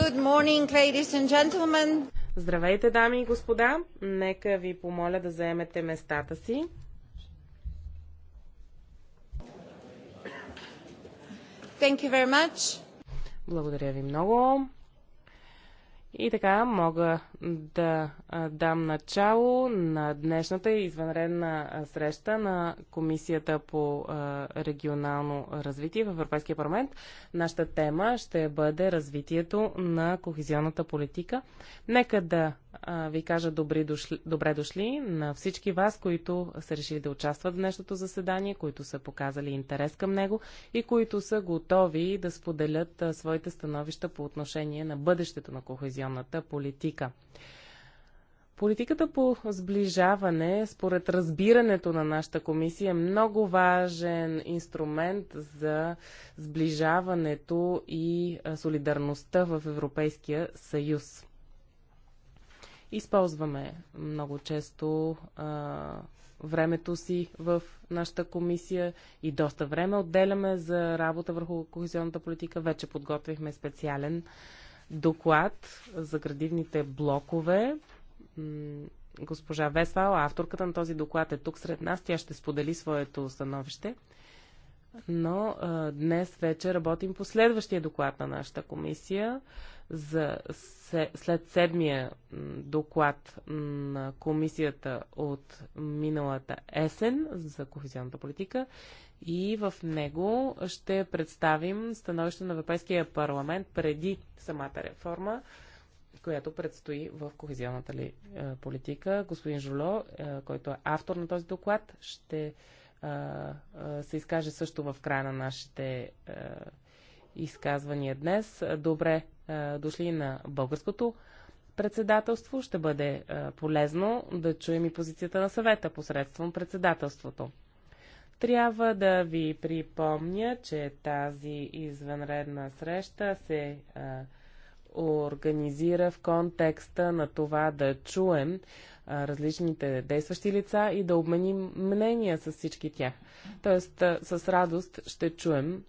Good morning, ladies and gentlemen. Здравейте, дами и господа! Нека ви помоля да заемете местата си. Thank you very much. Благодаря ви много. И така, мога да дам начало на днешната извънредна среща на Комисията по регионално развитие в Европейския парламент. Нашата тема ще бъде развитието на кохезионната политика. Нека да ви кажа добри дошли, добре дошли на всички вас, които са решили да участват в днешното заседание, които са показали интерес към него и които са готови да споделят своите становища по отношение на бъдещето на кохезионната политика. Политиката по сближаване, според разбирането на нашата комисия, е много важен инструмент за сближаването и солидарността в Европейския съюз. Използваме много често а, времето си в нашата комисия и доста време отделяме за работа върху кохезионната политика. Вече подготвихме специален доклад за градивните блокове. Госпожа Весвал, авторката на този доклад е тук сред нас. Тя ще сподели своето становище. Но а, днес вече работим по следващия доклад на нашата комисия. За се, след седмия доклад на комисията от миналата есен за кохезионната политика и в него ще представим становище на Европейския парламент преди самата реформа, която предстои в кохезионната ли е, политика. Господин Жоло, е, който е автор на този доклад, ще е, се изкаже също в края на нашите изказвания днес. Добре дошли на българското председателство. Ще бъде полезно да чуем и позицията на съвета посредством председателството. Трябва да ви припомня, че тази извънредна среща се а, организира в контекста на това да чуем а, различните действащи лица и да обменим мнения с всички тях. Тоест, а, с радост ще чуем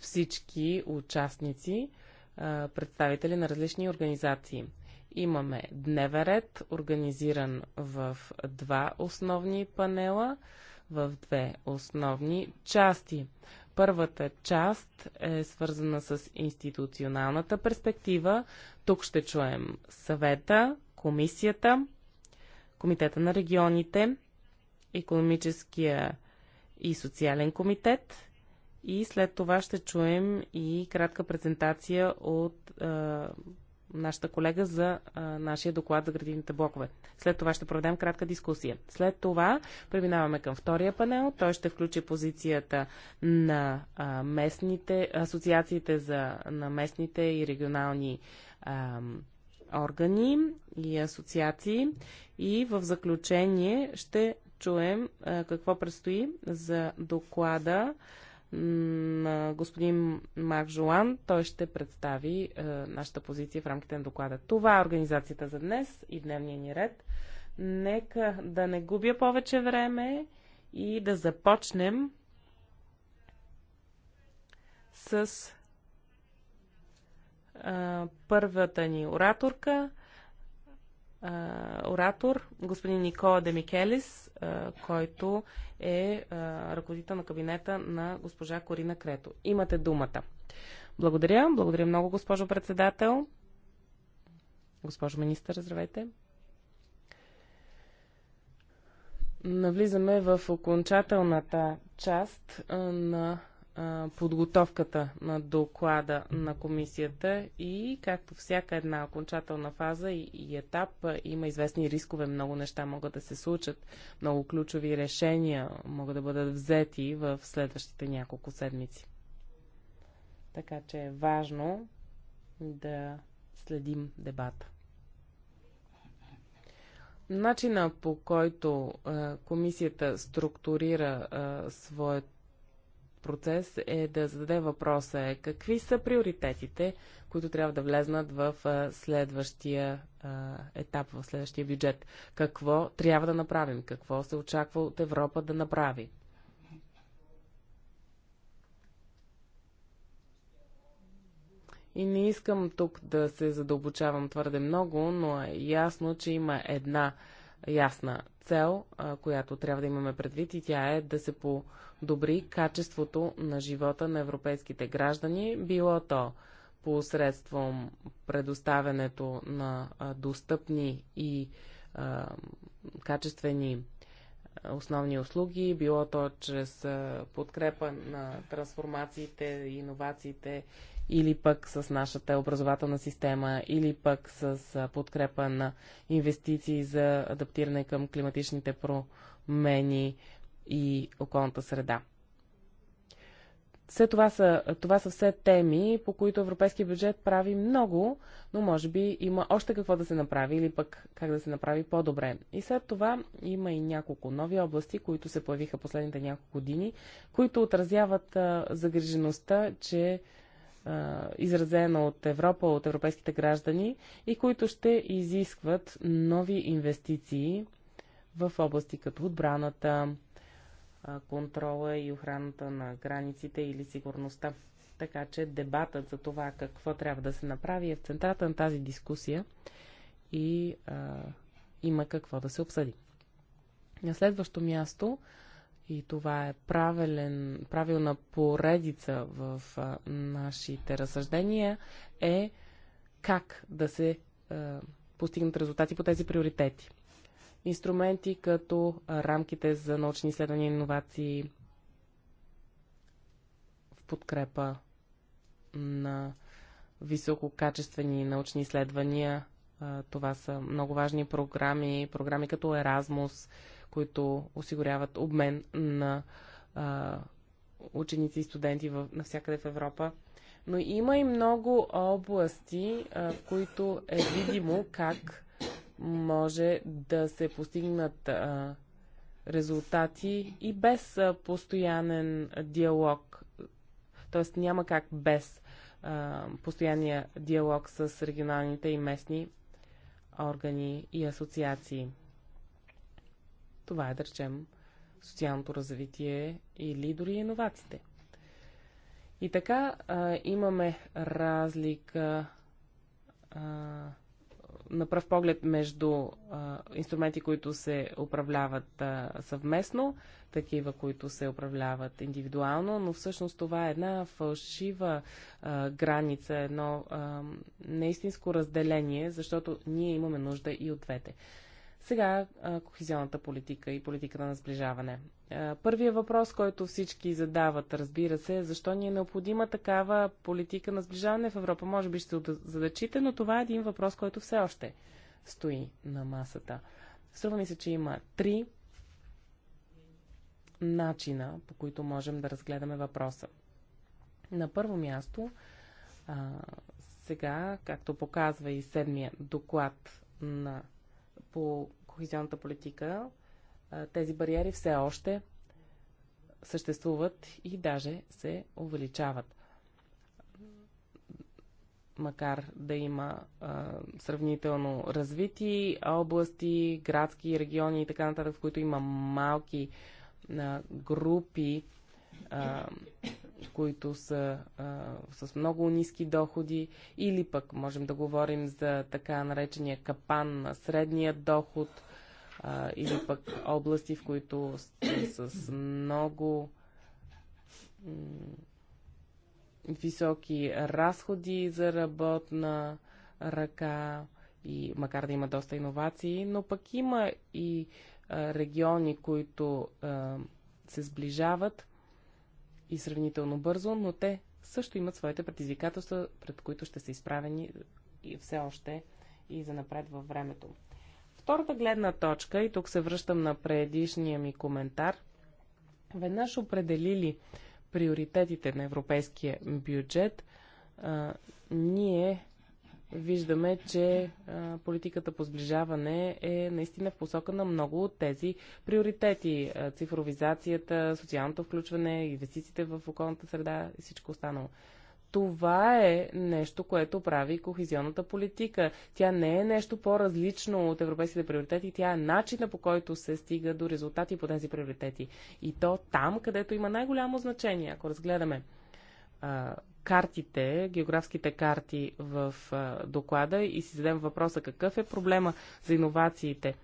всички участници, а, представители на различни организации. Имаме дневен ред, организиран в два основни панела – в две основни части. Първата част е свързана с институционалната перспектива. Тук ще чуем съвета, комисията, комитета на регионите, економическия и социален комитет и след това ще чуем и кратка презентация от е, нашата колега за а, нашия доклад за градивните блокове. След това ще проведем кратка дискусия. След това преминаваме към втория панел. Той ще включи позицията на а, местните, асоциациите за, на местните и регионални а, органи и асоциации. И в заключение ще чуем а, какво предстои за доклада господин Марк Жолан. Той ще представи е, нашата позиция в рамките на доклада. Това е организацията за днес и дневния ни ред. Нека да не губя повече време и да започнем с първата ни ораторка оратор, господин Никола Демикелис, който е ръководител на кабинета на госпожа Корина Крето. Имате думата. Благодаря. Благодаря много, госпожо председател. Госпожо министър, здравейте. Навлизаме в окончателната част на подготовката на доклада на комисията и както всяка една окончателна фаза и, и етап има известни рискове, много неща могат да се случат, много ключови решения могат да бъдат взети в следващите няколко седмици. Така че е важно да следим дебата. Начина по който комисията структурира а, своят процес е да зададе въпроса е какви са приоритетите, които трябва да влезнат в следващия етап, в следващия бюджет. Какво трябва да направим? Какво се очаква от Европа да направи? И не искам тук да се задълбочавам твърде много, но е ясно, че има една ясна цел, която трябва да имаме предвид и тя е да се подобри качеството на живота на европейските граждани, било то посредством предоставянето на достъпни и качествени основни услуги, било то чрез подкрепа на трансформациите, иновациите или пък с нашата образователна система, или пък с подкрепа на инвестиции за адаптиране към климатичните промени и околната среда. Все това, са, това са все теми, по които европейския бюджет прави много, но може би има още какво да се направи или пък как да се направи по-добре. И след това има и няколко нови области, които се появиха последните няколко години, които отразяват а, загрижеността, че изразена от Европа, от европейските граждани и които ще изискват нови инвестиции в области като отбраната, контрола и охраната на границите или сигурността. Така че дебатът за това какво трябва да се направи е в центрата на тази дискусия и а, има какво да се обсъди. На следващо място и това е правилен, правилна поредица в а, нашите разсъждения е как да се а, постигнат резултати по тези приоритети. Инструменти като а, рамките за научни изследвания и иновации в подкрепа на висококачествени научни изследвания. А, това са много важни програми, програми като Еразмус, които осигуряват обмен на а, ученици и студенти в, навсякъде в Европа. Но има и много области, а, в които е видимо как може да се постигнат а, резултати и без а, постоянен диалог. Тоест няма как без а, постоянния диалог с регионалните и местни органи и асоциации. Това е, да речем, социалното развитие или дори иновациите. И така а, имаме разлика а, на пръв поглед между а, инструменти, които се управляват а, съвместно, такива, които се управляват индивидуално, но всъщност това е една фалшива а, граница, едно а, неистинско разделение, защото ние имаме нужда и от двете. Сега кохизионната политика и политиката на сближаване. Първият въпрос, който всички задават, разбира се, е защо ни е необходима такава политика на сближаване в Европа. Може би ще задачите, но това е един въпрос, който все още стои на масата. Струва ми се, че има три начина, по които можем да разгледаме въпроса. На първо място, сега, както показва и седмия доклад на по кохезионната политика, тези бариери все още съществуват и даже се увеличават. Макар да има а, сравнително развити области, градски региони и така нататък, в които има малки а, групи а, които са а, с много ниски доходи, или пък можем да говорим за така наречения капан на средния доход, а, или пък области, в които са с много високи разходи за работна ръка, и макар да има доста иновации, но пък има и а, региони, които а, се сближават и сравнително бързо, но те също имат своите предизвикателства, пред които ще са изправени и все още и за напред във времето. Втората гледна точка, и тук се връщам на предишния ми коментар, веднъж определили приоритетите на европейския бюджет, а, виждаме, че а, политиката по сближаване е наистина в посока на много от тези приоритети. А, цифровизацията, социалното включване, инвестициите в околната среда и всичко останало. Това е нещо, което прави кохезионната политика. Тя не е нещо по-различно от европейските приоритети, тя е начина по който се стига до резултати по тези приоритети. И то там, където има най-голямо значение, ако разгледаме картите, географските карти в доклада и си зададем въпроса какъв е проблема за иновациите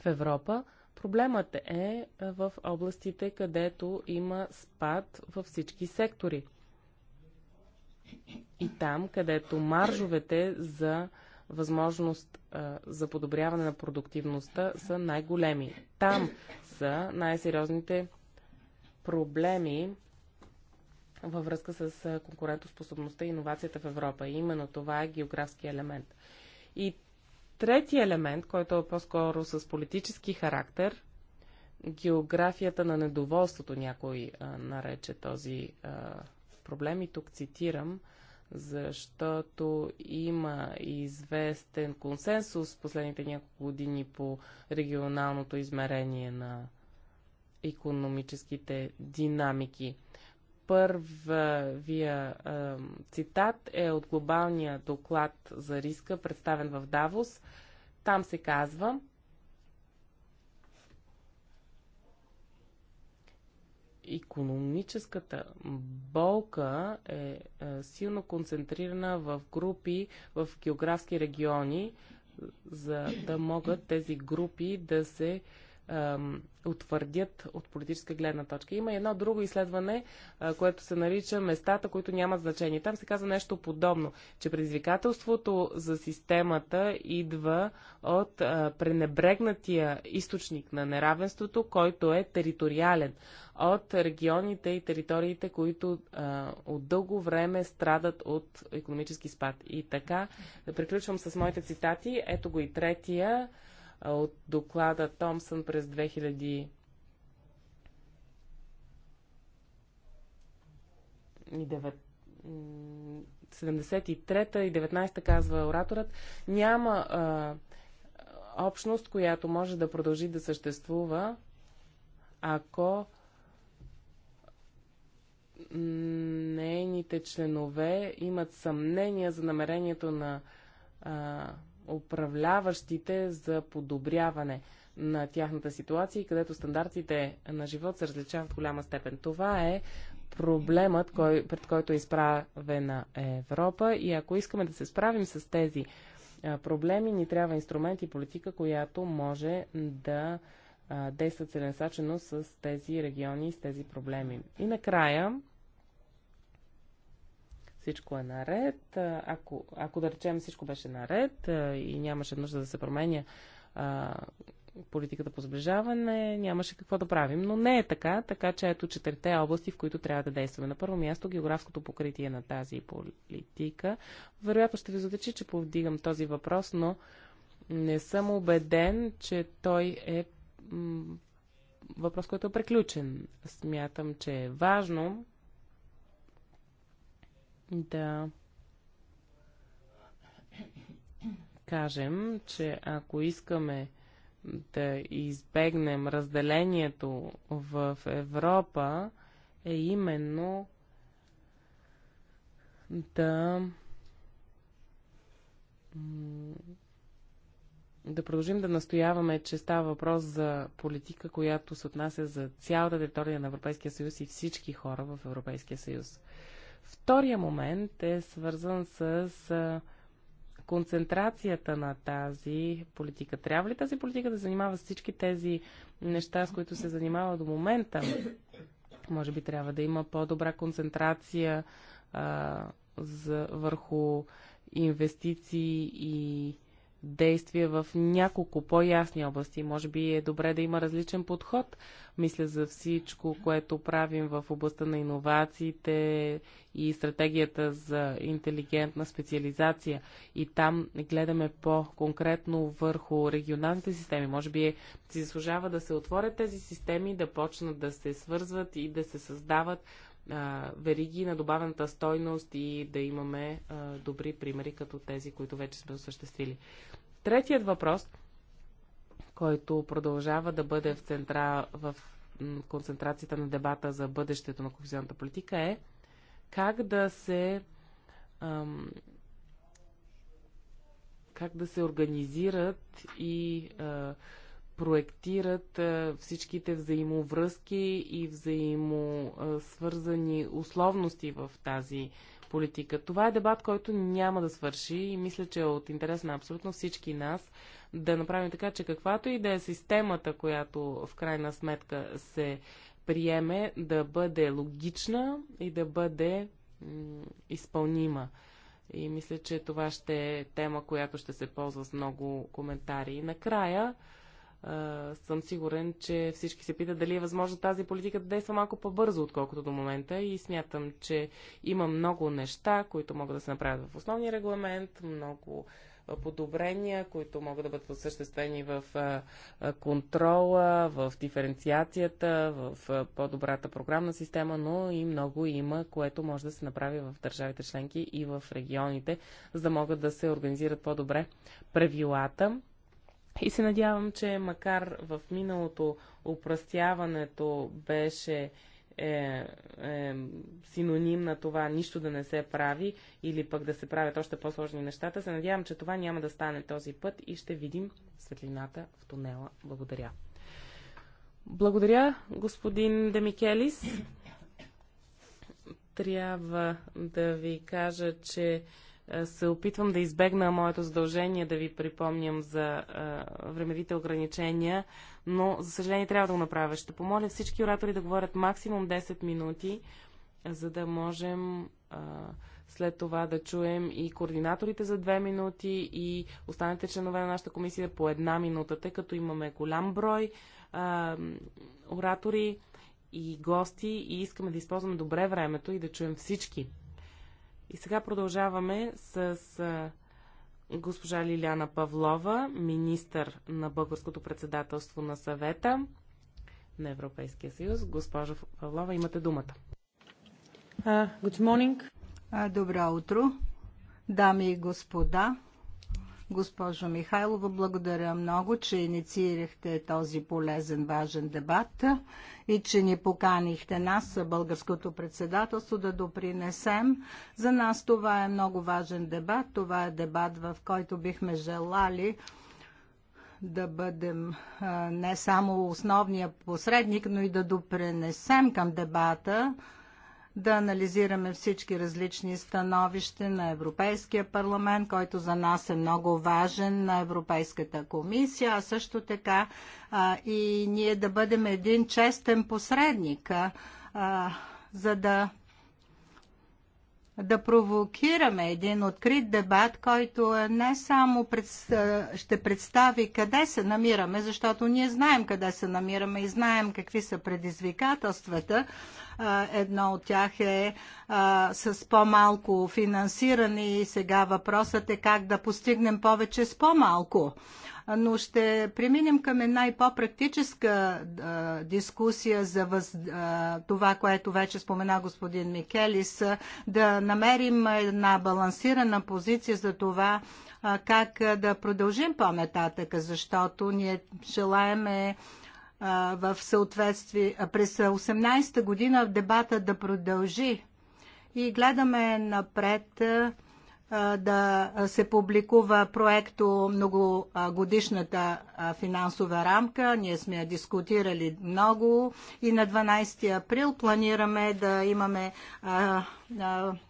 в Европа. Проблемът е в областите, където има спад във всички сектори. И там, където маржовете за възможност а, за подобряване на продуктивността са най-големи. Там са най-сериозните проблеми във връзка с конкурентоспособността и иновацията в Европа. И именно това е географски елемент. И трети елемент, който е по-скоро с политически характер, географията на недоволството, някой а, нарече този а, проблем. И тук цитирам, защото има известен консенсус в последните няколко години по регионалното измерение на економическите динамики. Първия е, цитат е от глобалния доклад за риска, представен в Давос. Там се казва, економическата болка е, е силно концентрирана в групи в географски региони, за да могат тези групи да се е, утвърдят от политическа гледна точка. Има едно друго изследване, което се нарича местата, които нямат значение. Там се казва нещо подобно, че предизвикателството за системата идва от пренебрегнатия източник на неравенството, който е териториален, от регионите и териториите, които от дълго време страдат от економически спад. И така, приключвам с моите цитати. Ето го и третия от доклада Томсън през 2000 73-та и 19-та, казва ораторът, няма а, общност, която може да продължи да съществува, ако нейните членове имат съмнения за намерението на а, управляващите за подобряване на тяхната ситуация и където стандартите на живот се различават в голяма степен. Това е проблемът, кой, пред който е изправена Европа и ако искаме да се справим с тези проблеми, ни трябва инструмент и политика, която може да действа целенсачено с тези региони и с тези проблеми. И накрая, всичко е наред. Ако, ако да речем всичко беше наред и нямаше нужда да се променя а, политиката по сближаване, нямаше какво да правим. Но не е така, така че ето четирите области, в които трябва да действаме. На първо място географското покритие на тази политика. Вероятно ще ви задачи, че повдигам този въпрос, но не съм убеден, че той е въпрос, който е приключен. Смятам, че е важно да кажем, че ако искаме да избегнем разделението в Европа, е именно да да продължим да настояваме, че става въпрос за политика, която се отнася за цялата територия на Европейския съюз и всички хора в Европейския съюз. Втория момент е свързан с концентрацията на тази политика. Трябва ли тази политика да занимава с всички тези неща, с които се занимава до момента? Може би трябва да има по-добра концентрация а, за, върху инвестиции и действия в няколко по-ясни области. Може би е добре да има различен подход. Мисля за всичко, което правим в областта на иновациите и стратегията за интелигентна специализация. И там гледаме по-конкретно върху регионалните системи. Може би е, си заслужава да се отворят тези системи, да почнат да се свързват и да се създават вериги на добавената стойност и да имаме добри примери като тези, които вече сме осъществили. Третият въпрос, който продължава да бъде в, центра, в концентрацията на дебата за бъдещето на кохезионната политика е как да се ам, как да се организират и а, проектират а, всичките взаимовръзки и взаимосвързани условности в тази политика. Това е дебат, който няма да свърши и мисля, че е от интерес на абсолютно всички нас да направим така, че каквато и да е системата, която в крайна сметка се приеме, да бъде логична и да бъде изпълнима. И мисля, че това ще е тема, която ще се ползва с много коментари. И накрая, а, съм сигурен, че всички се питат дали е възможно тази политика да действа малко по-бързо, отколкото до момента. И смятам, че има много неща, които могат да се направят в основния регламент, много подобрения, които могат да бъдат осъществени в контрола, в диференциацията, в по-добрата програмна система, но и много има, което може да се направи в държавите членки и в регионите, за да могат да се организират по-добре правилата и се надявам, че макар в миналото упростяването беше е, е синоним на това нищо да не се прави или пък да се правят още по-сложни нещата, се надявам, че това няма да стане този път и ще видим светлината в тунела. Благодаря. Благодаря, господин Демикелис. Трябва да ви кажа, че се опитвам да избегна моето задължение да ви припомням за а, времевите ограничения, но за съжаление трябва да го направя. Ще помоля всички оратори да говорят максимум 10 минути, за да можем а, след това да чуем и координаторите за 2 минути и останалите членове на нашата комисия по една минута, тъй като имаме голям брой а, оратори и гости и искаме да използваме добре времето и да чуем всички. И сега продължаваме с госпожа Лиляна Павлова, министър на българското председателство на съвета на Европейския съюз. Госпожа Павлова, имате думата. Uh, good morning. Uh, добро утро, дами и господа. Госпожо Михайлова, благодаря много, че инициирахте този полезен, важен дебат и че ни поканихте нас, българското председателство, да допринесем. За нас това е много важен дебат. Това е дебат, в който бихме желали да бъдем не само основния посредник, но и да допренесем към дебата да анализираме всички различни становища на Европейския парламент, който за нас е много важен, на Европейската комисия, а също така а, и ние да бъдем един честен посредник, а, за да да провокираме един открит дебат, който не само пред, ще представи къде се намираме, защото ние знаем къде се намираме и знаем какви са предизвикателствата. Едно от тях е с по-малко финансиране и сега въпросът е как да постигнем повече с по-малко но ще преминем към една и по-практическа дискусия за въз, а, това, което вече спомена господин Микелис, да намерим една балансирана позиция за това а, как да продължим по нататъка защото ние желаеме в съответствие през 18-та година дебата да продължи и гледаме напред да се публикува проекто многогодишната финансова рамка. Ние сме я дискутирали много и на 12 април планираме да имаме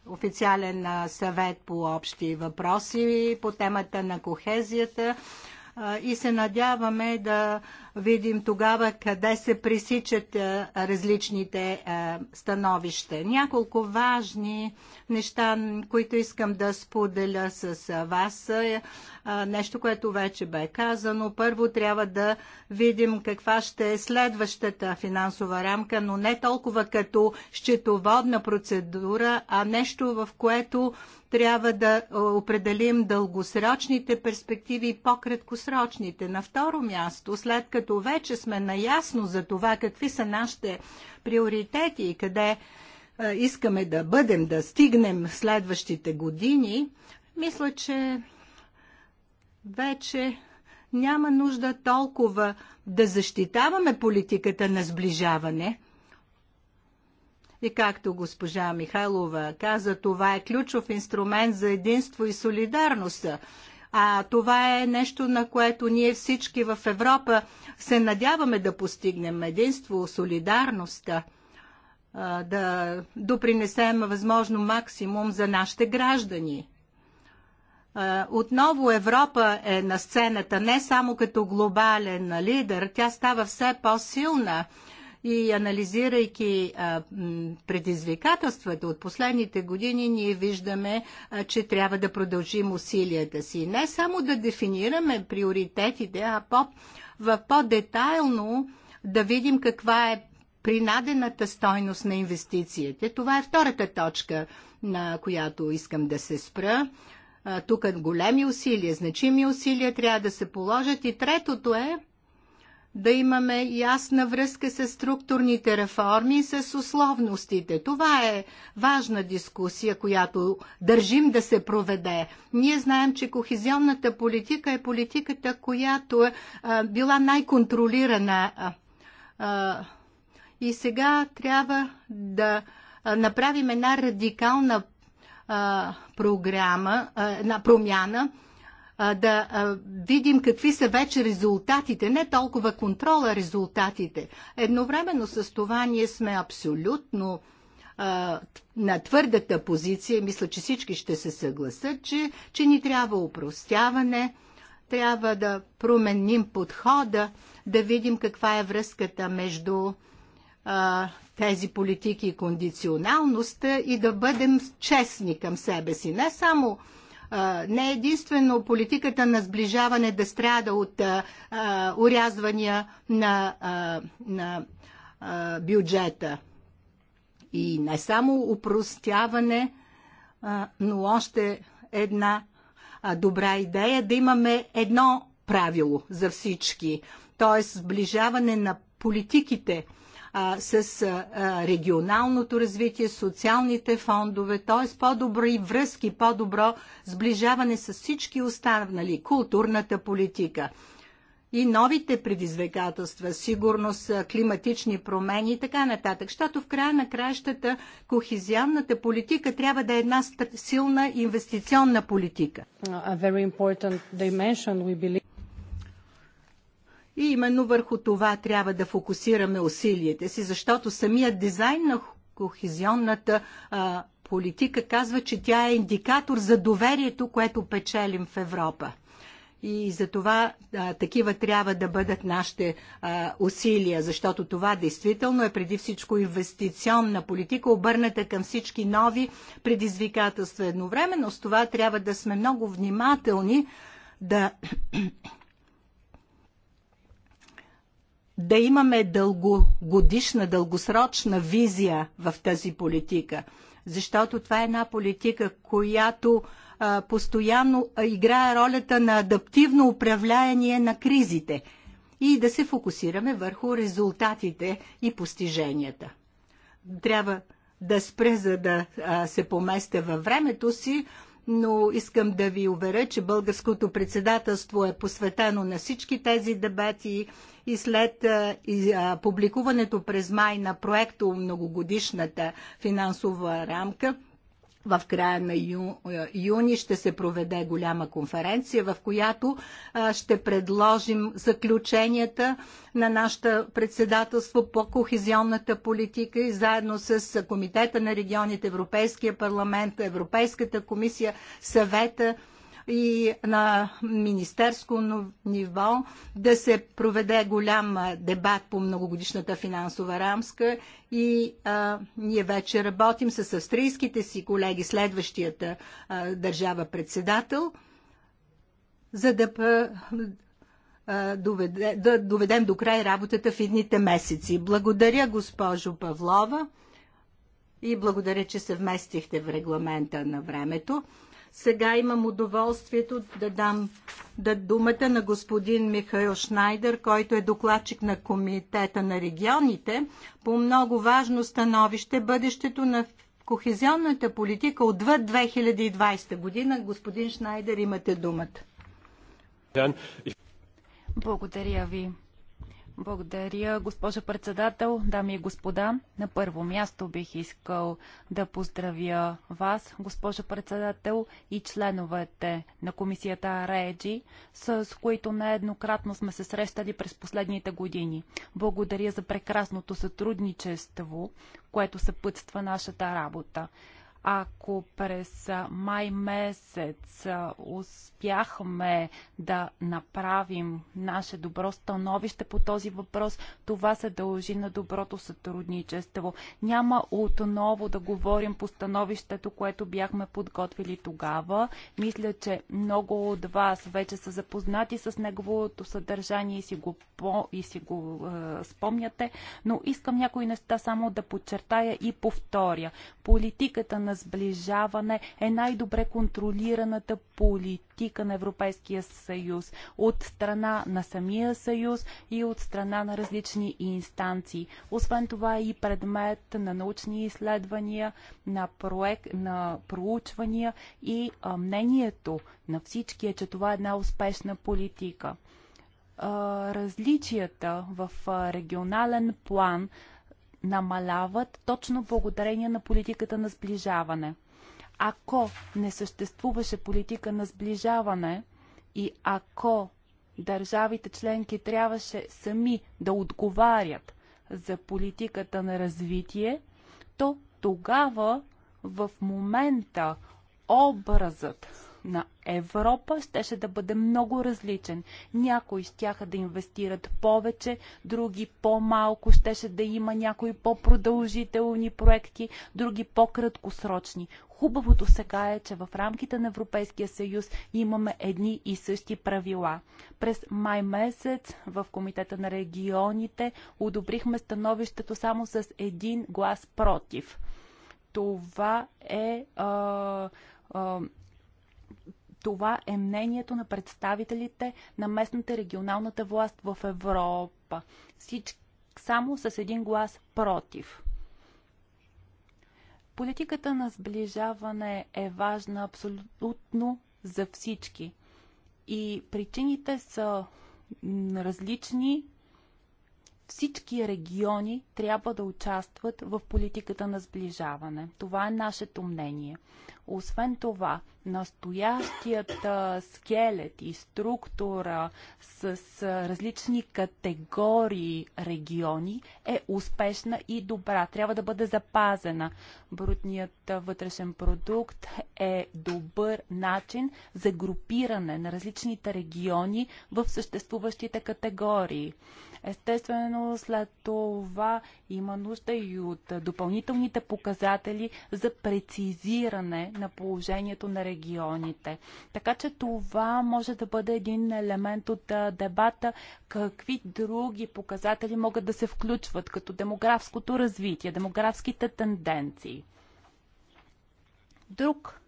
официален съвет по общи въпроси по темата на кохезията и се надяваме да видим тогава къде се пресичат различните становища. Няколко важни неща, които искам да споделя с вас. Нещо, което вече бе казано. Първо трябва да видим каква ще е следващата финансова рамка, но не толкова като счетоводна процедура, а нещо, в което трябва да определим дългосрочните перспективи и по-краткосрочните. На второ място, след като като вече сме наясно за това какви са нашите приоритети и къде искаме да бъдем, да стигнем в следващите години, мисля, че вече няма нужда толкова да защитаваме политиката на сближаване. И както госпожа Михайлова каза, това е ключов инструмент за единство и солидарност. А това е нещо, на което ние всички в Европа се надяваме да постигнем единство, солидарност, да допринесем възможно максимум за нашите граждани. Отново Европа е на сцената не само като глобален лидер, тя става все по-силна и анализирайки предизвикателствата от последните години, ние виждаме, че трябва да продължим усилията си. Не само да дефинираме приоритетите, а по, в по-детайлно да видим каква е принадената стойност на инвестициите. Това е втората точка, на която искам да се спра. Тук големи усилия, значими усилия трябва да се положат. И третото е да имаме ясна връзка с структурните реформи и с условностите. Това е важна дискусия, която държим да се проведе. Ние знаем, че кохезионната политика е политиката, която е а, била най-контролирана. и сега трябва да направим една радикална а, програма, а, една промяна – да видим какви са вече резултатите, не толкова контрола резултатите. Едновременно с това ние сме абсолютно на твърдата позиция, мисля, че всички ще се съгласат, че, че ни трябва упростяване, трябва да променим подхода, да видим каква е връзката между а, тези политики и кондиционалността и да бъдем честни към себе си. Не само не единствено политиката на сближаване да страда от урязвания на, на бюджета. И не само упростяване, но още една добра идея да имаме едно правило за всички, т.е. сближаване на политиките – а, с а, регионалното развитие, социалните фондове, т.е. по-добри връзки, по-добро сближаване с всички останали, културната политика и новите предизвикателства, сигурност, климатични промени и така нататък. Щото в края на краищата кохезианната политика трябва да е една силна инвестиционна политика. И именно върху това трябва да фокусираме усилията си, защото самият дизайн на кохезионната а, политика казва, че тя е индикатор за доверието, което печелим в Европа. И за това а, такива трябва да бъдат нашите а, усилия, защото това действително е преди всичко инвестиционна политика, обърната към всички нови предизвикателства едновременно. С това трябва да сме много внимателни да да имаме дългогодишна, дългосрочна визия в тази политика. Защото това е една политика, която а, постоянно играе ролята на адаптивно управляние на кризите и да се фокусираме върху резултатите и постиженията. Трябва да спре, за да а, се поместя във времето си, но искам да ви уверя, че българското председателство е посветено на всички тези дебати и след публикуването през май на проекто многогодишната финансова рамка, в края на ю, юни ще се проведе голяма конференция, в която ще предложим заключенията на нашата председателство по кохезионната политика и заедно с Комитета на регионите, Европейския парламент, Европейската комисия, съвета и на министерско ниво да се проведе голям дебат по многогодишната финансова рамска и а, ние вече работим с австрийските си колеги, следващията а, държава председател, за да доведе, да доведем до край работата в едните месеци. Благодаря, госпожо Павлова, и благодаря, че се вместихте в регламента на времето. Сега имам удоволствието да дам да думата на господин Михаил Шнайдер, който е докладчик на Комитета на регионите по много важно становище бъдещето на кохезионната политика отвъд 2020 година. Господин Шнайдер, имате думата. Благодаря ви. Благодаря, госпожо председател, дами и господа. На първо място бих искал да поздравя вас, госпожо председател, и членовете на комисията Реджи, с които нееднократно сме се срещали през последните години. Благодаря за прекрасното сътрудничество, което съпътства нашата работа. Ако през май месец успяхме да направим наше добро становище по този въпрос, това се дължи на доброто сътрудничество. Няма отново да говорим по становището, което бяхме подготвили тогава. Мисля, че много от вас вече са запознати с неговото съдържание и си го, по, и си го е, спомняте, но искам някои неща само да подчертая и повторя. Политиката на на сближаване е най-добре контролираната политика на Европейския съюз от страна на самия съюз и от страна на различни инстанции. Освен това е и предмет на научни изследвания, на, проект, на проучвания и а, мнението на всички е, че това е една успешна политика различията в регионален план намаляват точно благодарение на политиката на сближаване. Ако не съществуваше политика на сближаване и ако държавите членки трябваше сами да отговарят за политиката на развитие, то тогава в момента образът, на Европа щеше да бъде много различен. Някои щяха да инвестират повече, други по-малко, щеше да има някои по-продължителни проекти, други по-краткосрочни. Хубавото сега е, че в рамките на Европейския съюз имаме едни и същи правила. През май месец в Комитета на регионите одобрихме становището само с един глас против. Това е а, а, това е мнението на представителите на местната регионалната власт в Европа. Всички само с един глас против. Политиката на сближаване е важна абсолютно за всички. И причините са различни. Всички региони трябва да участват в политиката на сближаване. Това е нашето мнение. Освен това, настоящият скелет и структура с различни категории региони е успешна и добра. Трябва да бъде запазена. Брутният вътрешен продукт е добър начин за групиране на различните региони в съществуващите категории. Естествено, след това има нужда и от допълнителните показатели за прецизиране на положението на регионите. Така че това може да бъде един елемент от дебата какви други показатели могат да се включват, като демографското развитие, демографските тенденции. Друг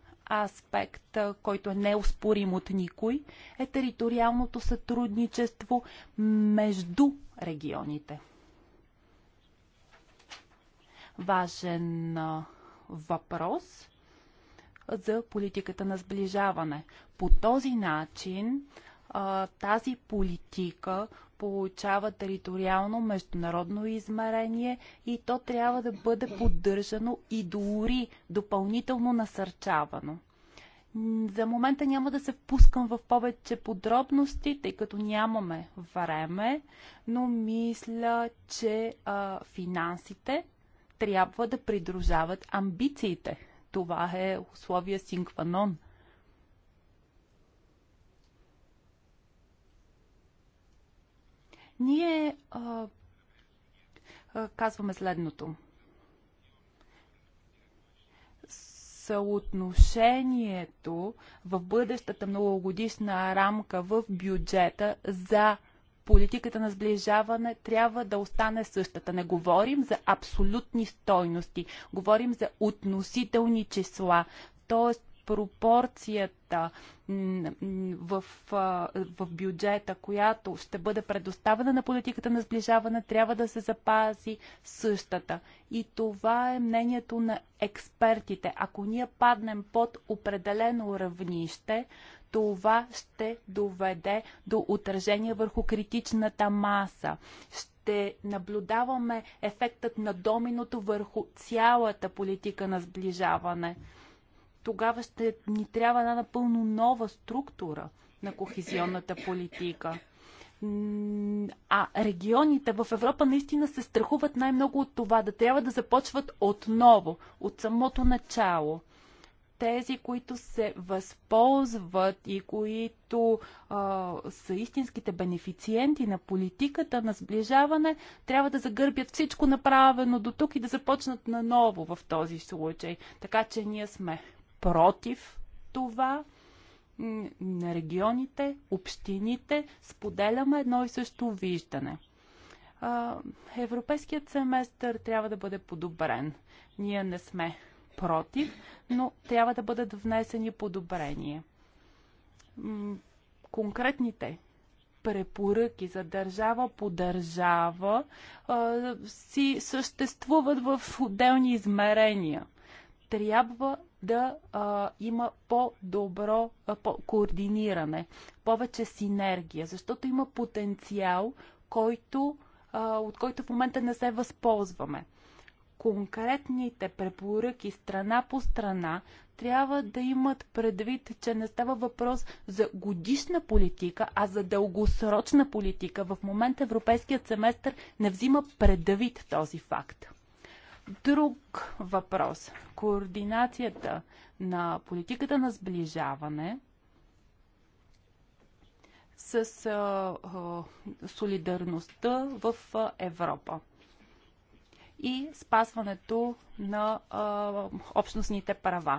аспект, който е неоспорим от никой, е териториалното сътрудничество между регионите. Важен въпрос за политиката на сближаване. По този начин тази политика получава териториално международно измерение и то трябва да бъде поддържано и дори допълнително насърчавано. За момента няма да се впускам в повече подробности, тъй като нямаме време, но мисля, че а, финансите трябва да придружават амбициите това е условие синкванон. Ние а, а, казваме следното. Съотношението в бъдещата многогодишна рамка в бюджета за политиката на сближаване трябва да остане същата. Не говорим за абсолютни стойности, говорим за относителни числа. Тоест, пропорцията в, в бюджета, която ще бъде предоставена на политиката на сближаване, трябва да се запази същата. И това е мнението на експертите. Ако ние паднем под определено равнище, това ще доведе до отражение върху критичната маса. Ще наблюдаваме ефектът на доминото върху цялата политика на сближаване. Тогава ще ни трябва една напълно нова структура на кохезионната политика. А регионите в Европа наистина се страхуват най-много от това да трябва да започват отново, от самото начало тези, които се възползват и които а, са истинските бенефициенти на политиката на сближаване, трябва да загърбят всичко направено до тук и да започнат наново в този случай. Така че ние сме против това на регионите, общините, споделяме едно и също виждане. Европейският семестър трябва да бъде подобрен. Ние не сме против, но трябва да бъдат внесени подобрения. Конкретните препоръки за държава по държава си съществуват в отделни измерения. Трябва да а, има по-добро по координиране, повече синергия, защото има потенциал, който, а, от който в момента не се възползваме конкретните препоръки страна по страна трябва да имат предвид, че не става въпрос за годишна политика, а за дългосрочна политика. В момента европейският семестър не взима предвид този факт. Друг въпрос. Координацията на политиката на сближаване с а, а, солидарността в а, Европа и спазването на а, общностните права.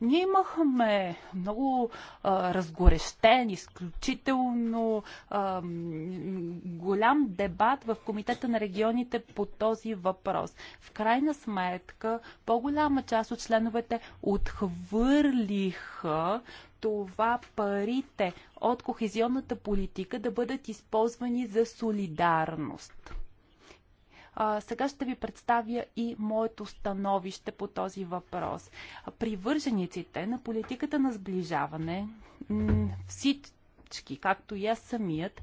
Ние имахме много а, разгорещен, изключително а, голям дебат в Комитета на регионите по този въпрос. В крайна сметка, по-голяма част от членовете отхвърлиха това парите от кохезионната политика да бъдат използвани за солидарност. Сега ще ви представя и моето становище по този въпрос. Привържениците на политиката на сближаване, всички всички, както и аз самият,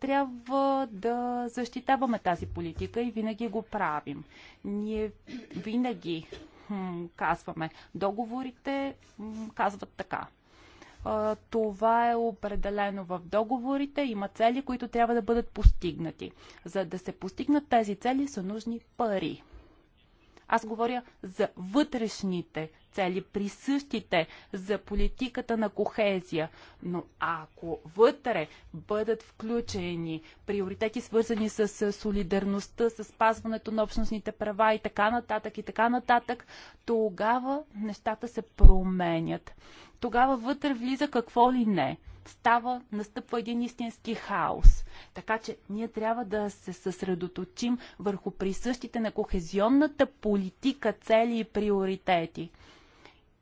трябва да защитаваме тази политика и винаги го правим. Ние винаги казваме, договорите казват така. Това е определено в договорите. Има цели, които трябва да бъдат постигнати. За да се постигнат тези цели са нужни пари. Аз говоря за вътрешните цели при същите за политиката на кохезия. Но ако вътре бъдат включени приоритети свързани с солидарността, с спазването на общностните права и така нататък и така нататък, тогава нещата се променят. Тогава вътре влиза какво ли не става, настъпва един истински хаос. Така че ние трябва да се съсредоточим върху присъщите на кохезионната политика цели и приоритети.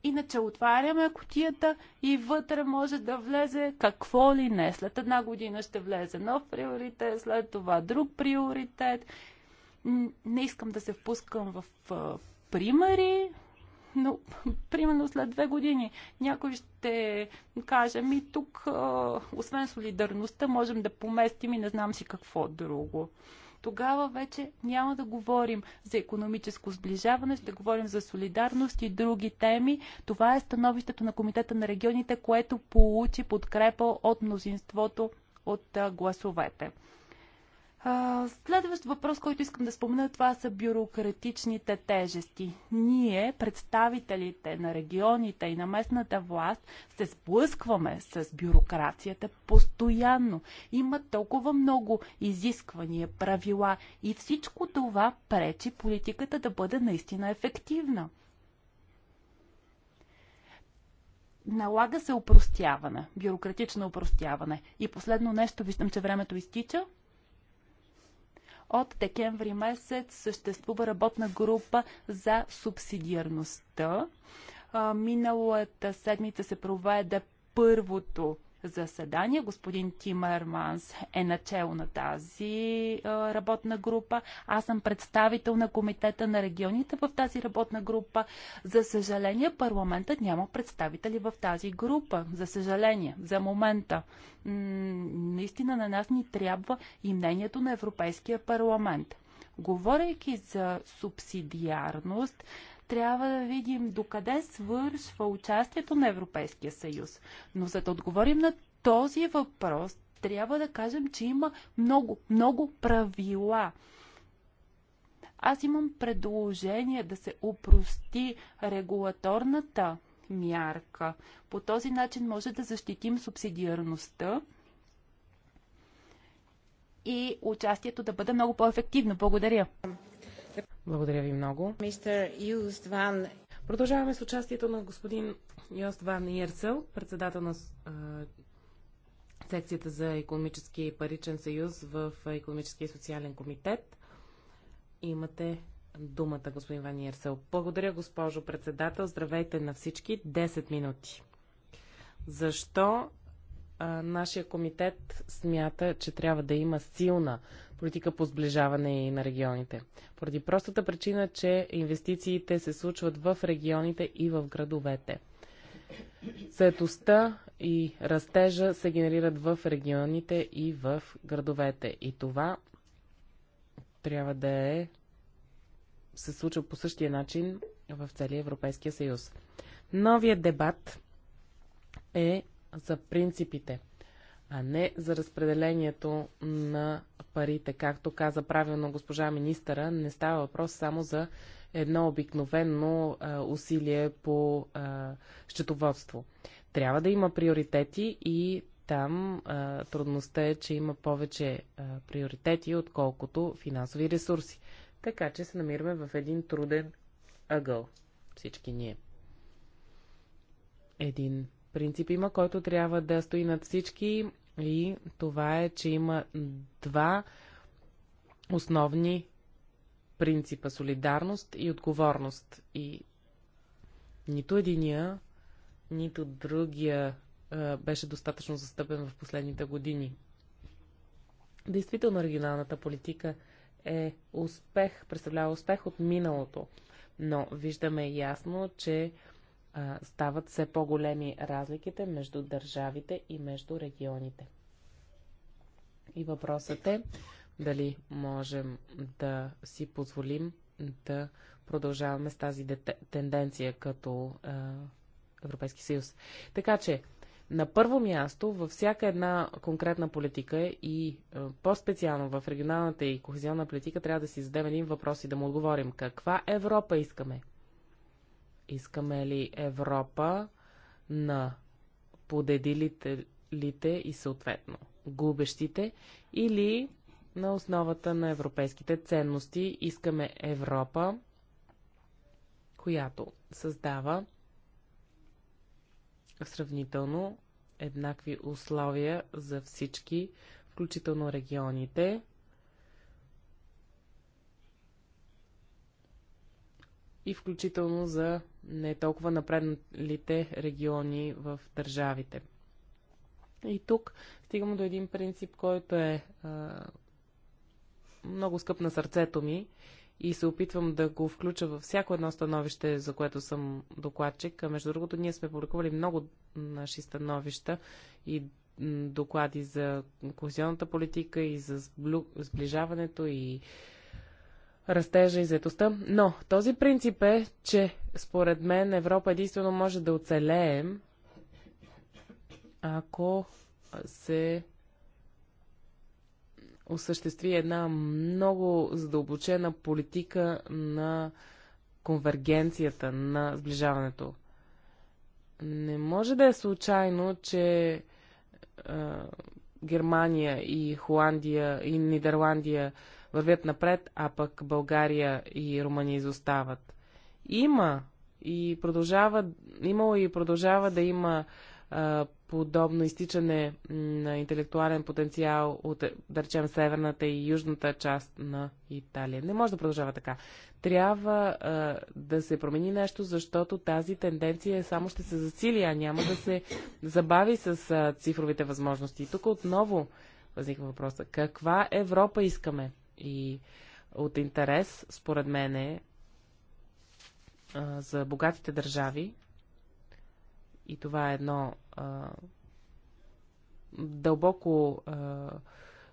Иначе отваряме котията и вътре може да влезе какво ли не. След една година ще влезе нов приоритет, след това друг приоритет. Не искам да се впускам в примери, но примерно след две години някой ще каже, ми тук, освен солидарността, можем да поместим и не знам си какво друго тогава вече няма да говорим за економическо сближаване, ще говорим за солидарност и други теми. Това е становището на Комитета на регионите, което получи подкрепа от мнозинството от гласовете. Следващ въпрос, който искам да спомена, това са бюрократичните тежести. Ние, представителите на регионите и на местната власт, се сблъскваме с бюрокрацията постоянно. Има толкова много изисквания, правила и всичко това пречи политиката да бъде наистина ефективна. Налага се упростяване, бюрократично упростяване. И последно нещо, виждам, че времето изтича – от декември месец съществува работна група за субсидиарността. Миналата седмица се проведе първото заседание. Господин Тимерманс е начало на тази работна група. Аз съм представител на Комитета на регионите в тази работна група. За съжаление, парламентът няма представители в тази група. За съжаление, за момента. наистина на нас ни трябва и мнението на Европейския парламент. Говорейки за субсидиарност, трябва да видим докъде свършва участието на Европейския съюз. Но за да отговорим на този въпрос, трябва да кажем, че има много, много правила. Аз имам предложение да се упрости регулаторната мярка. По този начин може да защитим субсидиарността и участието да бъде много по-ефективно. Благодаря. Благодаря ви много. Мистер Юст Ван. Продължаваме с участието на господин Йост Ван Йерцел, председател на секцията за економически и паричен съюз в економически и социален комитет. Имате думата, господин Ван Йерсел. Благодаря, госпожо председател. Здравейте на всички. 10 минути. Защо а, нашия комитет смята, че трябва да има силна политика по сближаване и на регионите. Поради простата причина, че инвестициите се случват в регионите и в градовете. Съетостта и растежа се генерират в регионите и в градовете. И това трябва да е се случва по същия начин в целия Европейския съюз. Новият дебат е за принципите, а не за разпределението на парите. Както каза правилно госпожа министъра, не става въпрос само за едно обикновено а, усилие по а, счетоводство. Трябва да има приоритети и там а, трудността е, че има повече а, приоритети, отколкото финансови ресурси. Така че се намираме в един труден ъгъл. Всички ние. Един принцип има, който трябва да стои над всички и това е, че има два основни принципа солидарност и отговорност. И нито единия, нито другия е, беше достатъчно застъпен в последните години. Действително, оригиналната политика е успех, представлява успех от миналото, но виждаме ясно, че стават все по-големи разликите между държавите и между регионите. И въпросът е дали можем да си позволим да продължаваме с тази тенденция като Европейски съюз. Така че, на първо място, във всяка една конкретна политика и по-специално в регионалната и кохезионна политика трябва да си зададем един въпрос и да му отговорим. Каква Европа искаме? Искаме ли Европа на подедилите и съответно губещите или на основата на европейските ценности искаме Европа, която създава сравнително еднакви условия за всички, включително регионите. И включително за не е толкова напредналите региони в държавите. И тук стигаме до един принцип, който е а, много скъп на сърцето ми и се опитвам да го включа във всяко едно становище, за което съм докладчик. А между другото, ние сме публикували много наши становища и доклади за кохезионната политика и за сближаването и растежа и заетостта. Но този принцип е, че според мен Европа единствено може да оцелеем, ако се осъществи една много задълбочена политика на конвергенцията, на сближаването. Не може да е случайно, че е, Германия и Холандия и Нидерландия вървят напред, а пък България и Румъния изостават. Има и продължава, имало и продължава да има а, подобно изтичане на интелектуален потенциал от, да речем, северната и южната част на Италия. Не може да продължава така. Трябва а, да се промени нещо, защото тази тенденция само ще се засили, а няма да се забави с а, цифровите възможности. И тук отново възниква въпроса. Каква Европа искаме? и от интерес, според мен, е за богатите държави, и това е едно а, дълбоко а,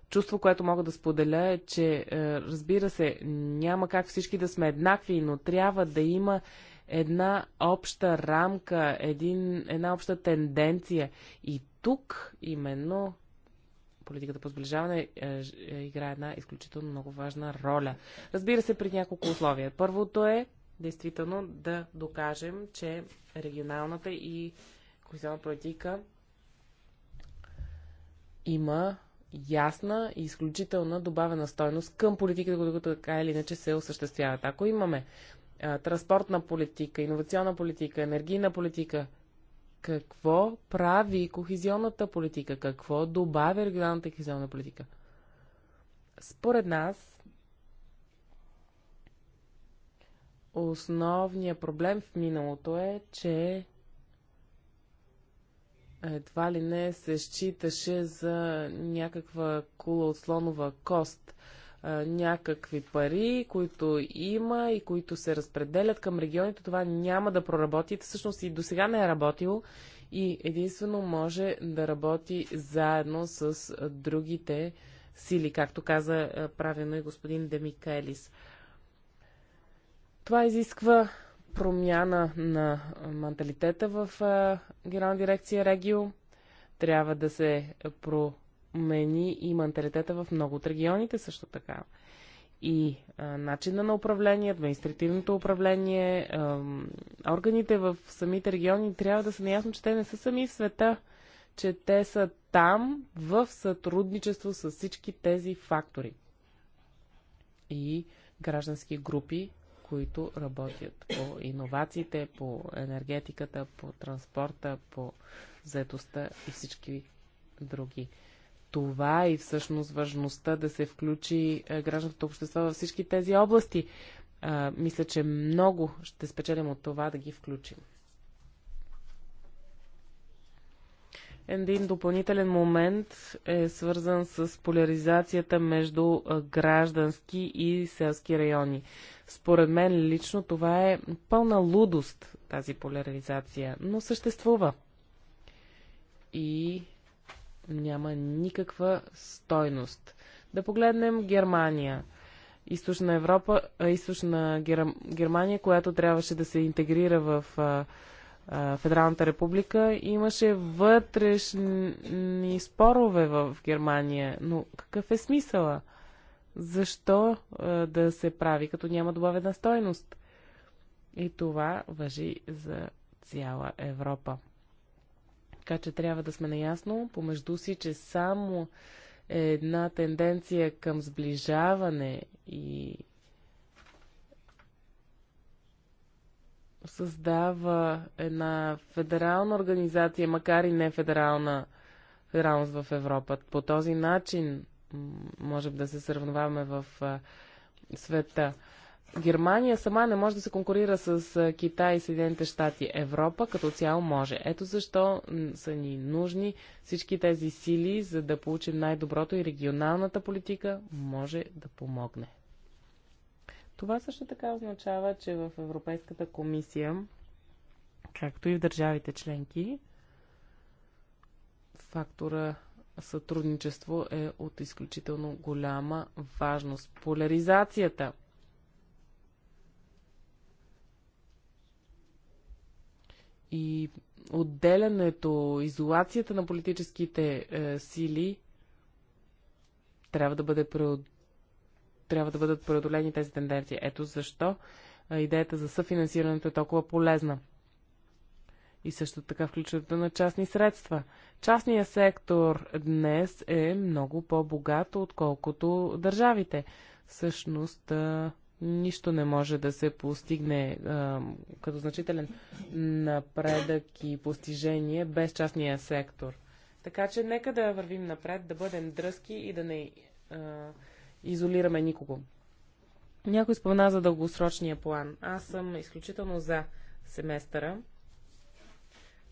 чувство, което мога да споделя, е, че а, разбира се, няма как всички да сме еднакви, но трябва да има една обща рамка, един, една обща тенденция. И тук именно политиката по сближаване е, е, играе една изключително много важна роля. Разбира се, при няколко условия. Първото е действително да докажем, че регионалната и кохезионна политика има ясна и изключителна добавена стойност към политиката, които така или иначе се осъществяват. Ако имаме а, транспортна политика, иновационна политика, енергийна политика, какво прави кохезионната политика? Какво добавя регионалната кохезионна политика? Според нас, основният проблем в миналото е, че едва ли не се считаше за някаква кула от слонова кост – някакви пари, които има и които се разпределят към регионите, това няма да проработи. Всъщност и до сега не е работило и единствено може да работи заедно с другите сили, както каза правилно и господин Демикелис. Това изисква промяна на менталитета в Генерална дирекция Регио. Трябва да се про промени и менталитета в много от регионите също така. И а, начина на управление, административното управление, а, органите в самите региони трябва да са наясно, че те не са сами в света, че те са там в сътрудничество с всички тези фактори и граждански групи, които работят по иновациите, по енергетиката, по транспорта, по заедостта и всички други това и всъщност важността да се включи е, гражданското общество във всички тези области. А, мисля, че много ще спечелим от това да ги включим. Един допълнителен момент е свързан с поляризацията между граждански и селски райони. Според мен лично това е пълна лудост, тази поляризация, но съществува. И няма никаква стойност. Да погледнем Германия. Източна Европа, източна Гер... Германия, която трябваше да се интегрира в а, а, Федералната република, имаше вътрешни спорове в Германия. Но какъв е смисъла? Защо а, да се прави, като няма добавена стойност? И това въжи за цяла Европа. Така че трябва да сме наясно помежду си, че само една тенденция към сближаване и създава една федерална организация, макар и не федерална, федералност в Европа. По този начин можем да се сравняваме в света. Германия сама не може да се конкурира с Китай и Съединените щати. Европа като цяло може. Ето защо са ни нужни всички тези сили, за да получим най-доброто и регионалната политика може да помогне. Това също така означава, че в Европейската комисия, както и в държавите членки, фактора сътрудничество е от изключително голяма важност. Поляризацията – и отделянето, изолацията на политическите е, сили трябва да, бъде преод... трябва да бъдат преодолени тези тенденции. Ето защо е, идеята за съфинансирането е толкова полезна. И също така включването на частни средства. Частният сектор днес е много по-богат, отколкото държавите. Всъщност, е, нищо не може да се постигне а, като значителен напредък и постижение без частния сектор. Така че нека да вървим напред, да бъдем дръзки и да не а, изолираме никого. Някой спомена за дългосрочния план. Аз съм изключително за семестъра.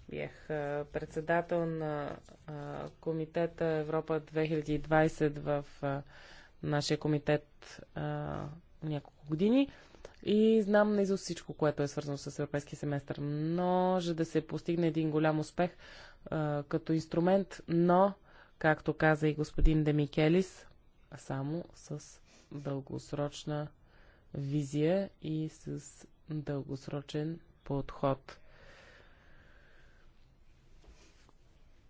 Бях а, председател на а, комитета Европа 2020 в а, нашия комитет няколко години и знам не за всичко, което е свързано с европейски семестър. Може да се постигне един голям успех а, като инструмент, но, както каза и господин Демикелис, само с дългосрочна визия и с дългосрочен подход.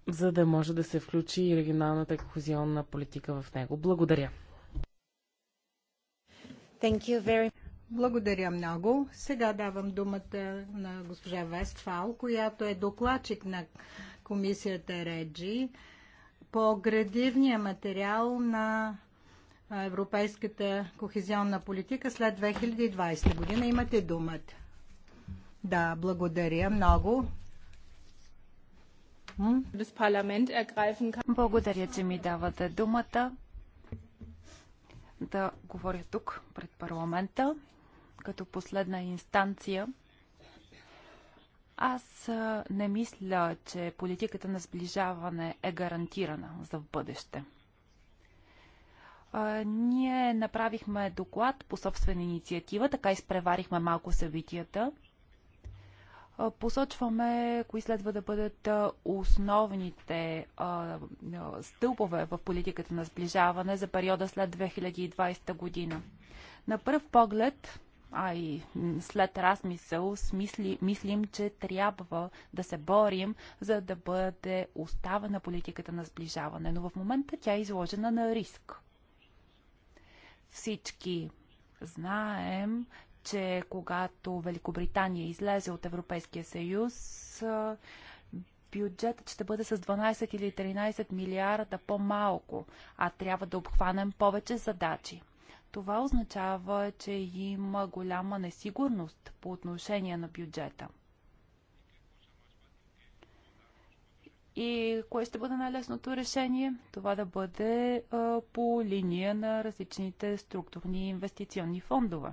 За да може да се включи и регионалната кохезионна политика в него. Благодаря. Thank you very... Благодаря много. Сега давам думата на госпожа Вестфал, която е докладчик на комисията Реджи по градивния материал на европейската кохезионна политика след 2020 година. Имате думата. Да, благодаря много. Благодаря, че ми давате думата да говоря тук пред парламента, като последна инстанция. Аз не мисля, че политиката на сближаване е гарантирана за в бъдеще. ние направихме доклад по собствена инициатива, така изпреварихме малко събитията посочваме кои следва да бъдат основните стълбове в политиката на сближаване за периода след 2020 година. На първ поглед, а и след размисъл, смисли, мислим, че трябва да се борим, за да бъде оставена политиката на сближаване, но в момента тя е изложена на риск. Всички знаем, че когато Великобритания излезе от Европейския съюз, бюджетът ще бъде с 12 или 13 милиарда по-малко, а трябва да обхванем повече задачи. Това означава, че има голяма несигурност по отношение на бюджета. И кое ще бъде най-лесното решение? Това да бъде а, по линия на различните структурни инвестиционни фондове.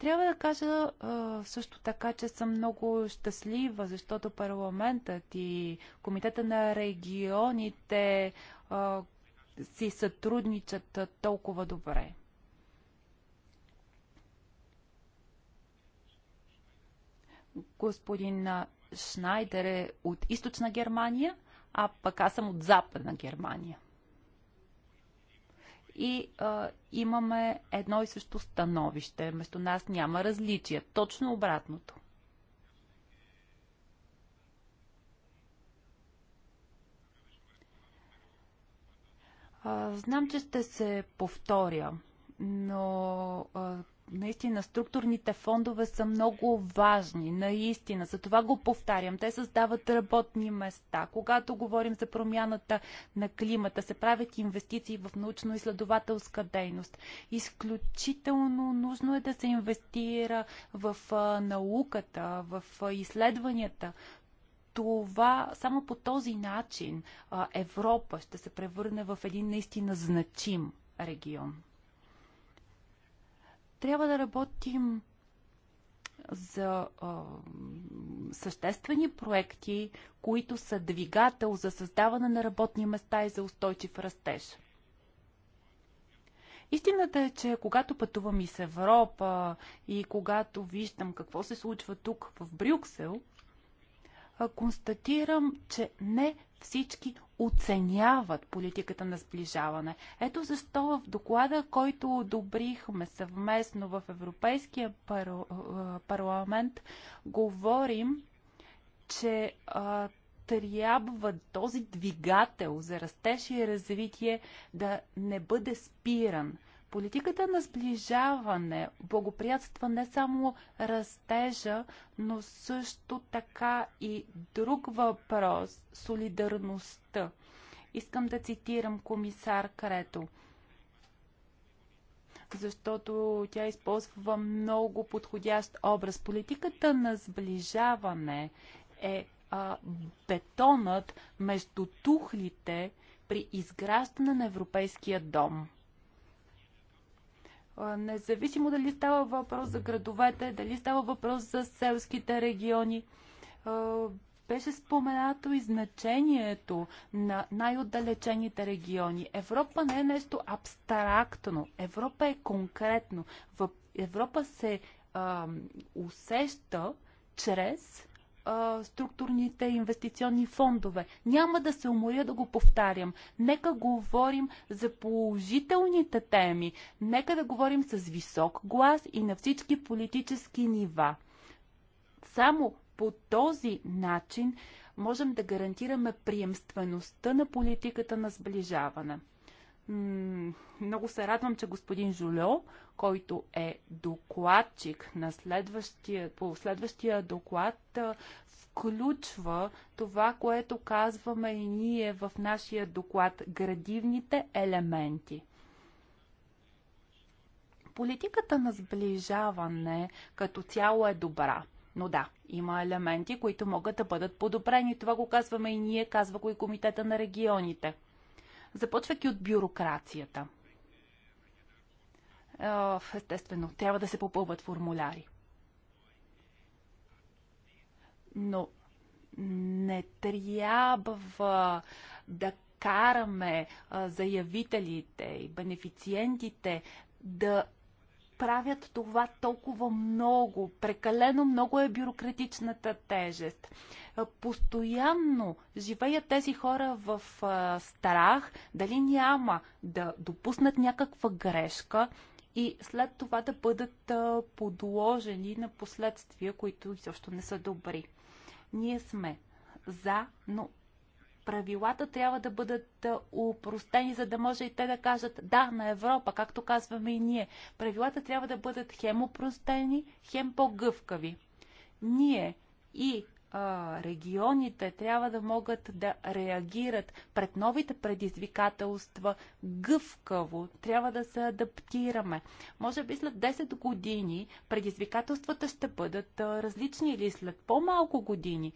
Трябва да кажа а, също така, че съм много щастлива, защото парламентът и Комитета на регионите а, си сътрудничат толкова добре. Господин Шнайдер е от източна Германия, а пък аз съм от западна Германия и а, имаме едно и също становище. Между нас няма различия. Точно обратното. А, знам, че ще се повторя, но а, Наистина, структурните фондове са много важни, наистина. За това го повтарям. Те създават работни места. Когато говорим за промяната на климата, се правят инвестиции в научно-изследователска дейност. Изключително нужно е да се инвестира в науката, в изследванията, това само по този начин Европа ще се превърне в един наистина значим регион. Трябва да работим за а, съществени проекти, които са двигател за създаване на работни места и за устойчив растеж. Истината е, че когато пътувам из Европа и когато виждам какво се случва тук в Брюксел, констатирам, че не всички оценяват политиката на сближаване. Ето защо в доклада, който одобрихме съвместно в Европейския пар... Е, парламент, говорим, че а, трябва този двигател за растеж и развитие да не бъде спиран – Политиката на сближаване благоприятства не само растежа, но също така и друг въпрос – солидарността. Искам да цитирам комисар Крето защото тя използва много подходящ образ. Политиката на сближаване е а, бетонът между тухлите при изграждане на европейския дом независимо дали става въпрос за градовете, дали става въпрос за селските региони. Беше споменато и значението на най-отдалечените региони. Европа не е нещо абстрактно. Европа е конкретно. В Европа се а, усеща чрез а, структурните инвестиционни фондове. Няма да се уморя да го повтарям. Нека говорим за положителните теми. Нека да говорим с висок глас и на всички политически нива. Само по този начин можем да гарантираме приемствеността на политиката на сближаване. Много се радвам, че господин Жулео, който е докладчик на следващия, по следващия доклад, включва това, което казваме и ние в нашия доклад градивните елементи. Политиката на сближаване като цяло е добра. Но да, има елементи, които могат да бъдат подобрени. Това го казваме и ние, казва го и Комитета на регионите – започвайки от бюрокрацията. Е, естествено, трябва да се попълват формуляри. Но не трябва да караме заявителите и бенефициентите да правят това толкова много. Прекалено много е бюрократичната тежест. Постоянно живеят тези хора в страх дали няма да допуснат някаква грешка и след това да бъдат подложени на последствия, които изобщо не са добри. Ние сме за, но правилата трябва да бъдат упростени, за да може и те да кажат да на Европа, както казваме и ние. Правилата трябва да бъдат хем упростени, хем по-гъвкави. Ние и а, регионите трябва да могат да реагират пред новите предизвикателства гъвкаво. Трябва да се адаптираме. Може би след 10 години предизвикателствата ще бъдат а, различни или след по-малко години.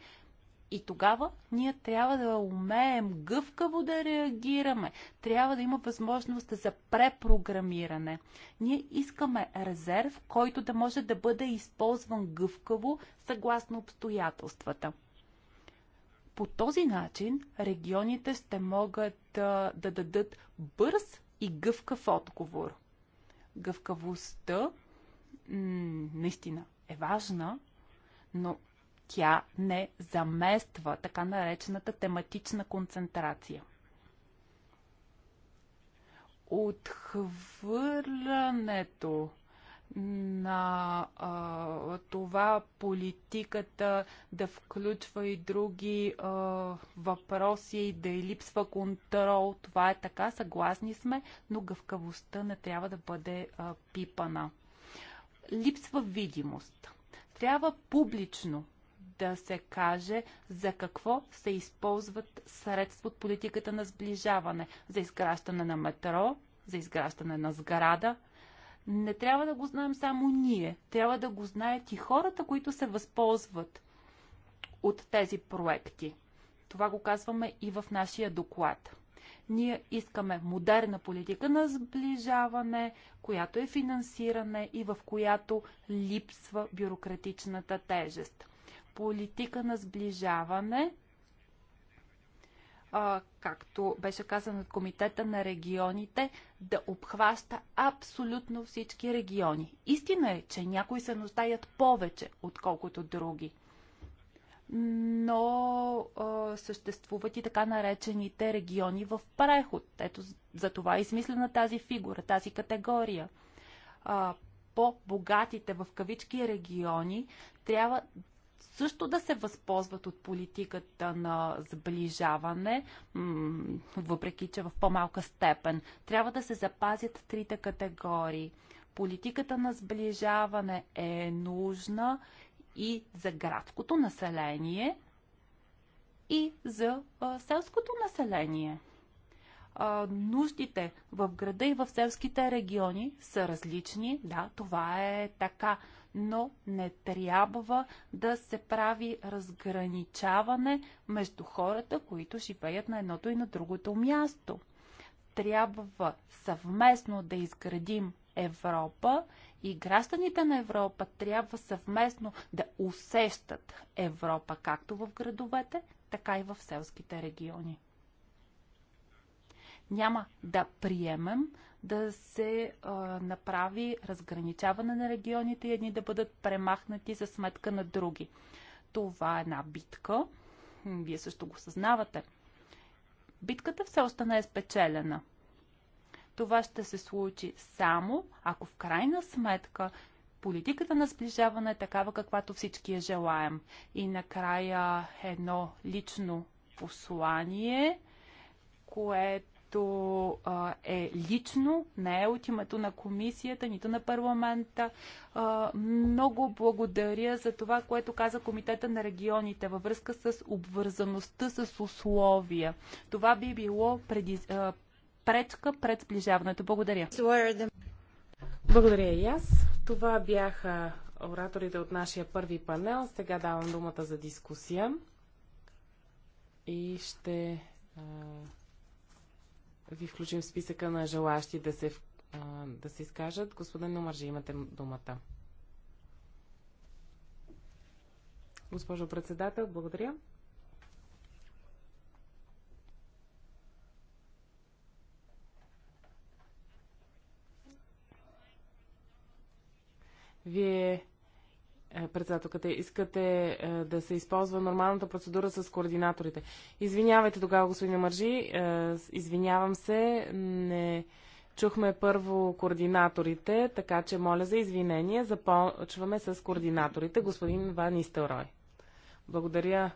И тогава ние трябва да умеем гъвкаво да реагираме. Трябва да има възможност за препрограмиране. Ние искаме резерв, който да може да бъде използван гъвкаво, съгласно обстоятелствата. По този начин регионите ще могат да, да дадат бърз и гъвкав отговор. Гъвкавостта наистина е важна, но тя не замества така наречената тематична концентрация. Отхвърлянето на а, това политиката да включва и други а, въпроси и да и липсва контрол. Това е така, съгласни сме, но гъвкавостта не трябва да бъде а, пипана. Липсва видимост. Трябва публично да се каже за какво се използват средства от политиката на сближаване. За изграждане на метро, за изграждане на сграда. Не трябва да го знаем само ние. Трябва да го знаят и хората, които се възползват от тези проекти. Това го казваме и в нашия доклад. Ние искаме модерна политика на сближаване, която е финансиране и в която липсва бюрократичната тежест политика на сближаване, както беше казано от Комитета на регионите, да обхваща абсолютно всички региони. Истина е, че някои се нуждаят повече, отколкото други. Но а, съществуват и така наречените региони в преход. Ето за това е измислена тази фигура, тази категория. А, по-богатите в кавички региони трябва също да се възползват от политиката на сближаване, въпреки че в по-малка степен. Трябва да се запазят трите категории. Политиката на сближаване е нужна и за градското население, и за селското население. нуждите в града и в селските региони са различни. Да, това е така но не трябва да се прави разграничаване между хората, които живеят на едното и на другото място. Трябва съвместно да изградим Европа и гражданите на Европа трябва съвместно да усещат Европа както в градовете, така и в селските региони. Няма да приемем да се а, направи разграничаване на регионите и едни да бъдат премахнати за сметка на други. Това е една битка. Вие също го съзнавате. Битката все още не е спечелена. Това ще се случи само ако в крайна сметка политиката на сближаване е такава, каквато всички я желаем. И накрая едно лично послание, което което а, е лично, не е от името на комисията, нито на парламента. А, много благодаря за това, което каза Комитета на регионите във връзка с обвързаността с условия. Това би било преди, а, пречка пред сближаването. Благодаря. Благодаря и аз. Това бяха ораторите от нашия първи панел. Сега давам думата за дискусия и ще ви включим в списъка на желащи да се, а, да се изкажат. Господин Номаржи, имате думата. Госпожо председател, благодаря. Вие е, председателката. Искате е, да се използва нормалната процедура с координаторите. Извинявайте тогава, господин Мържи. Е, извинявам се. Не чухме първо координаторите, така че моля за извинение. Започваме с координаторите. Господин Ван Истелрой. Благодаря,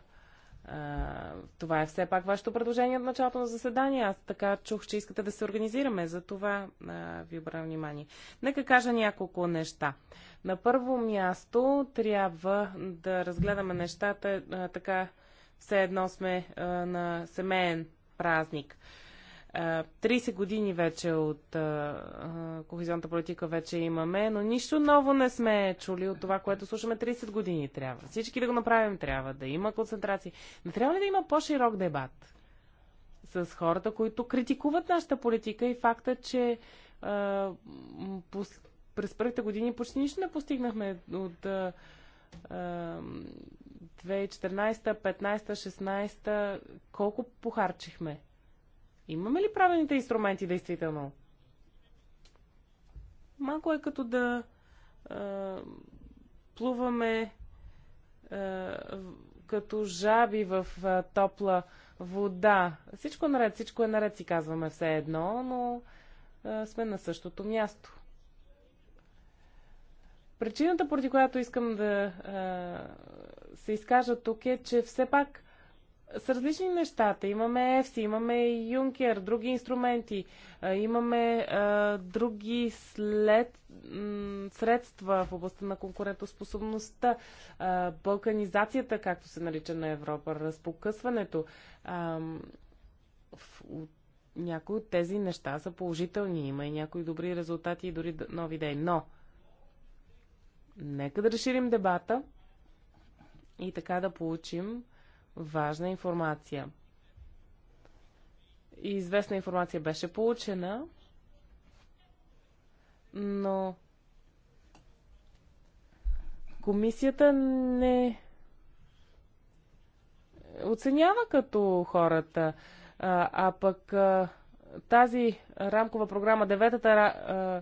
това е все пак вашето предложение от началото на заседание. Аз така чух, че искате да се организираме. За това а, ви обравя внимание. Нека кажа няколко неща. На първо място трябва да разгледаме нещата а, така, все едно сме а, на семейен празник. А, 30 е, години вече от е, е, кохезионната политика вече имаме, но нищо ново не сме чули от това, което слушаме 30 години трябва. Всички да го направим трябва, да има концентрации. Не трябва ли да има по-широк дебат с хората, които критикуват нашата политика и факта, че а, през първите години почти нищо не постигнахме от а, 2014, 15, 16, колко похарчихме? Имаме ли правилните инструменти, действително? Малко е като да а, плуваме а, като жаби в а, топла вода. Всичко е наред, всичко е наред, си казваме все едно, но а, сме на същото място. Причината, поради която искам да а, се изкажа тук е, че все пак с различни нещата. Имаме EFC, имаме Юнкер, други инструменти, имаме а, други след, средства в областта на конкурентоспособността, а, балканизацията, както се нарича на Европа, разпокъсването. А, в, някои от тези неща са положителни, има и някои добри резултати и дори нови идеи. Но, нека да разширим дебата и така да получим важна информация. И известна информация беше получена, но комисията не оценява като хората. А, а пък а, тази рамкова програма, деветата а,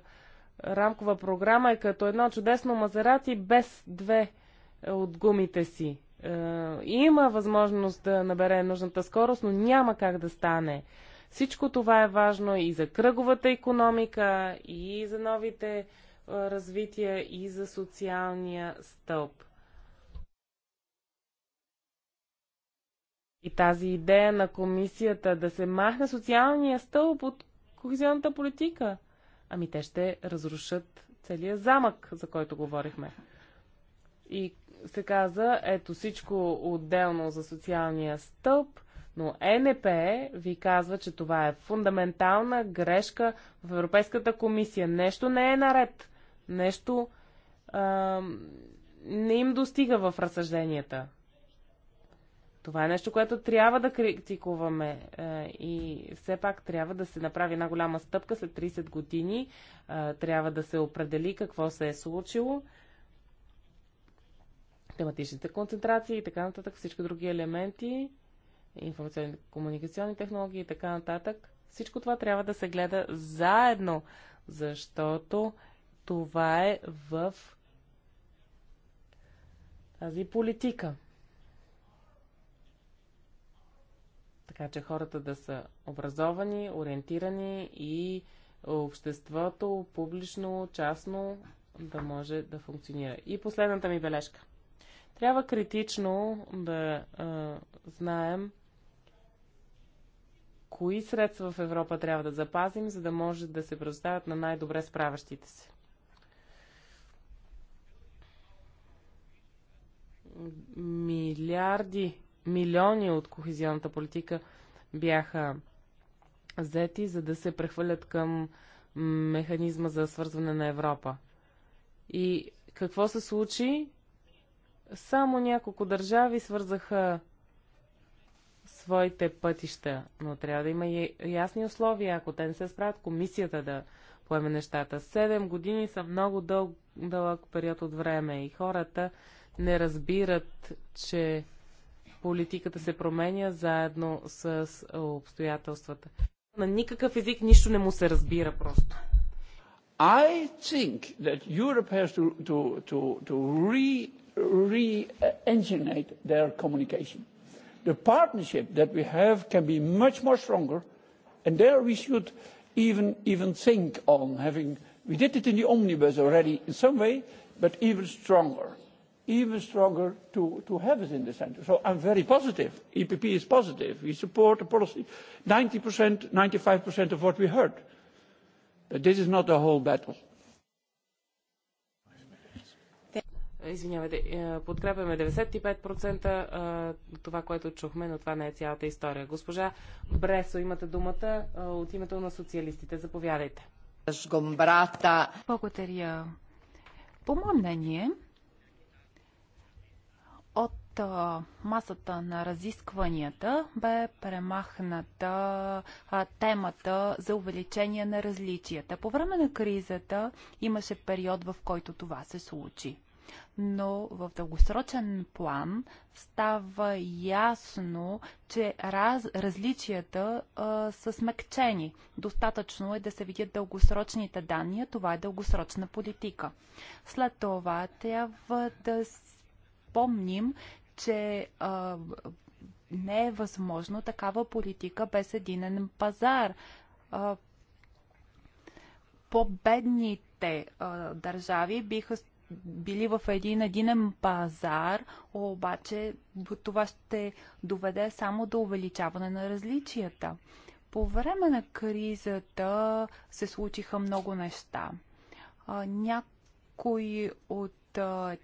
рамкова програма е като едно чудесно Мазерати без две от гумите си. Е, има възможност да набере нужната скорост, но няма как да стане. Всичко това е важно и за кръговата економика, и за новите е, развития, и за социалния стълб. И тази идея на комисията да се махне социалния стълб от кохезионната политика, ами те ще разрушат целият замък, за който говорихме и се каза, ето всичко отделно за социалния стълб, но НП ви казва, че това е фундаментална грешка в Европейската комисия. Нещо не е наред. Нещо а, не им достига в разсъжденията. Това е нещо, което трябва да критикуваме. Е, и все пак трябва да се направи една голяма стъпка след 30 години. Е, трябва да се определи какво се е случило тематичните концентрации и така нататък, всички други елементи, информационни комуникационни технологии и така нататък. Всичко това трябва да се гледа заедно, защото това е в тази политика. Така че хората да са образовани, ориентирани и обществото публично, частно да може да функционира. И последната ми бележка. Трябва критично да а, знаем кои средства в Европа трябва да запазим, за да може да се предоставят на най-добре справящите се. Милиарди, милиони от кохезионната политика бяха взети, за да се прехвърлят към механизма за свързване на Европа. И какво се случи? Само няколко държави свързаха своите пътища, но трябва да има и ясни условия. Ако те не се справят, комисията да поеме нещата. Седем години са много дъл, дълъг период от време и хората не разбират, че политиката се променя заедно с обстоятелствата. На никакъв език нищо не му се разбира просто. I think that Europe has to, to, to, to re re-engineer their communication. The partnership that we have can be much more stronger, and there we should even even think on having. We did it in the omnibus already in some way, but even stronger, even stronger to to have it in the centre. So I'm very positive. EPP is positive. We support the policy. 90%, 95% of what we heard. But this is not the whole battle извинявайте, е, подкрепяме 95% е, това, което чухме, но това не е цялата история. Госпожа Бресо, имате думата е, от името на социалистите. Заповядайте. Благодаря. По мое мнение, от масата на разискванията бе премахната темата за увеличение на различията. По време на кризата имаше период, в който това се случи но в дългосрочен план става ясно, че раз, различията а, са смекчени. Достатъчно е да се видят дългосрочните данни, а това е дългосрочна политика. След това трябва да спомним, че а, не е възможно такава политика без единен пазар. А, по-бедните държави биха били в един единен пазар, обаче това ще доведе само до увеличаване на различията. По време на кризата се случиха много неща. Някои от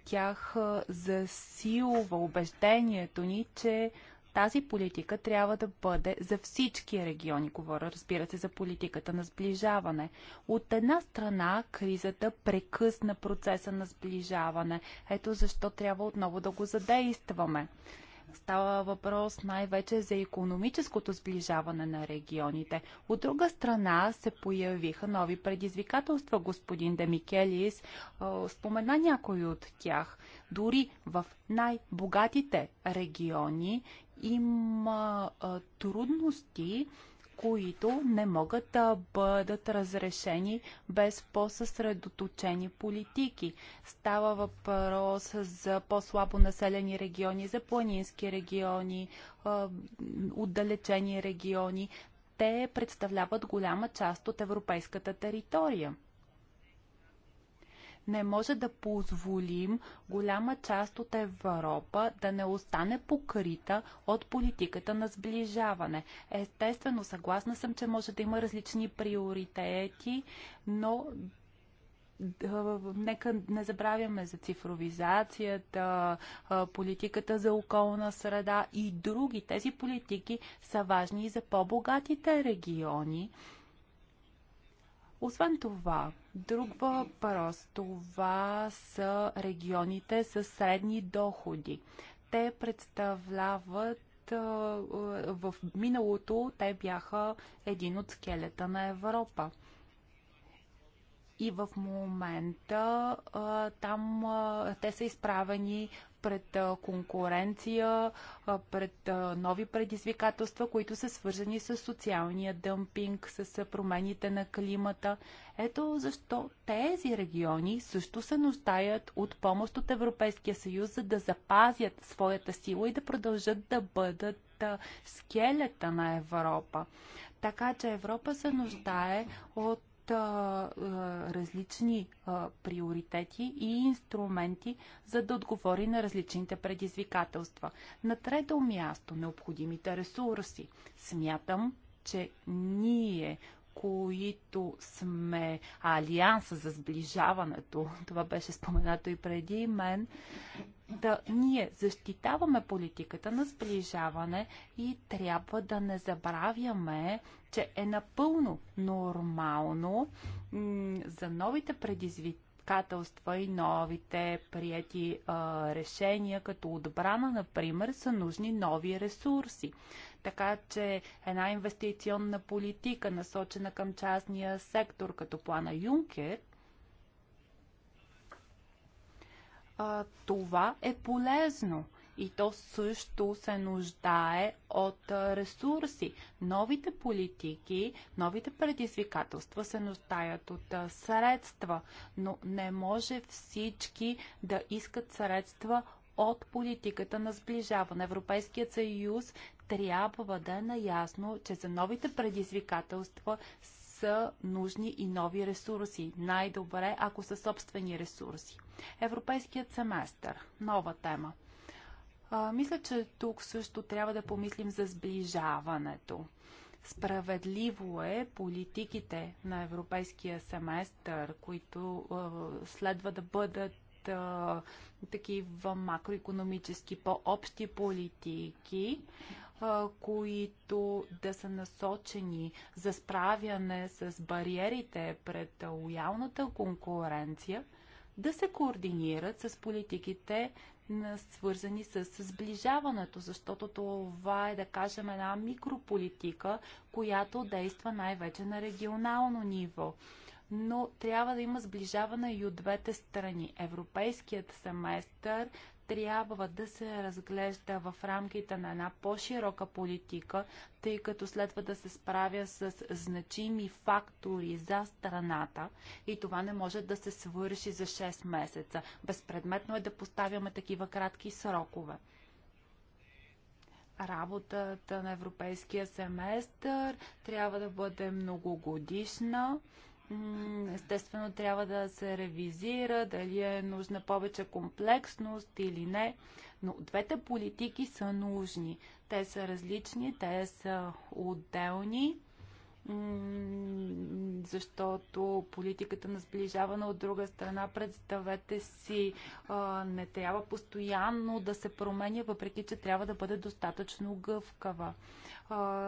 тях засилва убеждението ни, че тази политика трябва да бъде за всички региони, говоря, разбира се, за политиката на сближаване. От една страна, кризата прекъсна процеса на сближаване. Ето защо трябва отново да го задействаме. Става въпрос най-вече за економическото сближаване на регионите. От друга страна се появиха нови предизвикателства. Господин Демикелис спомена някой от тях. Дори в най-богатите региони има трудности, които не могат да бъдат разрешени без по-съсредоточени политики. Става въпрос за по-слабо населени региони, за планински региони, отдалечени региони. Те представляват голяма част от европейската територия. Не може да позволим голяма част от Европа да не остане покрита от политиката на сближаване. Естествено, съгласна съм, че може да има различни приоритети, но нека не забравяме за цифровизацията, политиката за околна среда и други. Тези политики са важни и за по-богатите региони. Освен това, друг въпрос, това са регионите с средни доходи. Те представляват в миналото те бяха един от скелета на Европа. И в момента там те са изправени пред конкуренция, пред нови предизвикателства, които са свързани с социалния дъмпинг, с промените на климата. Ето защо тези региони също се нуждаят от помощ от Европейския съюз, за да запазят своята сила и да продължат да бъдат скелета на Европа. Така че Европа се нуждае от а, различни а, приоритети и инструменти, за да отговори на различните предизвикателства. На трето място, необходимите ресурси. Смятам, че ние които сме Алианса за сближаването, това беше споменато и преди мен, да ние защитаваме политиката на сближаване и трябва да не забравяме, че е напълно нормално за новите предизвикателства и новите прияти а, решения, като отбрана, например, са нужни нови ресурси. Така че една инвестиционна политика, насочена към частния сектор, като плана Юнкер – а, това е полезно. И то също се нуждае от ресурси. Новите политики, новите предизвикателства се нуждаят от средства, но не може всички да искат средства от политиката на сближаване. Европейският съюз трябва да е наясно, че за новите предизвикателства са нужни и нови ресурси. Най-добре, ако са собствени ресурси. Европейският семестър. Нова тема. А, мисля, че тук също трябва да помислим за сближаването. Справедливо е политиките на европейския семестър, които а, следва да бъдат такива макроекономически по-общи политики които да са насочени за справяне с бариерите пред лоялната конкуренция, да се координират с политиките, свързани с сближаването, защото това е, да кажем, една микрополитика, която действа най-вече на регионално ниво но трябва да има сближаване и от двете страни. Европейският семестър трябва да се разглежда в рамките на една по-широка политика, тъй като следва да се справя с значими фактори за страната и това не може да се свърши за 6 месеца. Безпредметно е да поставяме такива кратки срокове работата на европейския семестър трябва да бъде многогодишна естествено трябва да се ревизира, дали е нужна повече комплексност или не, но двете политики са нужни. Те са различни, те са отделни защото политиката на сближаване от друга страна, представете си, не трябва постоянно да се променя, въпреки че трябва да бъде достатъчно гъвкава.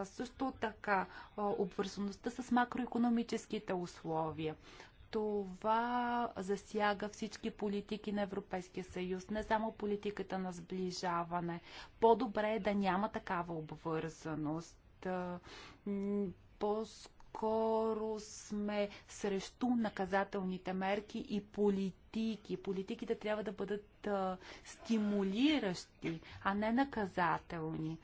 Също така, обвързаността с макроекономическите условия това засяга всички политики на Европейския съюз, не само политиката на сближаване. По-добре е да няма такава обвързаност по-скоро сме срещу наказателните мерки и политики. Политиките трябва да бъдат а, стимулиращи, а не наказателни.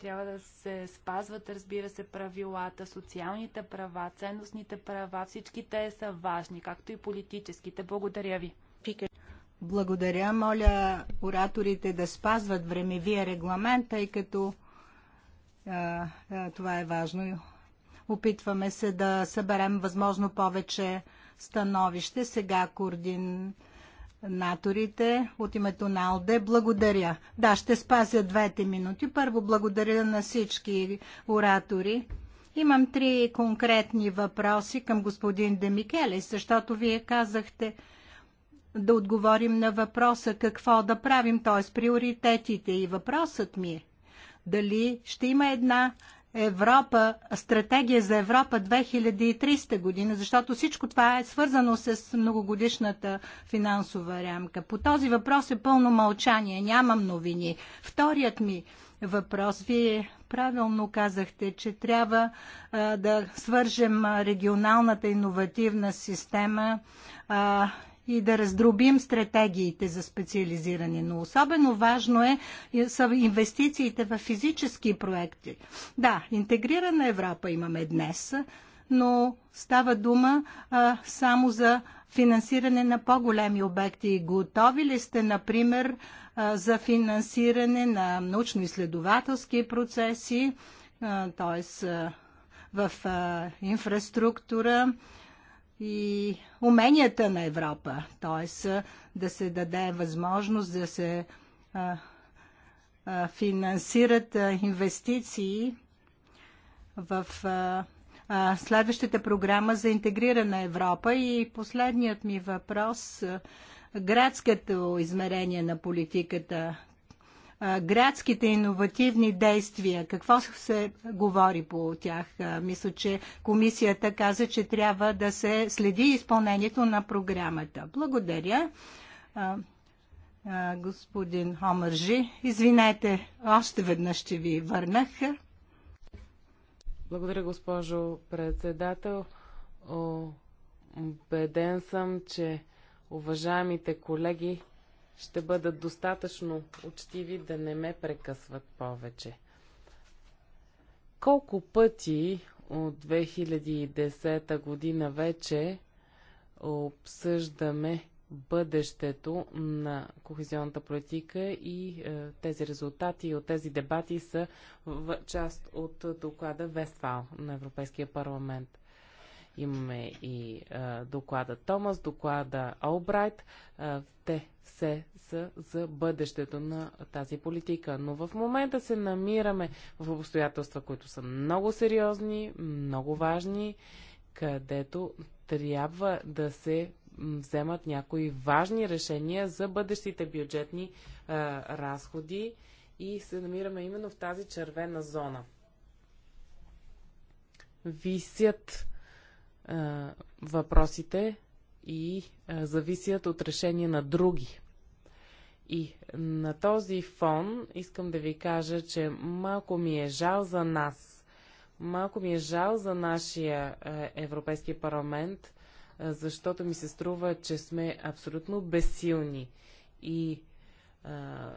Трябва да се спазват, разбира се, правилата, социалните права, ценностните права. Всички те са важни, както и политическите. Благодаря ви. Благодаря. Моля ораторите да спазват времевия регламент, тъй като а, а, това е важно Опитваме се да съберем възможно повече становище. Сега координаторите от името на АЛДЕ. Благодаря. Да, ще спазя двете минути. Първо благодаря на всички оратори. Имам три конкретни въпроси към господин Демикелес, защото вие казахте да отговорим на въпроса какво да правим, т.е. приоритетите. И въпросът ми е дали ще има една Европа, стратегия за Европа 2300 година, защото всичко това е свързано с многогодишната финансова рамка. По този въпрос е пълно мълчание, нямам новини. Вторият ми въпрос. Вие правилно казахте, че трябва а, да свържем регионалната иновативна система а, и да раздробим стратегиите за специализиране. Но особено важно е са инвестициите в физически проекти. Да, интегрирана Европа имаме днес, но става дума а, само за финансиране на по-големи обекти. Готови ли сте, например, а, за финансиране на научно-изследователски процеси, т.е. в а, инфраструктура? и уменията на Европа, т.е. да се даде възможност да се а, а, финансират а, инвестиции в а, а, следващата програма за интегрирана Европа. И последният ми въпрос а, градското измерение на политиката градските иновативни действия. Какво се говори по тях? Мисля, че комисията каза, че трябва да се следи изпълнението на програмата. Благодаря. Господин Омържи, извинете, още веднъж ще ви върнах. Благодаря, госпожо председател. Обеден съм, че уважаемите колеги ще бъдат достатъчно учтиви да не ме прекъсват повече. Колко пъти от 2010 година вече обсъждаме бъдещето на кохезионната политика и е, тези резултати от тези дебати са в част от доклада Вестфал на Европейския парламент. Имаме и а, доклада Томас, доклада Олбрайт. А, те все са за бъдещето на тази политика. Но в момента се намираме в обстоятелства, които са много сериозни, много важни, където трябва да се вземат някои важни решения за бъдещите бюджетни а, разходи и се намираме именно в тази червена зона. Висят а, въпросите и а, зависят от решение на други. И на този фон искам да ви кажа, че малко ми е жал за нас. Малко ми е жал за нашия е, Европейски парламент, защото ми се струва, че сме абсолютно безсилни. И а,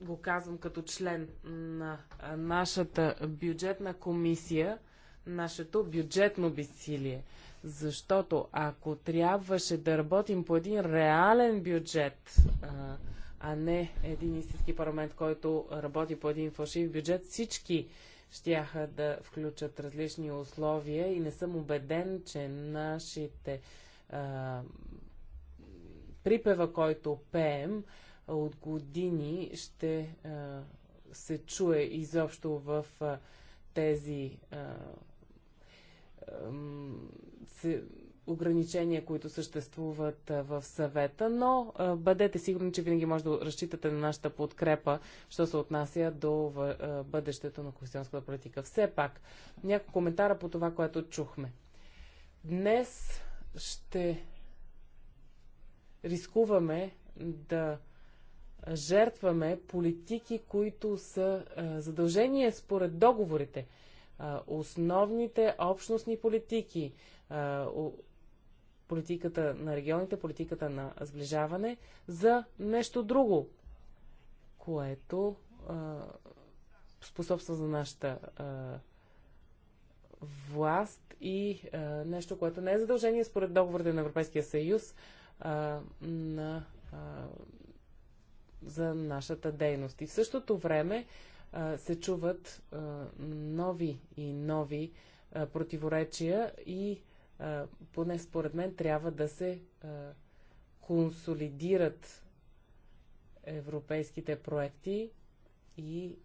го казвам като член на нашата бюджетна комисия – нашето бюджетно безсилие. Защото ако трябваше да работим по един реален бюджет, а не един истински парламент, който работи по един фалшив бюджет, всички щяха да включат различни условия и не съм убеден, че нашите а, припева, който пеем от години ще а, се чуе изобщо в а, тези а, се, ограничения, които съществуват в съвета, но бъдете сигурни, че винаги може да разчитате на нашата подкрепа, що се отнася до бъдещето на кохесионската политика. Все пак, няколко коментара по това, което чухме. Днес ще рискуваме да жертваме политики, които са задължение според договорите – основните общностни политики, политиката на регионите, политиката на сближаване за нещо друго, което способства за нашата власт и нещо, което не е задължение според договорите на Европейския съюз на, за нашата дейност. И в същото време се чуват нови и нови противоречия и поне според мен трябва да се консолидират европейските проекти и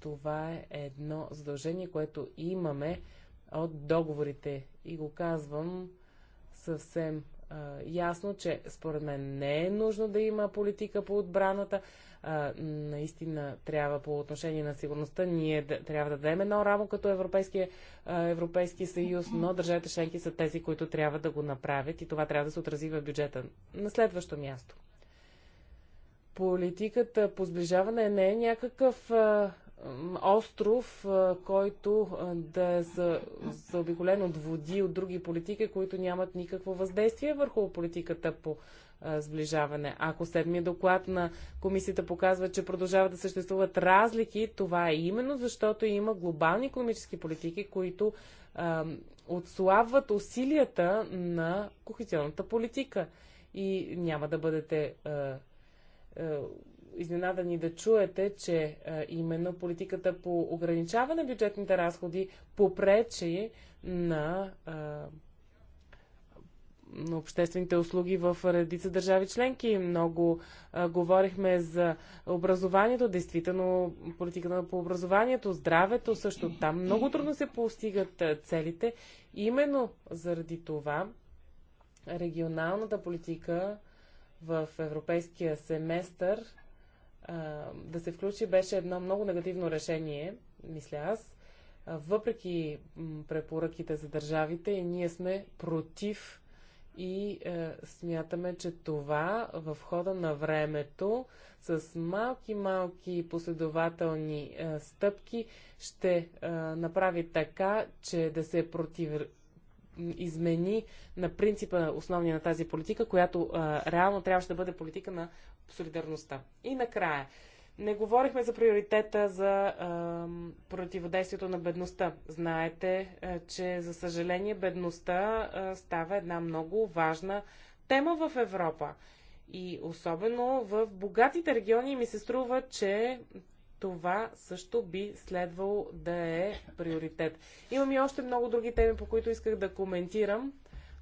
това е едно задължение, което имаме от договорите. И го казвам съвсем ясно, че според мен не е нужно да има политика по отбраната, а, наистина трябва по отношение на сигурността. Ние да, трябва да дадем едно рамо като Европейския, Европейски съюз, но държавите членки са тези, които трябва да го направят и това трябва да се отрази в бюджета. На следващо място. Политиката по сближаване не е някакъв а, остров, който да е за, заобиколен от води, от други политики, които нямат никакво въздействие върху политиката по сближаване. Ако седмият доклад на комисията показва, че продължават да съществуват разлики, това е именно защото има глобални економически политики, които а, отслабват усилията на кохезионната политика. И няма да бъдете а, изненадани да чуете, че а, именно политиката по ограничаване на бюджетните разходи попречи на а, на обществените услуги в редица държави членки. Много а, говорихме за образованието, действително политиката по образованието, здравето също. Там много трудно се постигат целите. Именно заради това регионалната политика в европейския семестър а, да се включи беше едно много негативно решение, мисля аз. Въпреки препоръките за държавите, ние сме против и е, смятаме, че това в хода на времето с малки-малки последователни е, стъпки ще е, направи така, че да се против измени на принципа основния на тази политика, която е, реално трябваше да бъде политика на солидарността. И накрая, не говорихме за приоритета за а, противодействието на бедността. Знаете, а, е, че за съжаление бедността а, става една много важна тема в Европа. И особено в богатите региони ми се струва, че това също би следвало да е приоритет. Имам и още много други теми, по които исках да коментирам,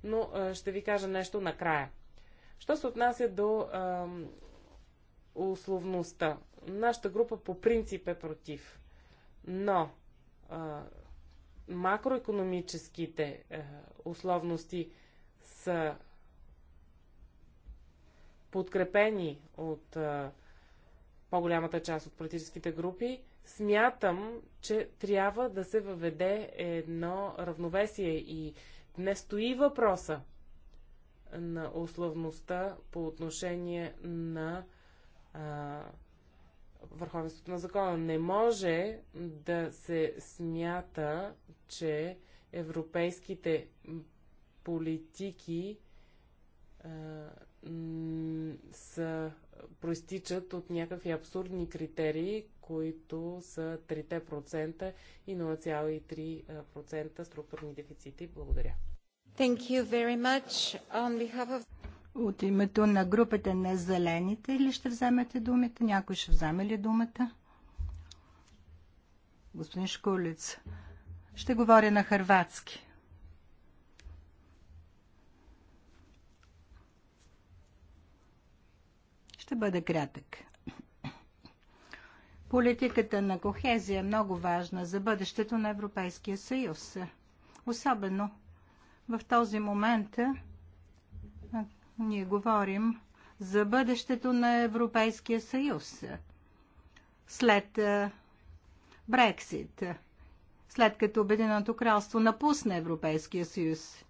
но а, ще ви кажа нещо накрая. Що се отнася до а, условността? Нашата група по принцип е против. Но а, макроекономическите а, условности са подкрепени от а, по-голямата част от политическите групи, смятам, че трябва да се въведе едно равновесие и не стои въпроса на условността по отношение на а, върховенството на закона. Не може да се смята, че европейските политики а, са, проистичат от някакви абсурдни критерии, които са 3% и 0,3% структурни дефицити. Благодаря. Thank you very much. On behalf of... От името на групата на зелените ли ще вземете думата? Някой ще вземе ли думата? Господин Шкулиц, ще говоря на хърватски. Ще бъда кратък. Политиката на кохезия е много важна за бъдещето на Европейския съюз. Особено в този момент, ние говорим за бъдещето на Европейския съюз след е, Брексит, след като Обединеното кралство напусне Европейския съюз.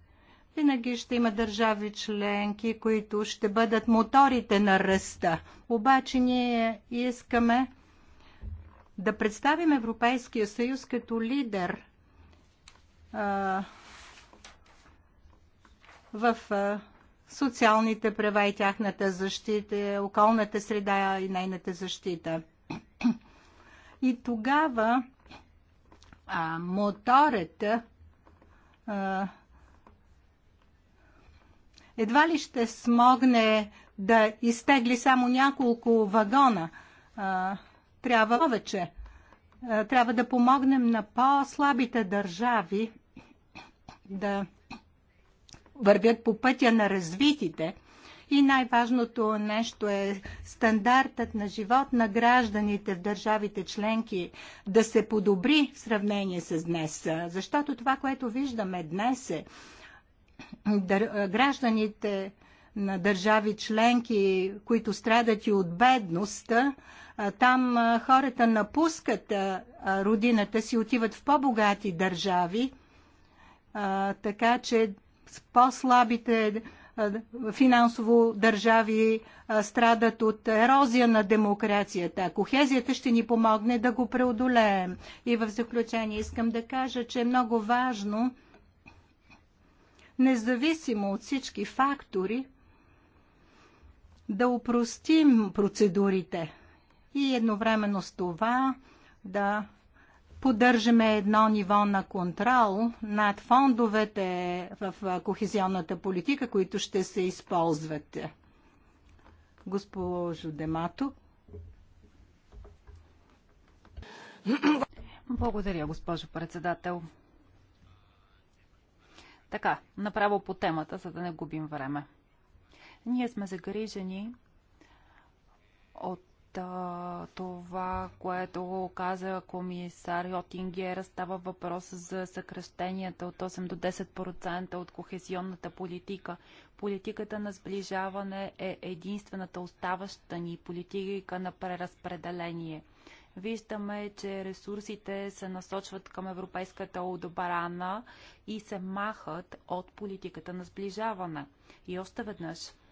Винаги ще има държави членки, които ще бъдат моторите на ръста. Обаче ние искаме да представим Европейския съюз като лидер а, е, в а, е, социалните права и тяхната защита, околната среда и нейната защита. И тогава а, моторът а, едва ли ще смогне да изтегли само няколко вагона. А, трябва повече. А, трябва да помогнем на по-слабите държави да вървят по пътя на развитите. И най-важното нещо е стандартът на живот на гражданите в държавите членки да се подобри в сравнение с днес. Защото това, което виждаме днес е гражданите на държави членки, които страдат и от бедност, там хората напускат родината си, отиват в по-богати държави, така че по-слабите финансово държави страдат от ерозия на демокрацията. Кохезията ще ни помогне да го преодолеем. И в заключение искам да кажа, че е много важно, независимо от всички фактори, да упростим процедурите и едновременно с това да поддържаме едно ниво на контрол над фондовете в кохезионната политика, които ще се използват. Госпожо Демато. Благодаря, госпожо председател. Така, направо по темата, за да не губим време. Ние сме загрижени от това, което каза комисар Йотингер, става въпрос за съкръщенията от 8 до 10% от кохезионната политика. Политиката на сближаване е единствената оставаща ни политика на преразпределение. Виждаме, че ресурсите се насочват към европейската отбрана и се махат от политиката на сближаване. И още веднъж –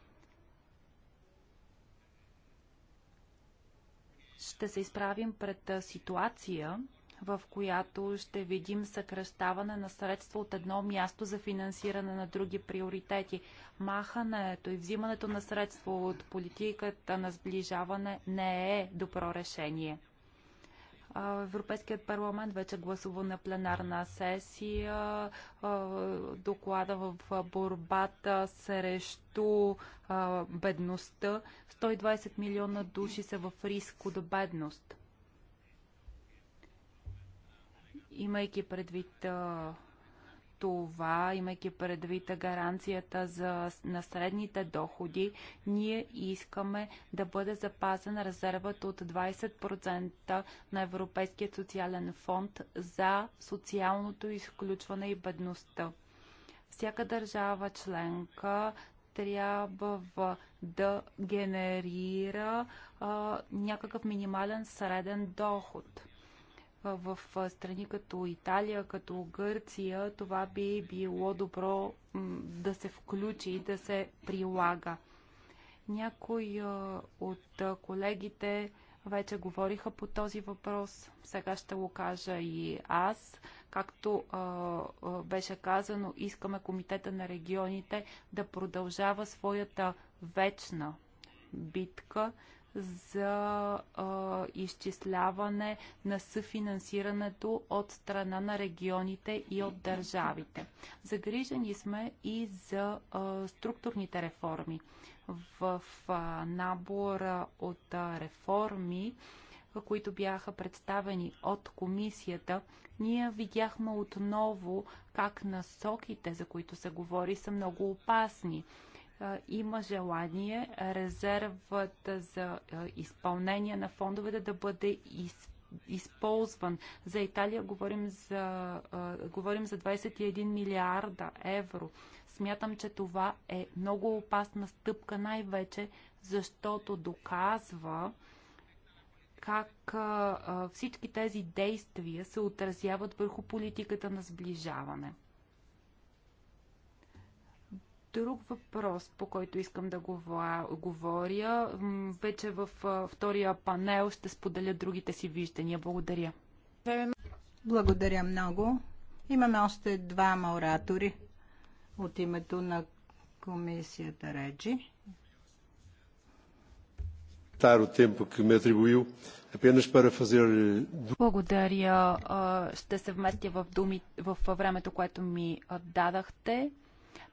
ще се изправим пред ситуация, в която ще видим съкръщаване на средства от едно място за финансиране на други приоритети. Махането и взимането на средства от политиката на сближаване не е добро решение. Европейският парламент вече гласува на пленарна сесия доклада в борбата срещу бедността. 120 милиона души са в риск от бедност. Имайки предвид това, имайки предвид гаранцията за средните доходи, ние искаме да бъде запазен резервът от 20% на Европейския социален фонд за социалното изключване и бедността. Всяка държава членка трябва да генерира а, някакъв минимален среден доход – в страни като Италия, като Гърция, това би било добро да се включи и да се прилага. Някои от колегите вече говориха по този въпрос. Сега ще го кажа и аз. Както беше казано, искаме Комитета на регионите да продължава своята вечна битка за а, изчисляване на съфинансирането от страна на регионите и от държавите. Загрижени сме и за а, структурните реформи. В а, набора от а, реформи, които бяха представени от комисията, ние видяхме отново как насоките, за които се говори, са много опасни има желание резервата за изпълнение на фондовете да бъде използван. За Италия говорим за, говорим за 21 милиарда евро. Смятам, че това е много опасна стъпка, най-вече защото доказва как всички тези действия се отразяват върху политиката на сближаване друг въпрос, по който искам да говоря. Вече в втория панел ще споделя другите си виждания. Благодаря. Благодаря много. Имаме още двама оратори от името на комисията Реджи. Благодаря. Ще се вместя в, думи, в времето, което ми дадахте.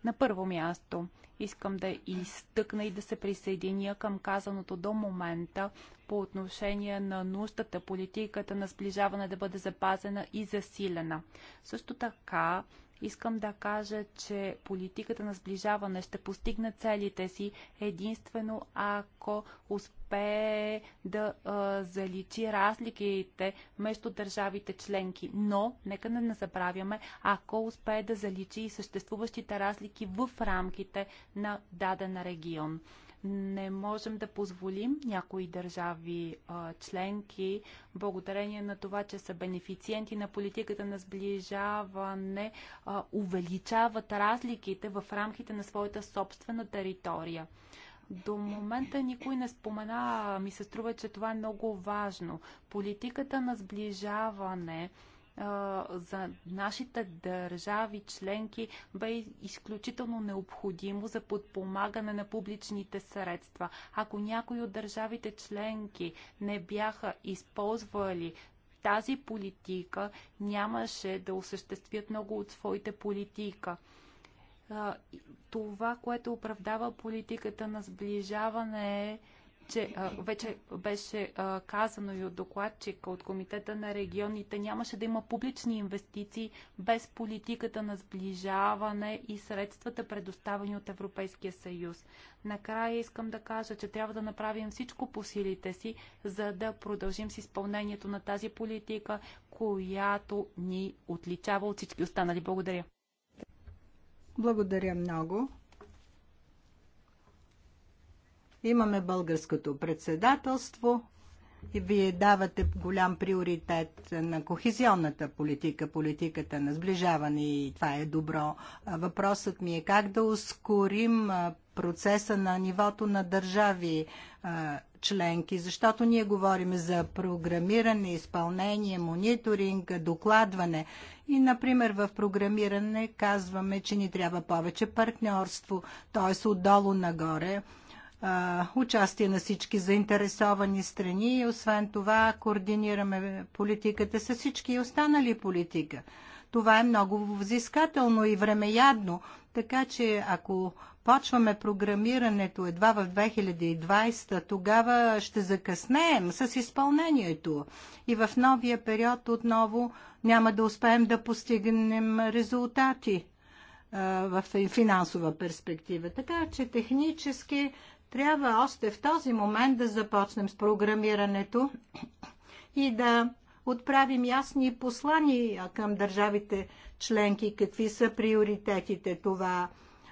На първо място искам да изтъкна и да се присъединя към казаното до момента по отношение на нуждата политиката на сближаване да бъде запазена и засилена. Също така Искам да кажа, че политиката на сближаване ще постигне целите си единствено ако успее да а, заличи разликите между държавите членки. Но, нека не, не забравяме, ако успее да заличи и съществуващите разлики в рамките на даден регион. Не можем да позволим някои държави членки, благодарение на това, че са бенефициенти на политиката на сближаване, увеличават разликите в рамките на своята собствена територия. До момента никой не спомена, ми се струва, че това е много важно. Политиката на сближаване за нашите държави членки бе изключително необходимо за подпомагане на публичните средства. Ако някои от държавите членки не бяха използвали тази политика, нямаше да осъществят много от своите политика това, което оправдава политиката на сближаване е че а, вече беше а, казано и от докладчика от Комитета на регионите, нямаше да има публични инвестиции без политиката на сближаване и средствата предоставени от Европейския съюз. Накрая искам да кажа, че трябва да направим всичко по силите си, за да продължим с изпълнението на тази политика, която ни отличава от всички останали. Благодаря. Благодаря много. Имаме българското председателство и вие давате голям приоритет на кохезионната политика, политиката на сближаване и това е добро. Въпросът ми е как да ускорим процеса на нивото на държави членки, защото ние говорим за програмиране, изпълнение, мониторинг, докладване. И, например, в програмиране казваме, че ни трябва повече партньорство, т.е. отдолу нагоре участие на всички заинтересовани страни и освен това координираме политиката с всички останали политика. Това е много взискателно и времеядно, така че ако почваме програмирането едва в 2020, тогава ще закъснеем с изпълнението и в новия период отново няма да успеем да постигнем резултати в финансова перспектива. Така че технически трябва още в този момент да започнем с програмирането и да отправим ясни послания към държавите членки, какви са приоритетите. Това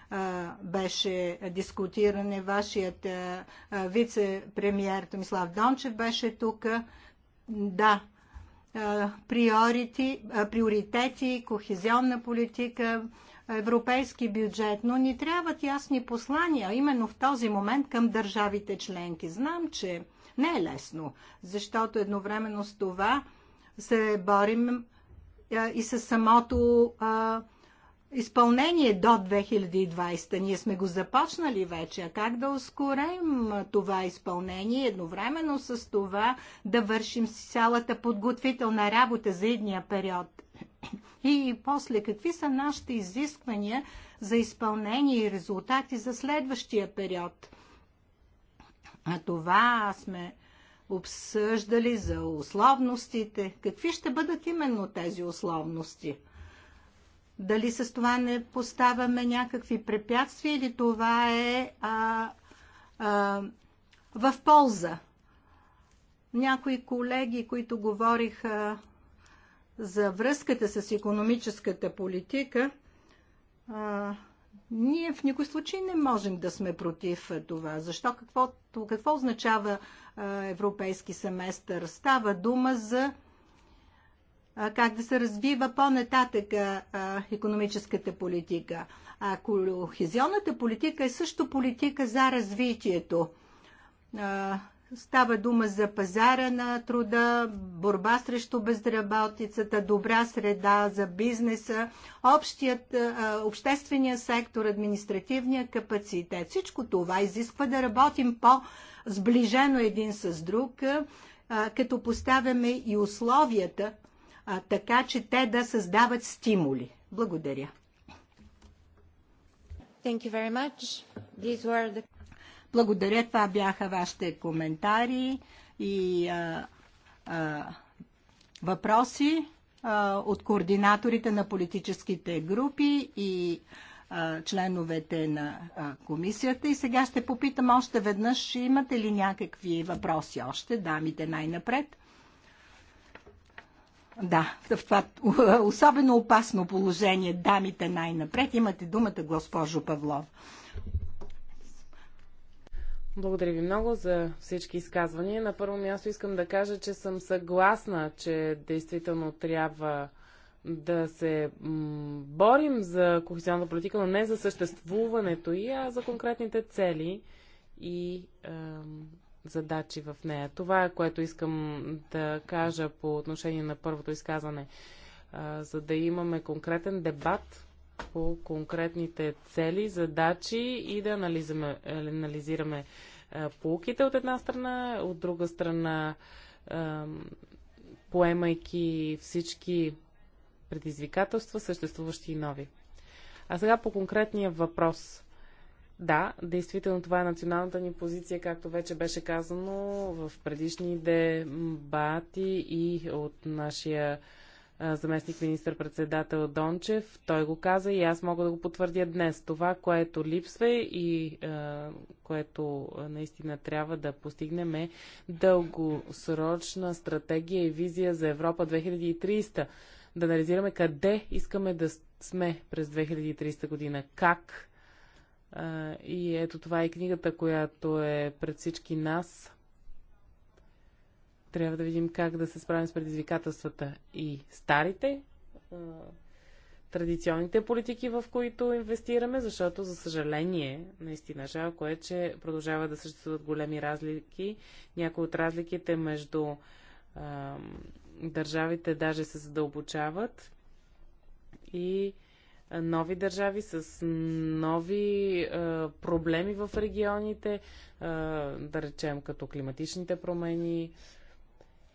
а, беше дискутиране. Вашият вице-премьер Томислав Дончев беше тук. Да, а, приорити, приоритети, кохезионна политика, европейски бюджет, но ни трябват ясни послания именно в този момент към държавите членки. Знам, че не е лесно, защото едновременно с това се борим и с самото а, изпълнение до 2020. Ние сме го започнали вече. А как да ускорим това изпълнение? Едновременно с това да вършим цялата подготвителна работа за едния период и после, какви са нашите изисквания за изпълнение и резултати за следващия период? А това сме обсъждали за условностите. Какви ще бъдат именно тези условности? Дали с това не поставяме някакви препятствия или това е а, а, в полза? Някои колеги, които говориха за връзката с економическата политика, а, ние в никой случай не можем да сме против това. Защо? Какво, какво означава а, европейски семестър? Става дума за а, как да се развива по-нататък економическата политика. А кохезионната политика е също политика за развитието. А, Става дума за пазара на труда, борба срещу безработицата, добра среда за бизнеса, общият, обществения сектор, административния капацитет. Всичко това изисква да работим по-сближено един с друг, като поставяме и условията, така че те да създават стимули. Благодаря. Thank you very much. These were the... Благодаря, това бяха вашите коментари и а, а, въпроси а, от координаторите на политическите групи и а, членовете на а, комисията. И сега ще попитам още веднъж, имате ли някакви въпроси още, дамите най-напред. Да, в това особено опасно положение, дамите най-напред. Имате думата, госпожо Павлов. Благодаря ви много за всички изказвания. На първо място искам да кажа, че съм съгласна, че действително трябва да се борим за кохезионната политика, но не за съществуването и, а за конкретните цели и е, задачи в нея. Това е което искам да кажа по отношение на първото изказване. Е, за да имаме конкретен дебат по конкретните цели, задачи и да анализираме, анализираме полуките от една страна, от друга страна поемайки всички предизвикателства, съществуващи и нови. А сега по конкретния въпрос. Да, действително това е националната ни позиция, както вече беше казано в предишни дебати и от нашия заместник министър-председател Дончев. Той го каза и аз мога да го потвърдя днес. Това, което липсва и което наистина трябва да постигнем е дългосрочна стратегия и визия за Европа 2300. Да анализираме къде искаме да сме през 2300 година, как. и ето това е книгата, която е пред всички нас трябва да видим как да се справим с предизвикателствата и старите, традиционните политики, в които инвестираме, защото, за съжаление, наистина жалко е, че продължава да съществуват големи разлики. Някои от разликите между а, държавите даже се задълбочават и нови държави с нови а, проблеми в регионите, а, да речем като климатичните промени, а,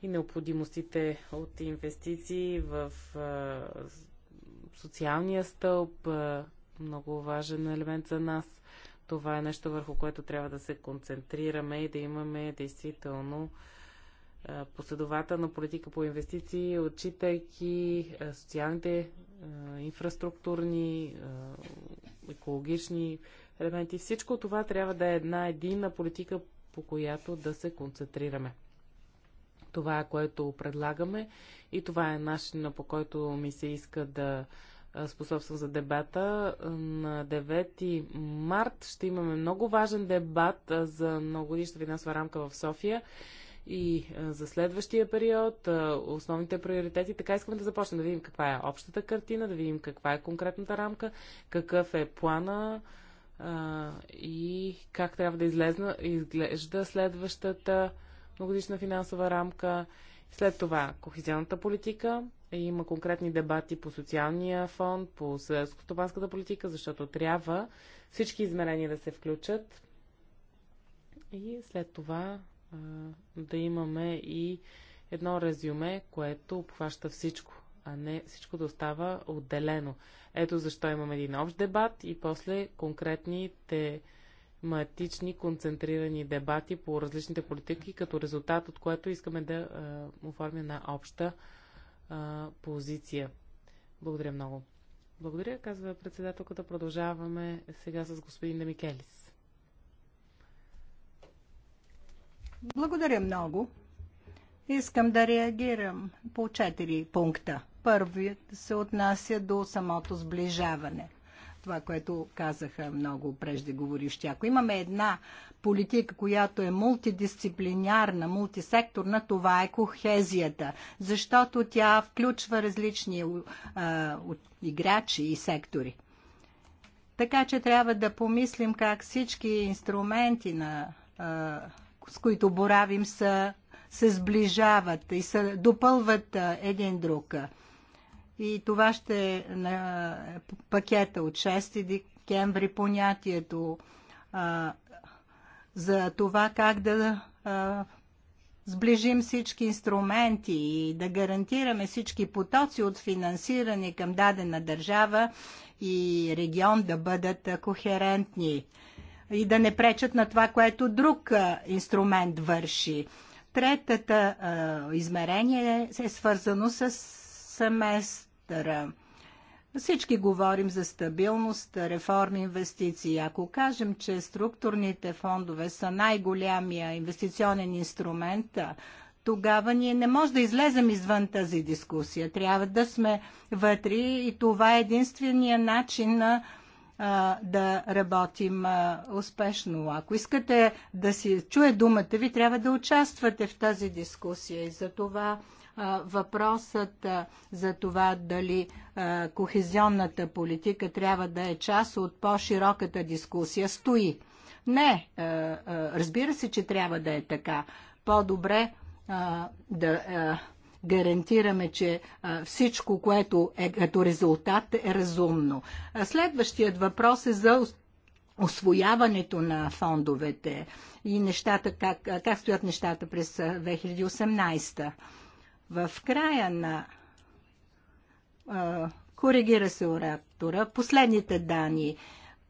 и необходимостите от инвестиции в социалния стълб, много важен елемент за нас. Това е нещо върху което трябва да се концентрираме и да имаме действително последователна политика по инвестиции, отчитайки социалните, инфраструктурни, екологични елементи. Всичко това трябва да е една единна политика, по която да се концентрираме. Това е което предлагаме и това е начина по който ми се иска да способствам за дебата. На 9 март ще имаме много важен дебат за многогодишна финансова рамка в София и за следващия период, основните приоритети. Така искаме да започнем да видим каква е общата картина, да видим каква е конкретната рамка, какъв е плана и как трябва да излезна, изглежда следващата многодишна финансова рамка. След това кохезионната политика. Има конкретни дебати по социалния фонд, по селско-стопанската политика, защото трябва всички измерения да се включат. И след това да имаме и едно резюме, което обхваща всичко, а не всичко да остава отделено. Ето защо имаме един общ дебат и после конкретните тематични, концентрирани дебати по различните политики, като резултат от което искаме да е, оформим на обща е, позиция. Благодаря много. Благодаря, казва председателката. Продължаваме сега с господин Демикелис. Благодаря много. Искам да реагирам по четири пункта. Първият се отнася до самото сближаване – това, което казаха много преждеговорищи. Ако имаме една политика, която е мултидисциплинарна, мултисекторна, това е кохезията, защото тя включва различни а, играчи и сектори. Така че трябва да помислим как всички инструменти, на, а, с които боравим, са, се сближават и се допълват един друг. И това ще е пакета от 6 декември понятието а, за това как да а, сближим всички инструменти и да гарантираме всички потоци от финансиране към дадена държава и регион да бъдат кохерентни и да не пречат на това, което друг инструмент върши. Третата а, измерение е свързано с семестър вектора. Всички говорим за стабилност, реформи, инвестиции. Ако кажем, че структурните фондове са най-голямия инвестиционен инструмент, тогава ние не може да излезем извън тази дискусия. Трябва да сме вътре и това е единствения начин на да работим успешно. Ако искате да си чуе думата ви, трябва да участвате в тази дискусия и за това Въпросът за това дали кохезионната политика трябва да е част от по-широката дискусия стои. Не, разбира се, че трябва да е така. По-добре да гарантираме, че всичко, което е като резултат, е разумно. Следващият въпрос е за освояването на фондовете и нещата, как, как стоят нещата през 2018. В края на коригира се оратора, последните данни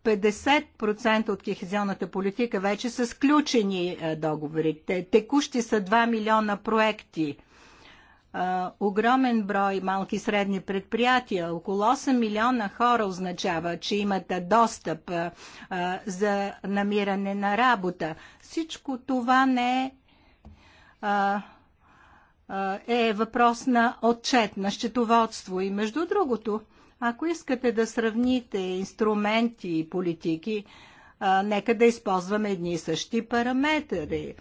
50% от кохезионната политика вече са сключени договори. Текущи са 2 милиона проекти. Огромен брой малки и средни предприятия, около 8 милиона хора означава, че имат достъп за намиране на работа. Всичко това не е е въпрос на отчет, на счетоводство. И между другото, ако искате да сравните инструменти и политики, нека да използваме едни и същи параметри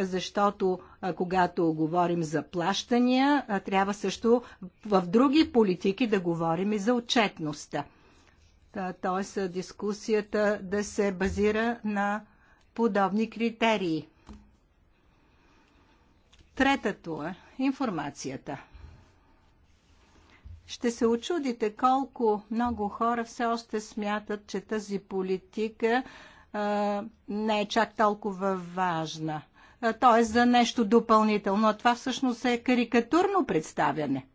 защото когато говорим за плащания, трябва също в други политики да говорим и за отчетността. Тоест дискусията да се базира на подобни критерии. Третото е информацията. Ще се очудите колко много хора все още смятат, че тази политика а, не е чак толкова важна. Т.е. за нещо допълнително. А това всъщност е карикатурно представяне.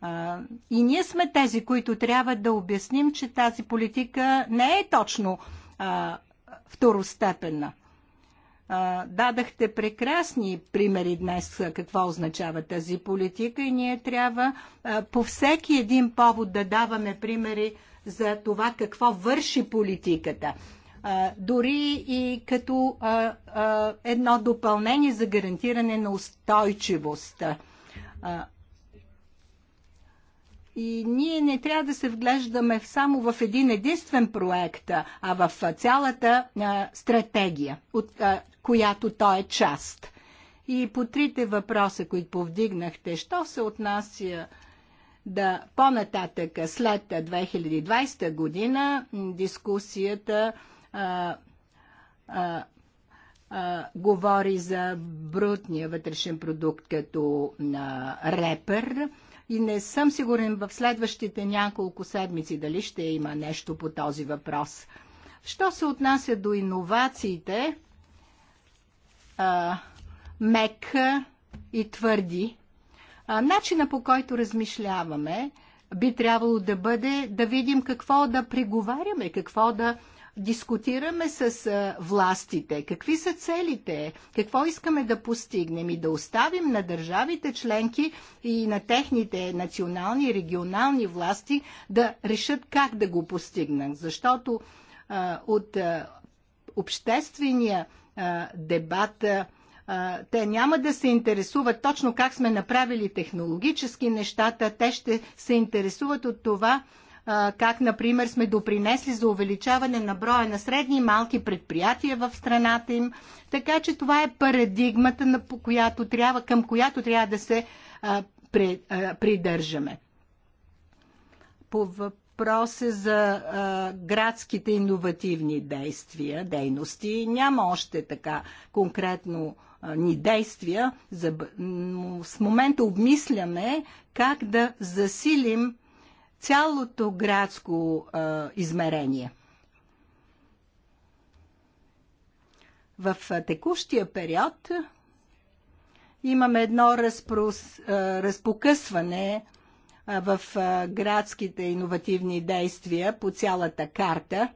А, и ние сме тези, които трябва да обясним, че тази политика не е точно а, второстепенна дадахте прекрасни примери днес какво означава тази политика и ние трябва по всеки един повод да даваме примери за това какво върши политиката. дори и като едно допълнение за гарантиране на устойчивост. И ние не трябва да се вглеждаме само в един единствен проект, а в цялата а, стратегия, от а, която той е част. И по трите въпроса, които повдигнахте, що се отнася да по-нататък след 2020 година дискусията а, а, а, говори за брутния вътрешен продукт като а, репер и не съм сигурен в следващите няколко седмици дали ще има нещо по този въпрос. Що се отнася до иновациите, мек и твърди, начина по който размишляваме, би трябвало да бъде да видим какво да преговаряме, какво да дискутираме с властите какви са целите, какво искаме да постигнем и да оставим на държавите членки и на техните национални и регионални власти да решат как да го постигнат. Защото а, от а, обществения а, дебат те няма да се интересуват точно как сме направили технологически нещата, те ще се интересуват от това, как, например, сме допринесли за увеличаване на броя на средни и малки предприятия в страната им. Така че това е парадигмата, на която трябва, към която трябва да се придържаме. По въпроса за а, градските иновативни действия, дейности, няма още така конкретно а, ни действия. За, с момента обмисляме как да засилим цялото градско а, измерение. В текущия период имаме едно разпрос, а, разпокъсване а, в а, градските иновативни действия по цялата карта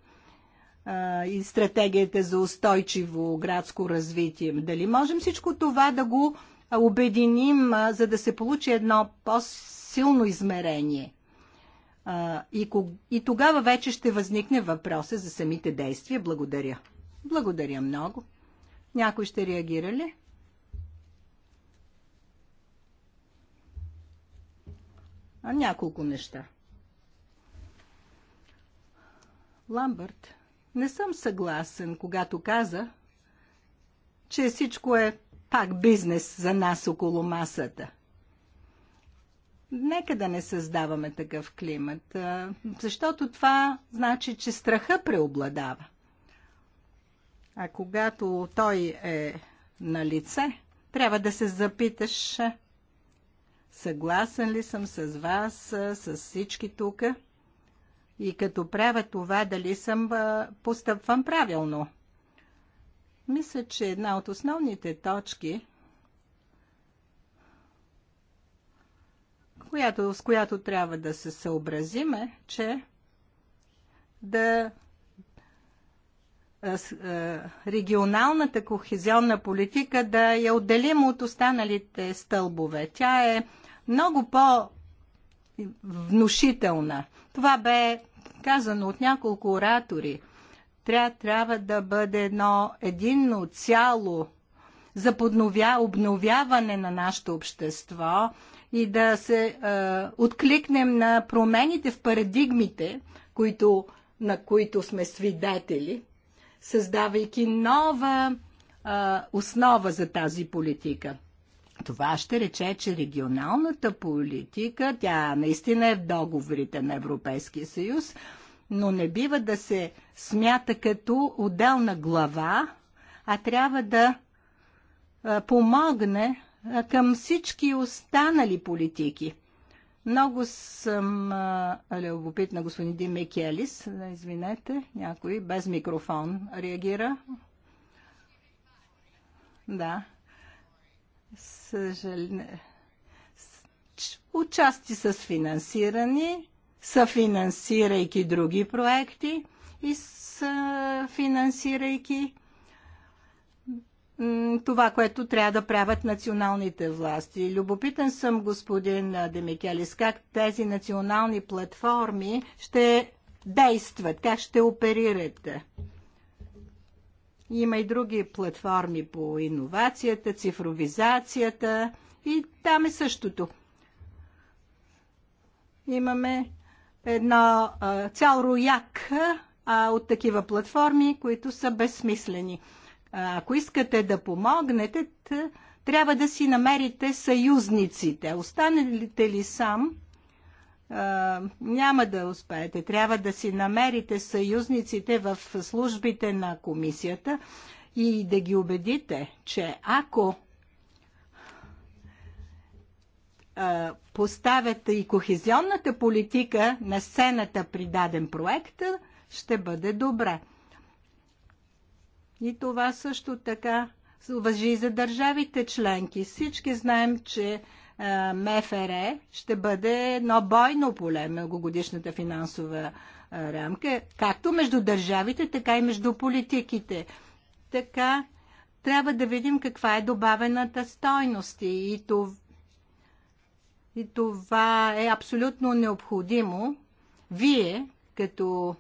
и стратегията за устойчиво градско развитие. Дали можем всичко това да го обединим, за да се получи едно по-силно измерение – и, и тогава вече ще възникне въпроса за самите действия. Благодаря. Благодаря много. Някой ще реагира ли? А няколко неща. Ламбърт, не съм съгласен, когато каза, че всичко е пак бизнес за нас около масата – Нека да не създаваме такъв климат, защото това значи, че страха преобладава. А когато той е на лице, трябва да се запиташ съгласен ли съм с вас, с всички тук и като правя това, дали съм постъпвам правилно. Мисля, че една от основните точки която, с която трябва да се съобразиме, че да регионалната кохезионна политика да я отделим от останалите стълбове. Тя е много по-внушителна. Това бе казано от няколко оратори. Тря, трябва да бъде едно единно цяло за подновя, обновяване на нашето общество, и да се а, откликнем на промените в парадигмите, които, на които сме свидетели, създавайки нова а, основа за тази политика. Това ще рече, че регионалната политика, тя наистина е в договорите на Европейския съюз, но не бива да се смята като отделна глава, а трябва да помогне към всички останали политики. Много съм любопитна, господин Дим Микелис. Извинете, някой без микрофон реагира. Да. Съжален... Участи с финансирани, съфинансирайки други проекти и с финансирайки това, което трябва да правят националните власти. Любопитен съм, господин Демикелис, как тези национални платформи ще действат, как ще оперирате. Има и други платформи по иновацията, цифровизацията и там е същото. Имаме едно цял рояк от такива платформи, които са безсмислени. Ако искате да помогнете, трябва да си намерите съюзниците. Останете ли сам, няма да успеете. Трябва да си намерите съюзниците в службите на комисията и да ги убедите, че ако поставят и кохезионната политика на сцената при даден проект, ще бъде добре. И това също така въжи за държавите членки. Всички знаем, че е, МФР ще бъде едно бойно поле, многогодишната финансова е, рамка, както между държавите, така и между политиките. Така трябва да видим каква е добавената стойност и това, и това е абсолютно необходимо. Вие, като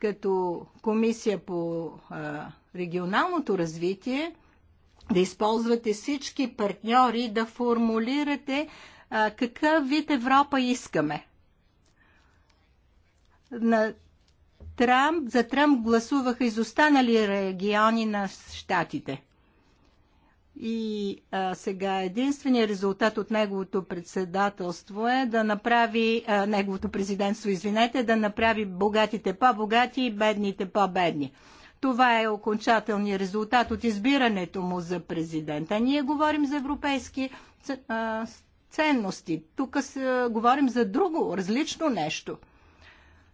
като комисия по а, регионалното развитие да използвате всички партньори, да формулирате а, какъв вид Европа искаме. На Трамп, за Трамп гласуваха изостанали региони на щатите. И а, сега единственият резултат от неговото председателство е да направи, а, неговото президентство, извинете, да направи богатите по-богати и бедните по-бедни. Това е окончателният резултат от избирането му за президента. Ние говорим за европейски ценности. Тук говорим за друго, различно нещо.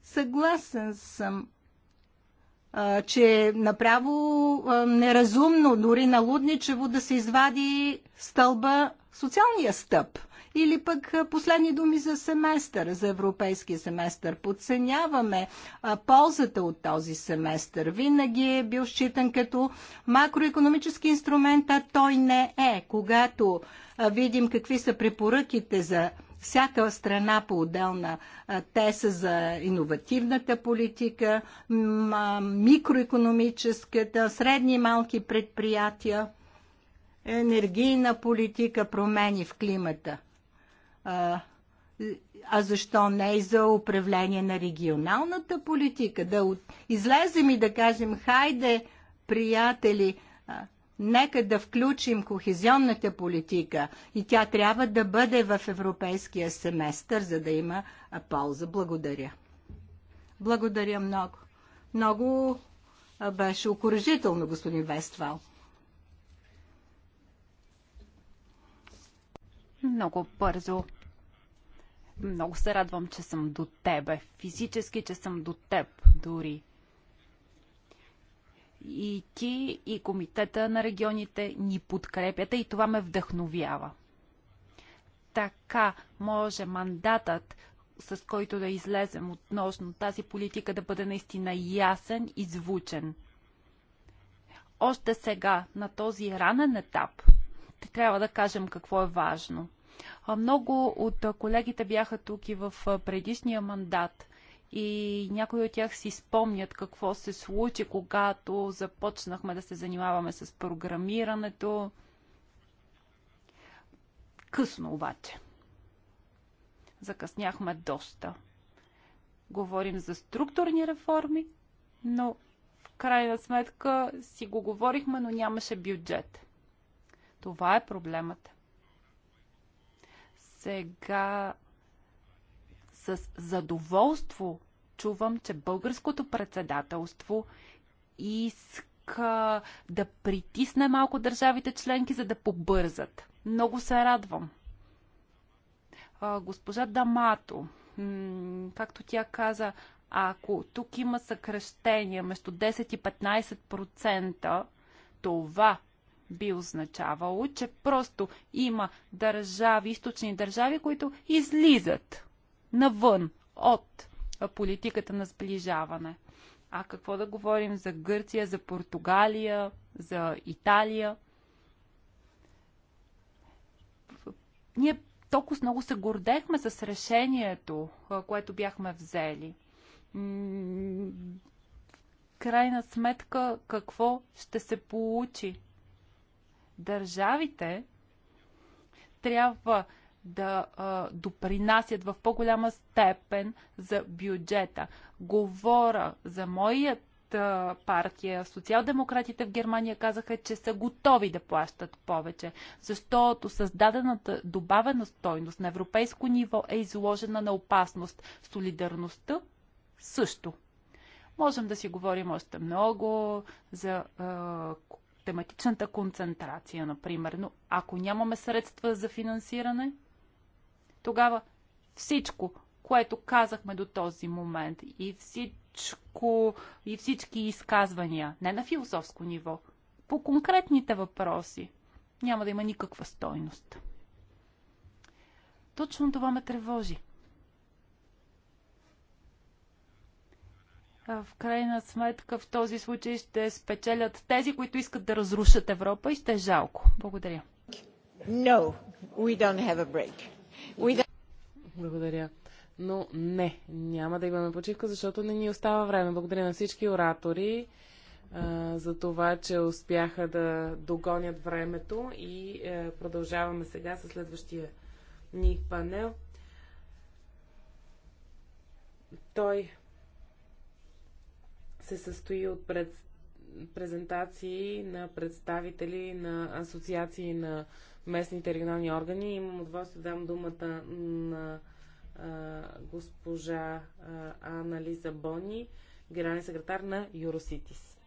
Съгласен съм че направо неразумно, дори налудничево да се извади стълба, социалния стъп. Или пък последни думи за семестър, за европейския семестър. Подценяваме ползата от този семестър. Винаги е бил считан като макроекономически инструмент, а той не е. Когато видим какви са препоръките за всяка страна по-отделна теса за иновативната политика, микроекономическата, средни и малки предприятия, енергийна политика, промени в климата. А защо не и за управление на регионалната политика? Да излезем и да кажем, хайде, приятели, Нека да включим кохезионната политика и тя трябва да бъде в европейския семестър, за да има полза. Благодаря. Благодаря много. Много беше окоръжително, господин Вествал. Много бързо. Много се радвам, че съм до тебе. Физически, че съм до теб дори. И ти, и Комитета на регионите ни подкрепяте и това ме вдъхновява. Така може мандатът, с който да излезем относно тази политика, да бъде наистина ясен и звучен. Още сега, на този ранен етап, трябва да кажем какво е важно. Много от колегите бяха тук и в предишния мандат и някои от тях си спомнят какво се случи, когато започнахме да се занимаваме с програмирането. Късно обаче. Закъсняхме доста. Говорим за структурни реформи, но в крайна сметка си го говорихме, но нямаше бюджет. Това е проблемът. Сега с задоволство чувам, че българското председателство иска да притисне малко държавите членки, за да побързат. Много се радвам. А, госпожа Дамато, както тя каза, ако тук има съкръщение между 10 и 15%, това би означавало, че просто има държави, източни държави, които излизат навън от политиката на сближаване. А какво да говорим за Гърция, за Португалия, за Италия? Ние толкова много се гордехме с решението, което бяхме взели. Крайна сметка, какво ще се получи? Държавите трябва да а, допринасят в по-голяма степен за бюджета. Говоря за моят а, партия. Социал-демократите в Германия казаха, че са готови да плащат повече, защото създадената добавена стойност на европейско ниво е изложена на опасност. Солидарността също. Можем да си говорим още много за а, тематичната концентрация, например. Но ако нямаме средства за финансиране, тогава всичко, което казахме до този момент и всичко, и всички изказвания, не на философско ниво, по конкретните въпроси, няма да има никаква стойност. Точно това ме тревожи. В крайна сметка в този случай ще спечелят тези, които искат да разрушат Европа и ще е жалко. Благодаря. No, we don't have a break. Благодаря. Но не, няма да имаме почивка, защото не ни остава време. Благодаря на всички оратори а, за това, че успяха да догонят времето и а, е, продължаваме сега с следващия ни панел. Той се състои от пред... презентации на представители на асоциации на местните регионални органи. Имам вас да дам думата на а, госпожа Анализа Бони, генерален секретар на Юроситис.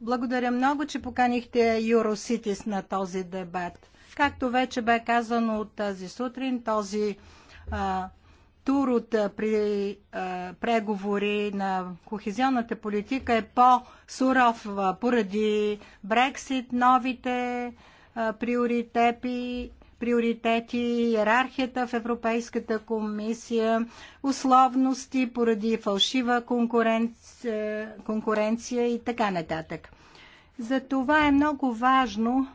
Благодаря много, че поканихте Юроситис на този дебат. Както вече бе казано от тази сутрин, този а, тур от при, а, преговори на кохезионната политика е по-суров поради Брексит, новите приоритети, приоритети, иерархията в Европейската комисия, условности поради фалшива конкуренция, е, конкуренция и така нататък. За това е много важно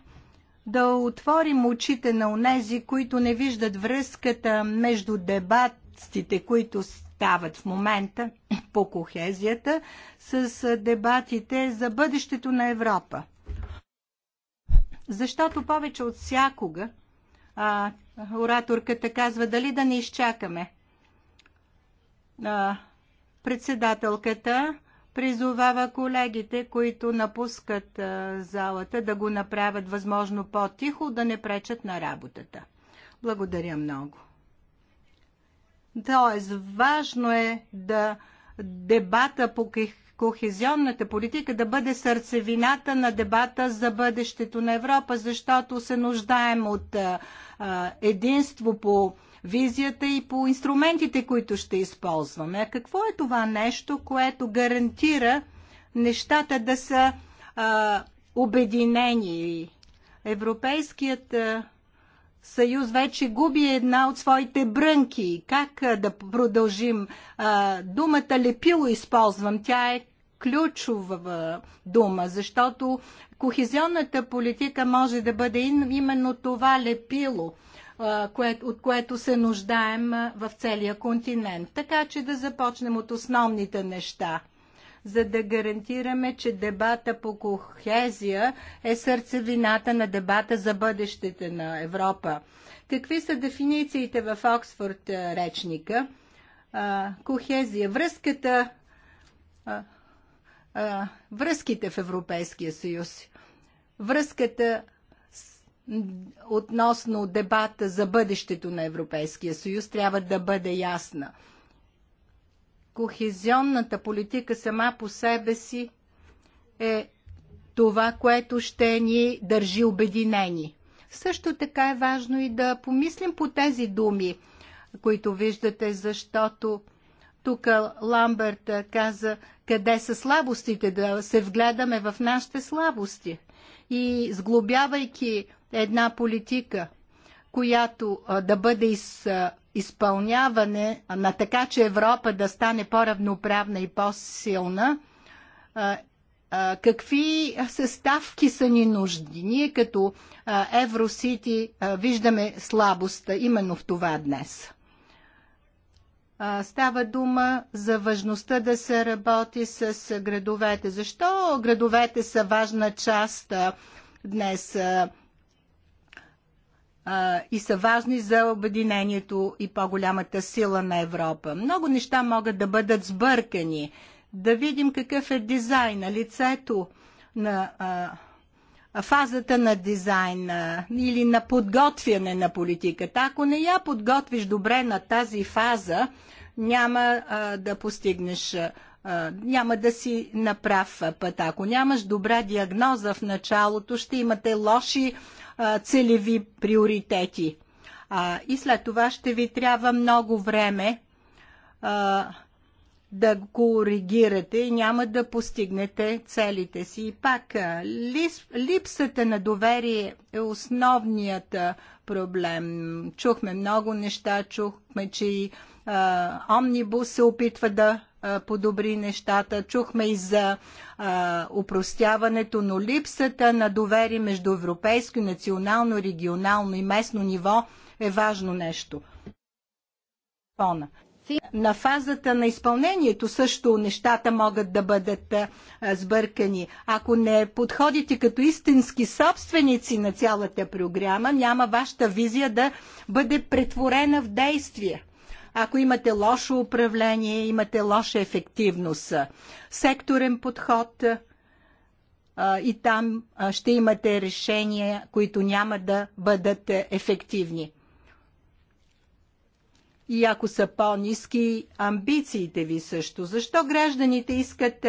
да отворим очите на онези, които не виждат връзката между дебатите, които стават в момента по кохезията, с дебатите за бъдещето на Европа. Защото повече от всякога а, ораторката казва дали да не изчакаме. А, председателката призовава колегите, които напускат а, залата, да го направят възможно по-тихо, да не пречат на работата. Благодаря много. Тоест, важно е да дебата по кохезионната политика да бъде сърцевината на дебата за бъдещето на Европа, защото се нуждаем от единство по визията и по инструментите, които ще използваме. А какво е това нещо, което гарантира нещата да са а, обединени? Европейският а, съюз вече губи една от своите брънки. Как а, да продължим? А, думата лепило използвам. Тя е ключова дума, защото кохезионната политика може да бъде именно това лепило, от което се нуждаем в целия континент. Така че да започнем от основните неща за да гарантираме, че дебата по кохезия е сърцевината на дебата за бъдещето на Европа. Какви са дефинициите в Оксфорд речника? Кохезия. Връзката а, връзките в Европейския съюз. Връзката с, относно дебата за бъдещето на Европейския съюз трябва да бъде ясна. Кохезионната политика сама по себе си е това, което ще ни държи обединени. Също така е важно и да помислим по тези думи, които виждате, защото тук Ламберт каза къде са слабостите, да се вгледаме в нашите слабости. И сглобявайки една политика, която да бъде из, изпълняване на така, че Европа да стане по-равноправна и по-силна, какви съставки са ни нужди? Ние като Евросити виждаме слабостта именно в това днес става дума за важността да се работи с градовете. Защо градовете са важна част днес и са важни за обединението и по-голямата сила на Европа? Много неща могат да бъдат сбъркани. Да видим какъв е дизайна, лицето на фазата на дизайна или на подготвяне на политиката. Ако не я подготвиш добре на тази фаза, няма а, да постигнеш, а, няма да си направ път. Ако нямаш добра диагноза в началото, ще имате лоши а, целеви приоритети. А, и след това ще ви трябва много време. А, да коригирате и няма да постигнете целите си. И пак, липсата на доверие е основният проблем. Чухме много неща, чухме, че и а, Омнибус се опитва да а, подобри нещата, чухме и за а, упростяването, но липсата на доверие между европейско, национално, регионално и местно ниво е важно нещо. Фона. На фазата на изпълнението също нещата могат да бъдат сбъркани. Ако не подходите като истински собственици на цялата програма, няма вашата визия да бъде претворена в действие ако имате лошо управление, имате лоша ефективност. Секторен подход и там ще имате решения, които няма да бъдат ефективни и ако са по-низки амбициите ви също? Защо гражданите искат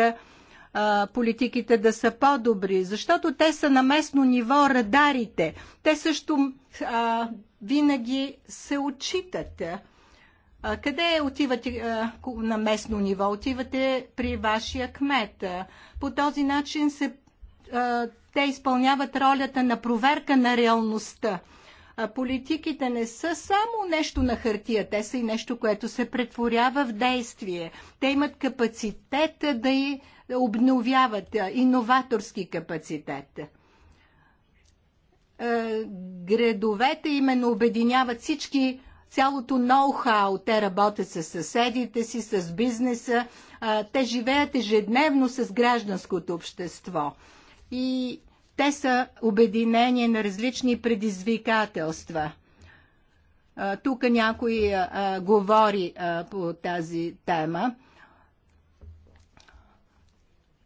а, политиките да са по-добри? Защото те са на местно ниво радарите. Те също а, винаги се отчитат. А, къде отивате а, на местно ниво? Отивате при вашия кмет. По този начин се, а, те изпълняват ролята на проверка на реалността политиките не са само нещо на хартия, те са и нещо, което се претворява в действие. Те имат капацитет да и обновяват, иноваторски капацитет. Градовете именно обединяват всички цялото ноу-хау. Те работят с съседите си, с бизнеса. Те живеят ежедневно с гражданското общество. И те са обединение на различни предизвикателства. Тук някой а, говори а, по тази тема.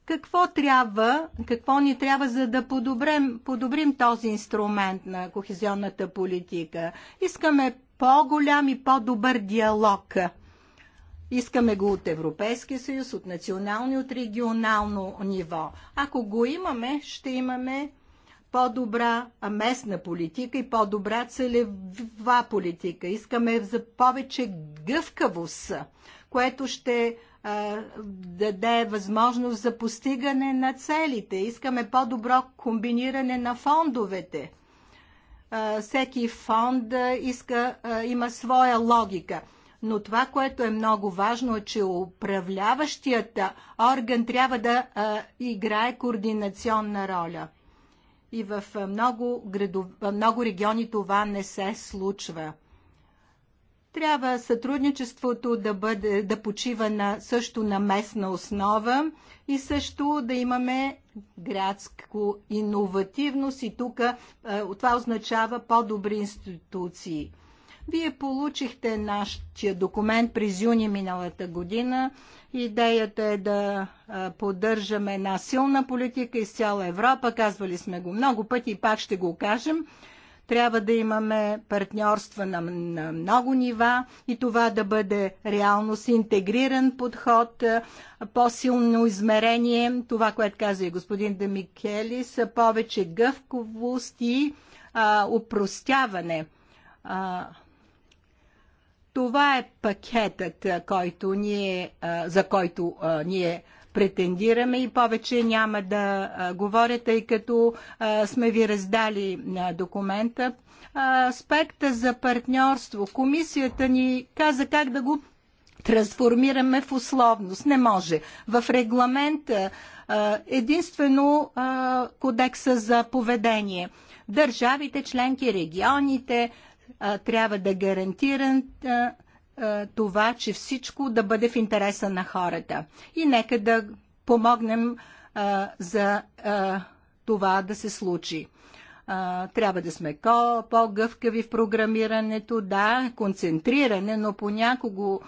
Какво трябва, какво ни трябва, за да подобрем, подобрим този инструмент на кохезионната политика? Искаме по-голям и по-добър диалог Искаме го от Европейския съюз, от национално и от регионално ниво. Ако го имаме, ще имаме по-добра местна политика и по-добра целева политика. Искаме за повече гъвкавост, което ще а, даде възможност за постигане на целите. Искаме по-добро комбиниране на фондовете. А, всеки фонд иска, а, има своя логика но това, което е много важно е, че управляващият орган трябва да а, играе координационна роля. И в много, градов... много региони това не се случва. Трябва сътрудничеството да, бъде, да почива на, също на местна основа и също да имаме градско иновативност и тук това означава по-добри институции – вие получихте нашия документ през юни миналата година. Идеята е да поддържаме една силна политика из цяла Европа. Казвали сме го много пъти и пак ще го кажем трябва да имаме партньорства на, на много нива и това да бъде реално с интегриран подход, по-силно измерение, това, което каза и господин Демикелис, повече гъвковост и а, упростяване. А, това е пакетът, който ние, за който ние претендираме и повече няма да говоря, тъй като сме ви раздали документа. Аспекта за партньорство. Комисията ни каза как да го трансформираме в условност. Не може. В регламента единствено кодекса за поведение. Държавите, членки, регионите, а, трябва да гарантира а, а, това, че всичко да бъде в интереса на хората. И нека да помогнем а, за а, това да се случи. А, трябва да сме по-гъвкави в програмирането, да, концентриране, но понякога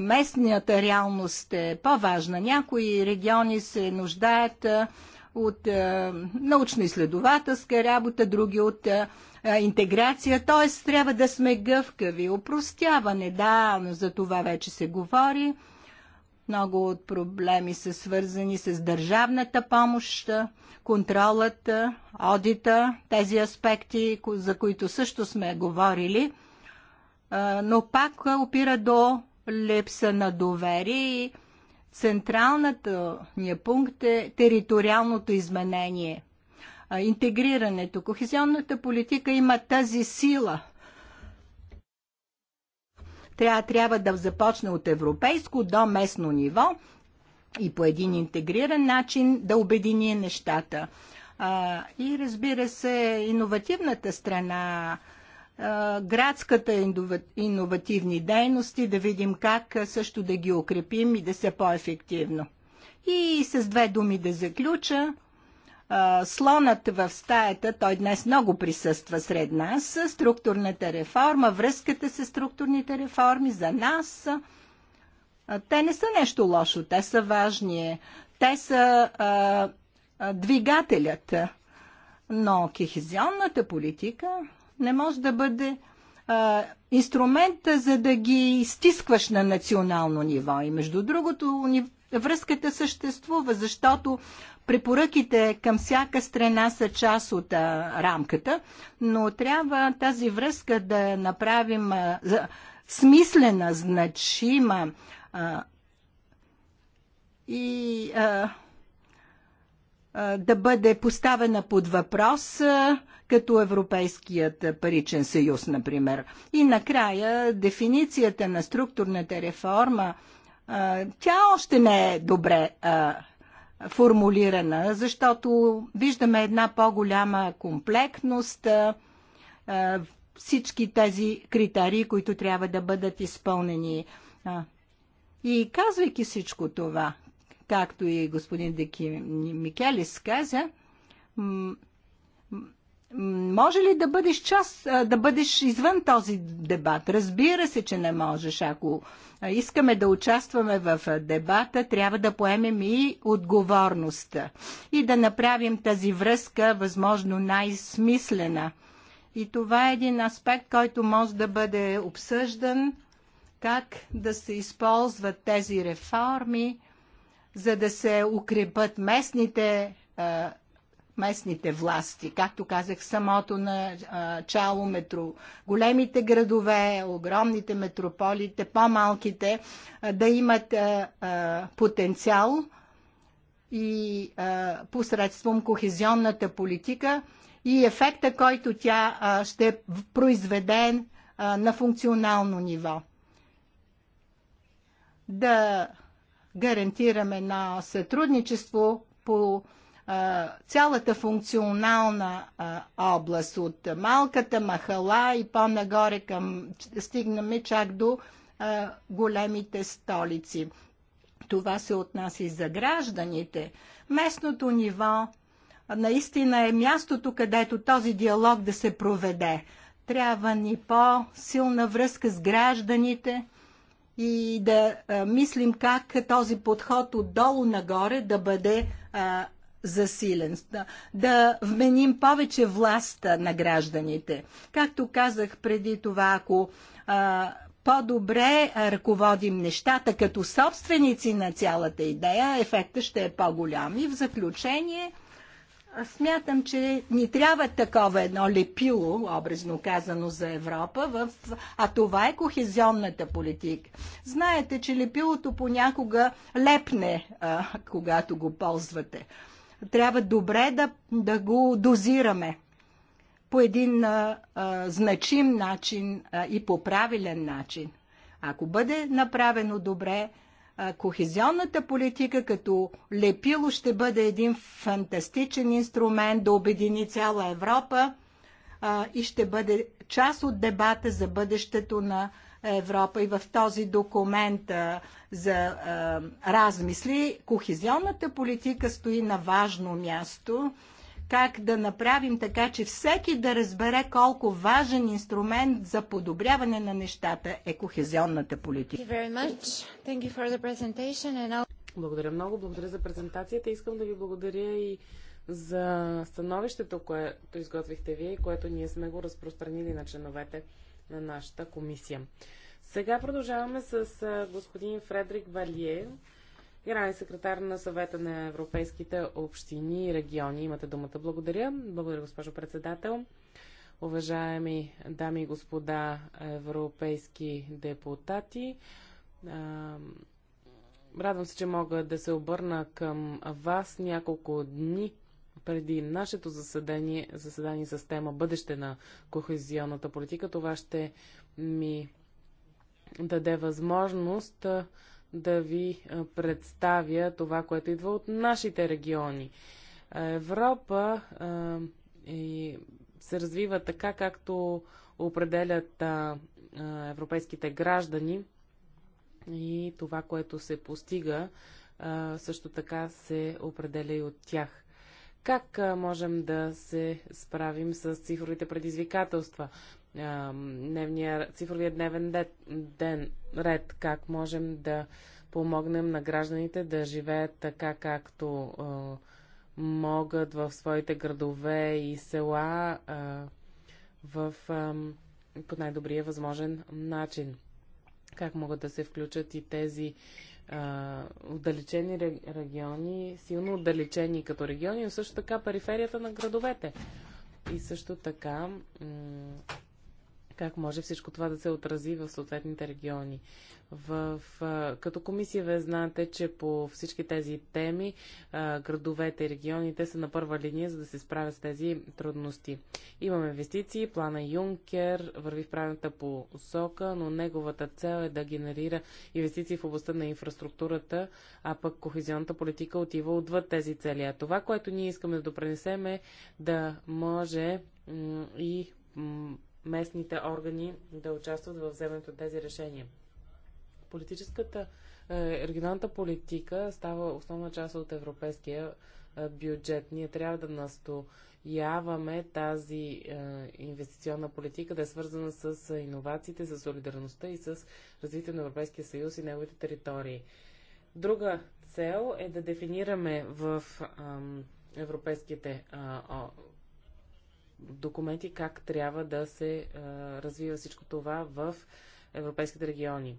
местната реалност е по-важна. Някои региони се нуждаят от научно-изследователска работа, други от а, интеграция, т.е. трябва да сме гъвкави. Опростяване, да, но за това вече се говори. Много от проблеми са свързани с държавната помощ, контролата, одита, тези аспекти, за които също сме говорили, но пак опира до липса на доверие и централната ни пункт е териториалното изменение интегрирането. Кохезионната политика има тази сила. Трябва, трябва да започне от европейско до местно ниво и по един интегриран начин да обедини нещата. А, и разбира се, иновативната страна, а, градската инова, иновативни дейности, да видим как също да ги укрепим и да са по-ефективно. И с две думи да заключа слонът в стаята, той днес много присъства сред нас, структурната реформа, връзката с структурните реформи за нас. те не са нещо лошо, те са важни. Те са а, а, двигателят. Но кехизионната политика не може да бъде а, инструмента, за да ги стискваш на национално ниво. И между другото, връзката съществува, защото Препоръките към всяка страна са част от а, рамката, но трябва тази връзка да направим а, за, смислена, значима а, и а, а, да бъде поставена под въпрос. А, като Европейският паричен съюз, например. И накрая дефиницията на структурната реформа, тя още не е добре формулирана, защото виждаме една по-голяма комплектност, всички тези критерии, които трябва да бъдат изпълнени. И казвайки всичко това, както и господин Деки Микелис каза, може ли да бъдеш част, да бъдеш извън този дебат? Разбира се, че не можеш. Ако искаме да участваме в дебата, трябва да поемем и отговорността и да направим тази връзка възможно най-смислена. И това е един аспект, който може да бъде обсъждан, как да се използват тези реформи, за да се укрепат местните местните власти. Както казах, самото на чало метро. Големите градове, огромните метрополите, по-малките, да имат потенциал и посредством кохезионната политика и ефекта, който тя ще произведе на функционално ниво. Да гарантираме на сътрудничество по цялата функционална област от малката махала и по-нагоре към стигнаме чак до големите столици. Това се отнася и за гражданите. Местното ниво наистина е мястото, където този диалог да се проведе. Трябва ни по-силна връзка с гражданите и да мислим как този подход отдолу нагоре да бъде а, засилен, да, да вменим повече власт на гражданите. Както казах преди това, ако а, по-добре ръководим нещата като собственици на цялата идея, ефектът ще е по-голям. И в заключение, смятам, че ни трябва такова едно лепило, образно казано за Европа, в... а това е кохезионната политика. Знаете, че лепилото понякога лепне, а, когато го ползвате трябва добре да, да го дозираме по един а, а, значим начин а, и по правилен начин. Ако бъде направено добре, а, кохезионната политика като лепило ще бъде един фантастичен инструмент да обедини цяла Европа а, и ще бъде част от дебата за бъдещето на Европа и в този документ за размисли кохезионната политика стои на важно място как да направим така, че всеки да разбере колко важен инструмент за подобряване на нещата е кохезионната политика. Благодаря много, благодаря за презентацията. Искам да ви благодаря и за становището, което изготвихте вие и което ние сме го разпространили на членовете на нашата комисия. Сега продължаваме с господин Фредрик Валие, генерален секретар на съвета на европейските общини и региони. Имате думата. Благодаря. Благодаря, госпожо председател. Уважаеми дами и господа европейски депутати, радвам се, че мога да се обърна към вас няколко дни преди нашето заседание, заседание с тема Бъдеще на кохезионната политика. Това ще ми даде възможност да ви представя това, което идва от нашите региони. Европа се развива така, както определят европейските граждани и това, което се постига, също така се определя и от тях. Как можем да се справим с цифровите предизвикателства? Дневния, цифровия дневен ден, ден, ред, как можем да помогнем на гражданите да живеят така, както могат в своите градове и села в, по най-добрия възможен начин. Как могат да се включат и тези а, отдалечени региони, силно отдалечени като региони, но също така периферията на градовете. И също така как може всичко това да се отрази в съответните региони. В, като комисия вие знаете, че по всички тези теми градовете и регионите са на първа линия, за да се справят с тези трудности. Имаме инвестиции, плана Юнкер върви в правилната посока, но неговата цел е да генерира инвестиции в областта на инфраструктурата, а пък кохезионната политика отива отвъд тези цели. А това, което ние искаме да допренесем е да може и местните органи да участват в вземането на тези решения. Политическата, е, регионалната политика става основна част от европейския е, бюджет. Ние трябва да настояваме тази е, инвестиционна политика да е свързана с е, иновациите, с солидарността и с развитие на Европейския съюз и неговите територии. Друга цел е да дефинираме в европейските документи как трябва да се а, развива всичко това в европейските региони.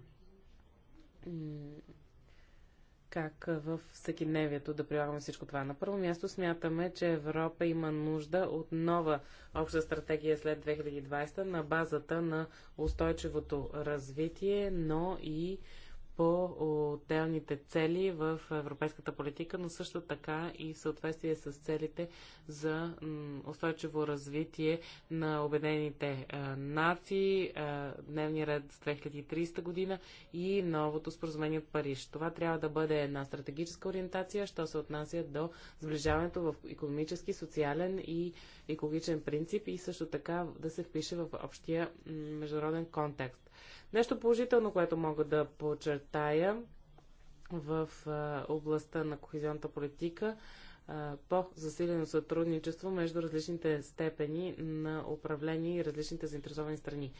Как в всекидневието да прилагаме всичко това? На първо място смятаме, че Европа има нужда от нова обща стратегия след 2020 на базата на устойчивото развитие, но и по отделните цели в европейската политика, но също така и в съответствие с целите за устойчиво развитие на Обединените нации, дневния ред с 2300 година и новото споразумение от Париж. Това трябва да бъде една стратегическа ориентация, що се отнася до сближаването в економически, социален и екологичен принцип и също така да се впише в общия международен контекст. Нещо положително, което мога да подчертая в областта на кохезионната политика, по-засилено сътрудничество между различните степени на управление и различните заинтересовани страни.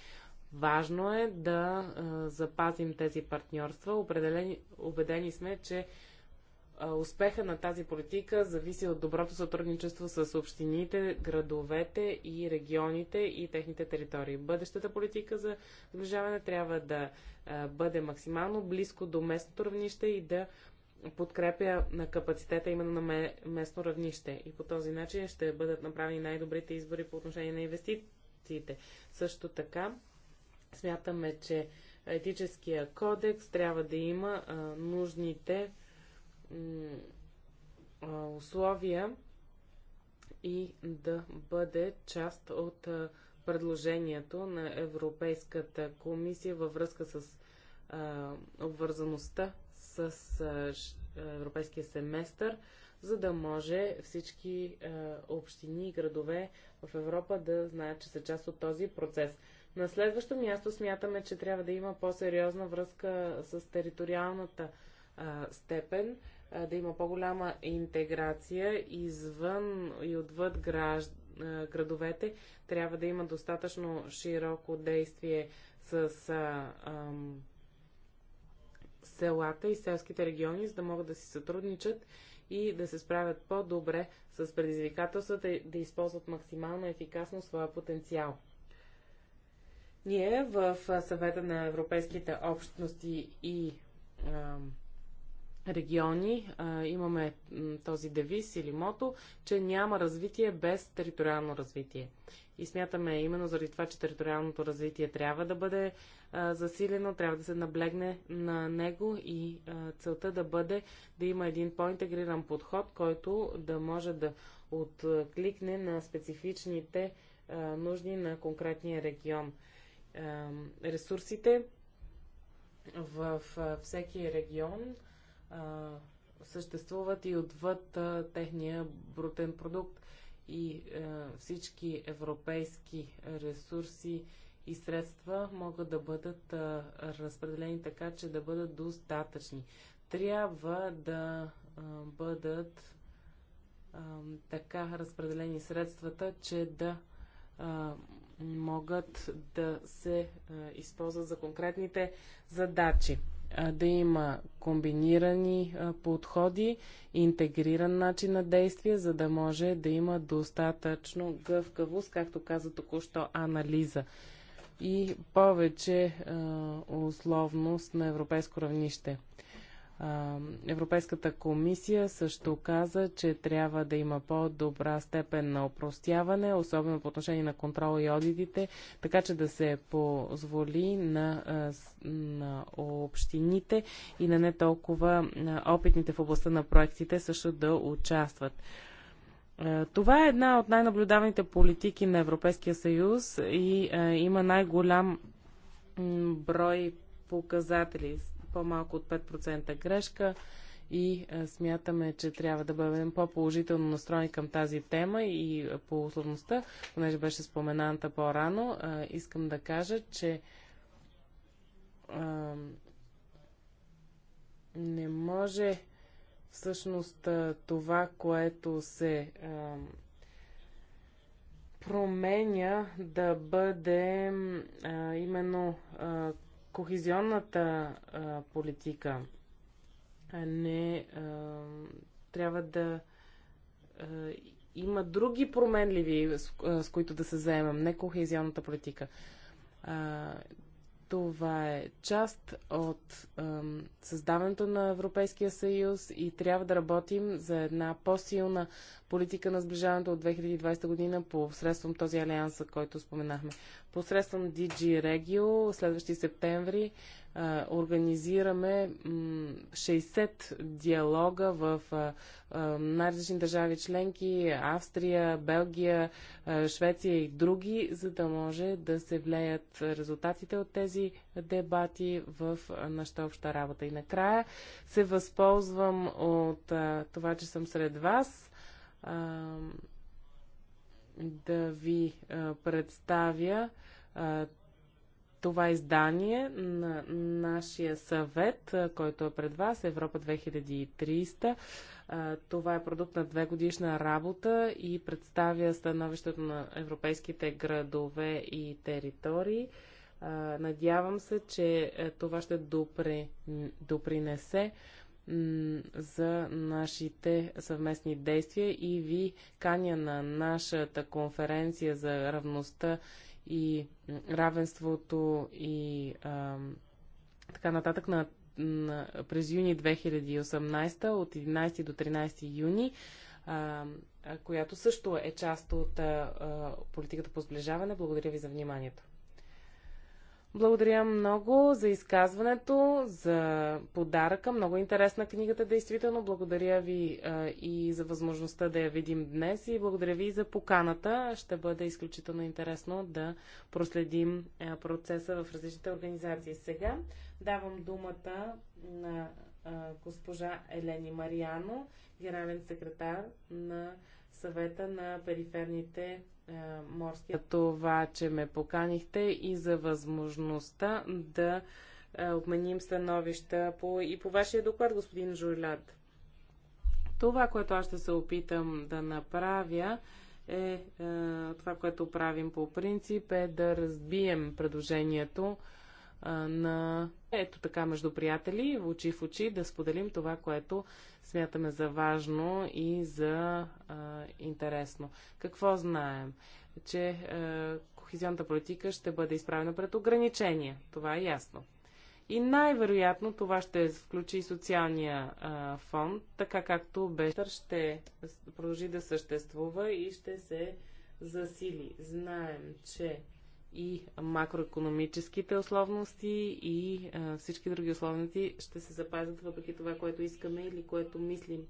Важно е да запазим тези партньорства. убедени сме, че успеха на тази политика зависи от доброто сътрудничество с общините, градовете и регионите и техните територии. Бъдещата политика за сближаване трябва да бъде максимално близко до местното равнище и да подкрепя на капацитета именно на местно равнище. И по този начин ще бъдат направени най-добрите избори по отношение на инвестициите. Също така, смятаме, че етическия кодекс трябва да има а, нужните условия и да бъде част от предложението на Европейската комисия във връзка с а, обвързаността с а, Европейския семестър, за да може всички а, общини и градове в Европа да знаят, че са част от този процес. На следващо място смятаме, че трябва да има по-сериозна връзка с териториалната степен да има по-голяма интеграция извън и отвъд гражд... градовете. Трябва да има достатъчно широко действие с а, а, селата и селските региони, за да могат да си сътрудничат и да се справят по-добре с предизвикателствата и да използват максимално ефикасно своя потенциал. Ние в съвета на европейските общности и а, региони имаме този девиз или мото, че няма развитие без териториално развитие. И смятаме именно заради това, че териториалното развитие трябва да бъде засилено, трябва да се наблегне на него и целта да бъде да има един по-интегриран подход, който да може да откликне на специфичните нужди на конкретния регион. ресурсите в всеки регион а, съществуват и отвъд а, техния брутен продукт. И а, всички европейски ресурси и средства могат да бъдат а, разпределени така, че да бъдат достатъчни. Трябва да а, бъдат а, така разпределени средствата, че да а, могат да се а, използват за конкретните задачи да има комбинирани подходи, интегриран начин на действие, за да може да има достатъчно гъвкавост, както каза току-що анализа и повече условност на европейско равнище. Европейската комисия също каза, че трябва да има по-добра степен на опростяване, особено по отношение на контрола и одитите, така че да се позволи на, на общините и на не толкова опитните в областта на проектите също да участват. Това е една от най-наблюдаваните политики на Европейския съюз и има най-голям брой показатели по-малко от 5% грешка и смятаме, че трябва да бъдем по-положително настроени към тази тема и по условността, понеже беше спомената по-рано, искам да кажа, че не може всъщност това, което се променя да бъде именно кохезионната а, политика не а, трябва да а, има други променливи, с, а, с които да се заемем, не кохезионната политика. А, това е част от ам, създаването на Европейския съюз и трябва да работим за една по-силна политика на сближаването от 2020 година по средством този алианс, който споменахме посредством DG Regio следващи септември организираме 60 диалога в най-различни държави членки Австрия, Белгия, Швеция и други, за да може да се влеят резултатите от тези дебати в нашата обща работа. И накрая се възползвам от това, че съм сред вас да ви представя това издание на нашия съвет, който е пред вас, Европа 2300. Това е продукт на две годишна работа и представя становището на европейските градове и територии. Надявам се, че това ще допринесе за нашите съвместни действия и ви каня на нашата конференция за равността и равенството и а, така нататък на, на, през юни 2018 от 11 до 13 юни, а, която също е част от а, политиката по сближаване. Благодаря ви за вниманието. Благодаря много за изказването, за подаръка. Много интересна книгата, действително. Благодаря ви а, и за възможността да я видим днес и благодаря ви и за поканата. Ще бъде изключително интересно да проследим а, процеса в различните организации. Сега давам думата на а, госпожа Елени Мариано, генерален секретар на съвета на периферните е, а, морски. Това, че ме поканихте и за възможността да а, е, обменим становища по, и по вашия доклад, господин Жулят. Това, което аз ще се опитам да направя, е, е това, което правим по принцип, е да разбием предложението е, на ето така между приятели, в очи в очи, да споделим това, което смятаме за важно и за а, интересно. Какво знаем? Че а, кохезионната политика ще бъде изправена пред ограничения. Това е ясно. И най-вероятно това ще включи и социалния а, фонд, така както Бещър ще продължи да съществува и ще се засили. Знаем, че и макроекономическите условности и а, всички други условности ще се запазят въпреки това, което искаме или което мислим.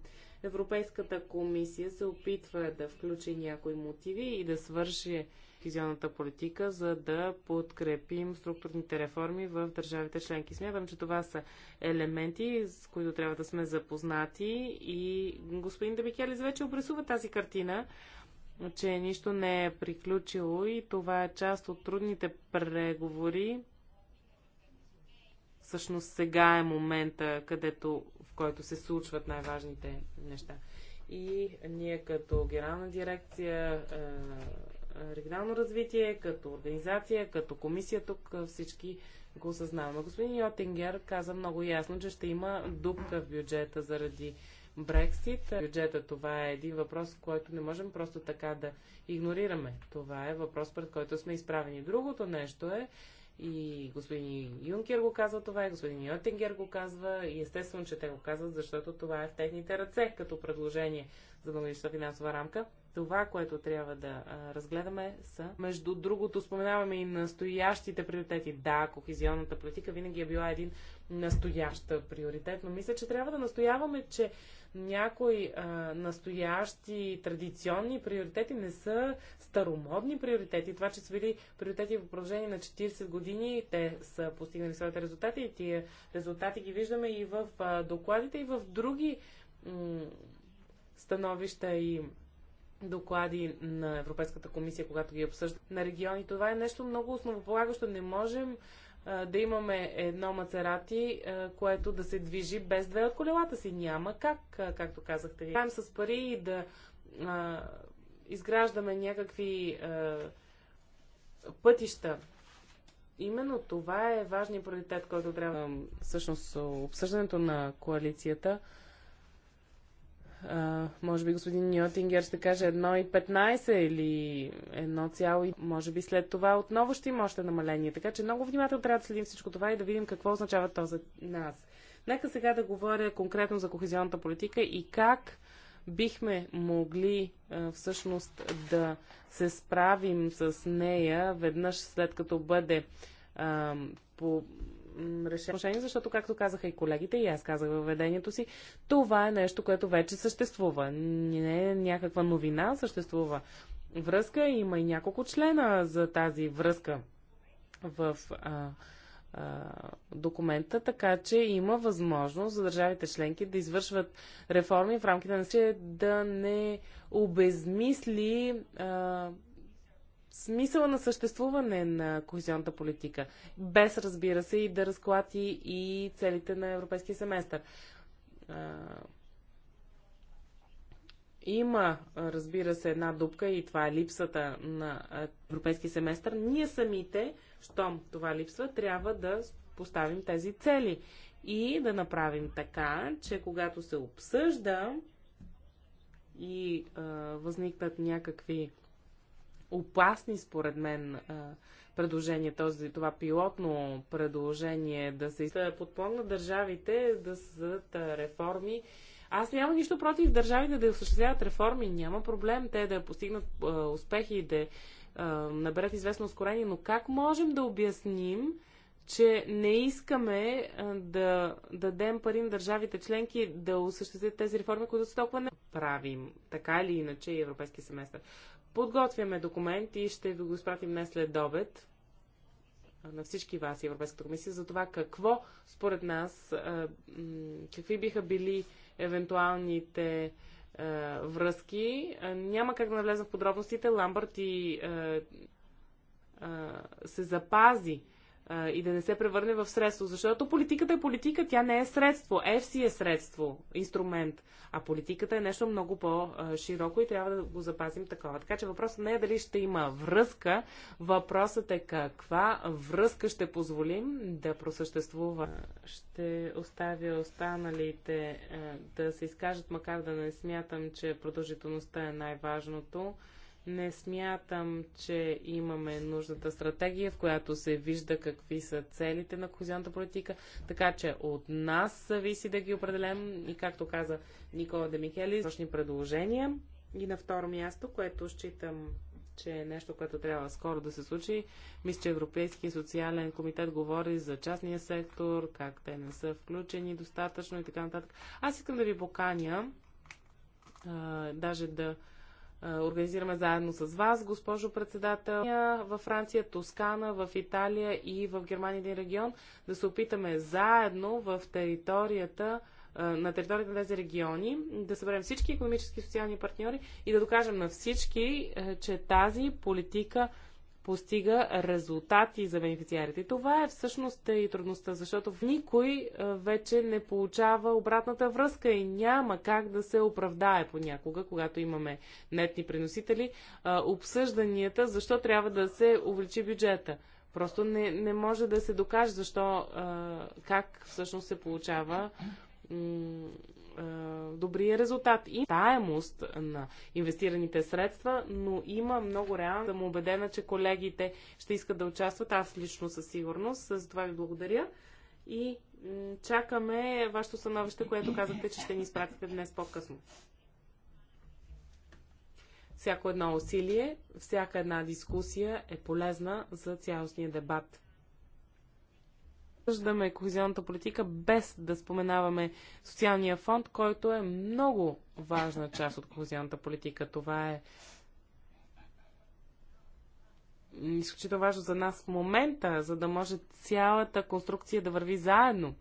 Европейската комисия се опитва да включи някои мотиви и да свърши кизионната политика, за да подкрепим структурните реформи в държавите членки. Смятам, че това са елементи, с които трябва да сме запознати и господин Дебикелис вече обрисува тази картина че нищо не е приключило и това е част от трудните преговори. Всъщност сега е момента, където, в който се случват най-важните неща. И ние като Генерална дирекция е, регионално развитие, като организация, като комисия тук е, всички го осъзнаваме. Господин Йотингер каза много ясно, че ще има дупка в бюджета заради Брексит, бюджета, това е един въпрос, който не можем просто така да игнорираме. Това е въпрос, пред който сме изправени. Другото нещо е, и господин Юнкер го казва това, и господин Йотингер го казва, и естествено, че те го казват, защото това е в техните ръце като предложение за многогодишна финансова рамка. Това, което трябва да а, разгледаме са, между другото, споменаваме и настоящите приоритети. Да, кохезионната политика винаги е била един настоящ приоритет, но мисля, че трябва да настояваме, че някои а, настоящи традиционни приоритети не са старомодни приоритети. Това, че са били приоритети в продължение на 40 години, те са постигнали своите резултати и тия резултати ги виждаме и в а, докладите, и в други становища и доклади на Европейската комисия, когато ги обсъждат на региони. Това е нещо много основополагащо. Не можем а, да имаме едно мацерати, а, което да се движи без две от колелата си. Няма как, а, както казахте. Правим с пари и да а, изграждаме някакви а, пътища. Именно това е важният приоритет, който трябва. Всъщност, обсъждането на коалицията а, може би господин Ньотингер ще каже 1,15 или 1, може би след това отново ще има още намаление. Така че много внимателно трябва да следим всичко това и да видим какво означава то за нас. Нека сега да говоря конкретно за кохезионната политика и как бихме могли а, всъщност да се справим с нея веднъж след като бъде а, по решение, защото, както казаха и колегите, и аз казах във ведението си, това е нещо, което вече съществува. Не е някаква новина, съществува връзка. Има и няколко члена за тази връзка в а, а, документа, така че има възможност за държавите членки да извършват реформи в рамките на си, да не обезмисли а, смисъла на съществуване на кохезионната политика, без разбира се и да разклати и целите на европейския семестър. Има, разбира се, една дупка и това е липсата на европейски семестър. Ние самите, щом това липсва, трябва да поставим тези цели и да направим така, че когато се обсъжда и а, възникнат някакви опасни, според мен, предложения, този, това пилотно предложение да се подпомнат държавите да създадат реформи. Аз нямам нищо против държавите да осъществяват реформи, няма проблем те да постигнат успехи и да наберат известно ускорение, но как можем да обясним, че не искаме да дадем пари на държавите членки да осъществят тези реформи, които са толкова не правим, така или иначе и европейски семестър. Подготвяме документ и ще ви го изпратим днес след обед на всички вас, Европейската комисия, за това какво според нас, какви биха били евентуалните връзки. Няма как да навлезем в подробностите. Ламбърт и се запази и да не се превърне в средство. Защото политиката е политика, тя не е средство. FC е средство, инструмент. А политиката е нещо много по-широко и трябва да го запазим такова. Така че въпросът не е дали ще има връзка, въпросът е каква връзка ще позволим да просъществува. Ще оставя останалите да се изкажат, макар да не смятам, че продължителността е най-важното. Не смятам, че имаме нуждата стратегия, в която се вижда какви са целите на кохезионната политика, така че от нас зависи да ги определим и както каза Никола Демихели, точни предложения. И на второ място, което считам, че е нещо, което трябва скоро да се случи, мисля, че Европейския социален комитет говори за частния сектор, как те не са включени достатъчно и така нататък. Аз искам да ви поканя, а, даже да е, организираме заедно с вас, госпожо председател, във Франция, Тоскана, в Италия и в Германия един регион, да се опитаме заедно в територията е, на територията на тези региони, да съберем всички економически и социални партньори и да докажем на всички, е, че тази политика постига резултати за бенефициарите. Това е всъщност е и трудността, защото никой е, вече не получава обратната връзка и няма как да се оправдае понякога, когато имаме нетни приносители, е, обсъжданията, защо трябва да се увеличи бюджета. Просто не, не може да се докаже защо, как всъщност се получава е, добрия резултат и таемост на инвестираните средства, но има много реално. да му убедена, че колегите ще искат да участват. Аз лично със сигурност. За това ви благодаря. И чакаме вашето становище, което казахте, че ще ни изпратите днес по-късно. Всяко едно усилие, всяка една дискусия е полезна за цялостния дебат обсъждаме кохезионната политика без да споменаваме социалния фонд, който е много важна част от кохезионната политика. Това е изключително важно за нас в момента, за да може цялата конструкция да върви заедно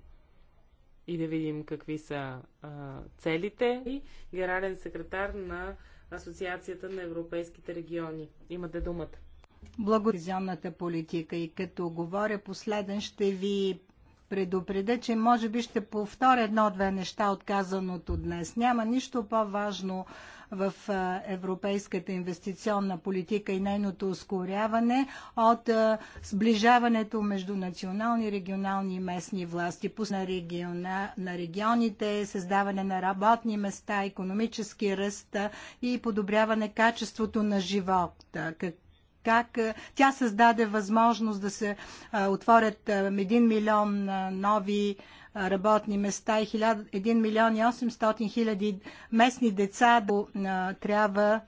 и да видим какви са а, целите. И генерален секретар на Асоциацията на европейските региони. Имате думата благоризионната политика. И като говоря последен, ще ви предупредя, че може би ще повторя едно-две неща от казаното днес. Няма нищо по-важно в европейската инвестиционна политика и нейното ускоряване от сближаването между национални, регионални и местни власти, на, региона, на регионите, създаване на работни места, економически ръст и подобряване качеството на живота. Как как тя създаде възможност да се отворят 1 милион нови работни места и 1 милион и 800 хиляди местни деца трябва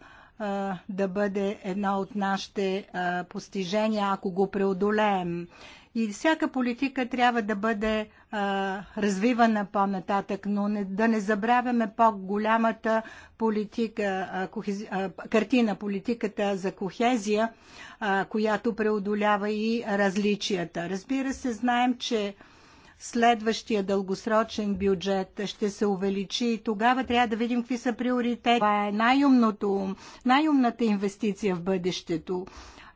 да бъде едно от нашите постижения, ако го преодолеем. И всяка политика трябва да бъде а, развивана по-нататък, но не, да не забравяме по-голямата политика, а, кохези, а, картина, политиката за кохезия, а, която преодолява и различията. Разбира се, знаем, че следващия дългосрочен бюджет ще се увеличи и тогава трябва да видим какви са приоритети. Това е най-умната най инвестиция в бъдещето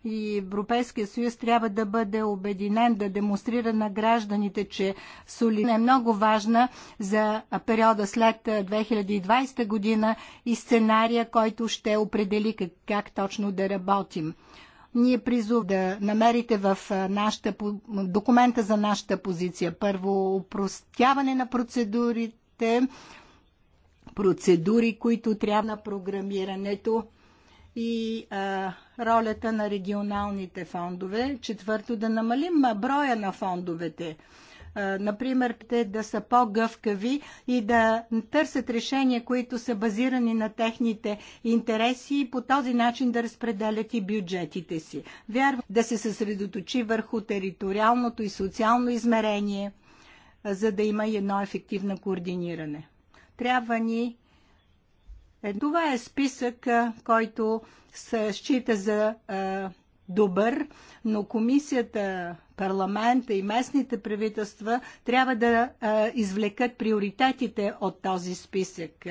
и Европейския съюз трябва да бъде обединен, да демонстрира на гражданите, че Солин е много важна за периода след 2020 година и сценария, който ще определи как, как точно да работим ние призов да намерите в нашата, документа за нашата позиция. Първо, упростяване на процедурите, процедури, които трябва на програмирането и а, ролята на регионалните фондове. Четвърто, да намалим броя на фондовете. А, например, те да са по-гъвкави и да търсят решения, които са базирани на техните интереси и по този начин да разпределят и бюджетите си. Вярвам да се съсредоточи върху териториалното и социално измерение, а, за да има едно ефективно координиране. Трябва ни е, това е списък, който се счита за добър, но комисията, парламента и местните правителства трябва да а, извлекат приоритетите от този списък.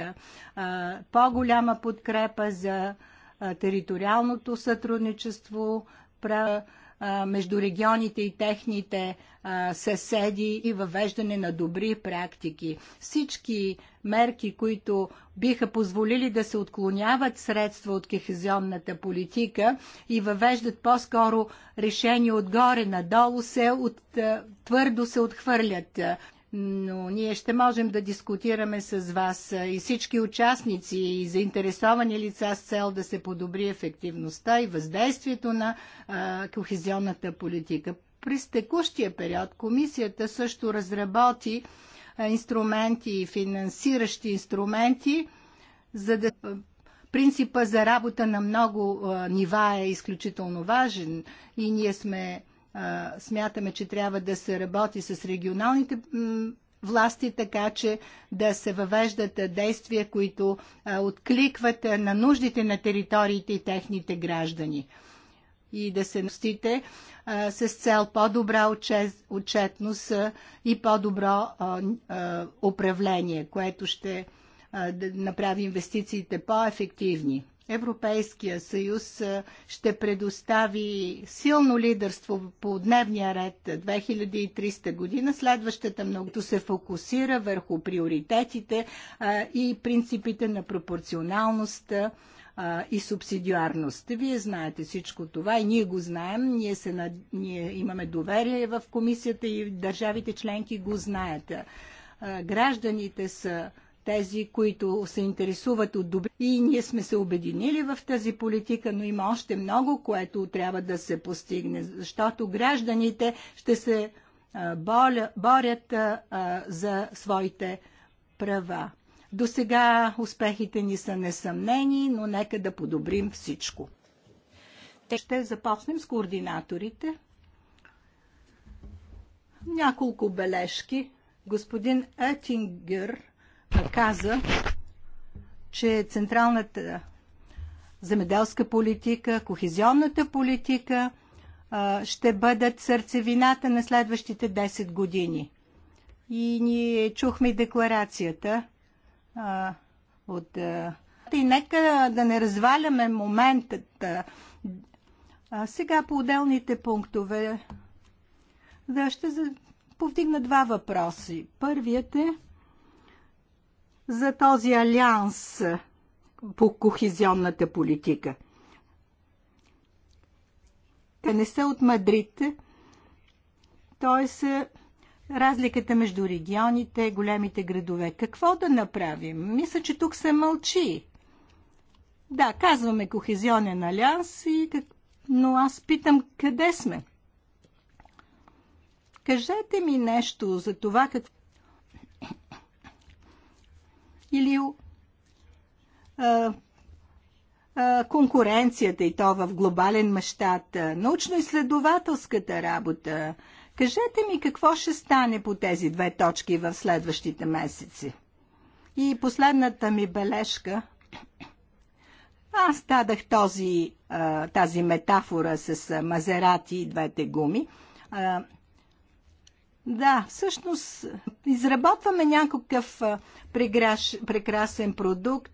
по-голяма подкрепа за а, териториалното сътрудничество, между регионите и техните съседи и въвеждане на добри практики. Всички мерки, които биха позволили да се отклоняват средства от кехезионната политика и въвеждат по-скоро решения отгоре надолу, се от, твърдо се отхвърлят но ние ще можем да дискутираме с вас и всички участници и заинтересовани лица с цел да се подобри ефективността и въздействието на а, кохезионната политика. През текущия период комисията също разработи инструменти инструменти, финансиращи инструменти, за да принципа за работа на много а, нива е изключително важен и ние сме смятаме, че трябва да се работи с регионалните власти, така че да се въвеждат действия, които откликват на нуждите на териториите и техните граждани и да се носите с цел по-добра отчетност и по-добро управление, което ще направи инвестициите по-ефективни. Европейския съюз ще предостави силно лидерство по дневния ред 2300 година. Следващата многото се фокусира върху приоритетите и принципите на пропорционалността и субсидиарност. Вие знаете всичко това и ние го знаем. Ние, се, над... ние имаме доверие в комисията и държавите членки го знаят. Гражданите са тези, които се интересуват от добри. И ние сме се обединили в тази политика, но има още много, което трябва да се постигне, защото гражданите ще се боля, борят а, за своите права. До сега успехите ни са несъмнени, но нека да подобрим всичко. Ще започнем с координаторите. Няколко бележки. Господин Етингер каза, че централната земеделска политика, кохезионната политика ще бъдат сърцевината на следващите 10 години. И ние чухме декларацията от. и нека да не разваляме моментът. А, сега по отделните пунктове да ще повдигна два въпроси. Първият е за този алианс по кохезионната политика. Те не са от Мадрид, т.е. разликата между регионите, големите градове. Какво да направим? Мисля, че тук се мълчи. Да, казваме кохезионен алианс, и, но аз питам къде сме. Кажете ми нещо за това какво или а, а, конкуренцията и то в глобален мащаб, научно-изследователската работа. Кажете ми какво ще стане по тези две точки в следващите месеци. И последната ми бележка. Аз дадах този, тази метафора с Мазерати и двете гуми. Да, всъщност изработваме някакъв преграш, прекрасен продукт.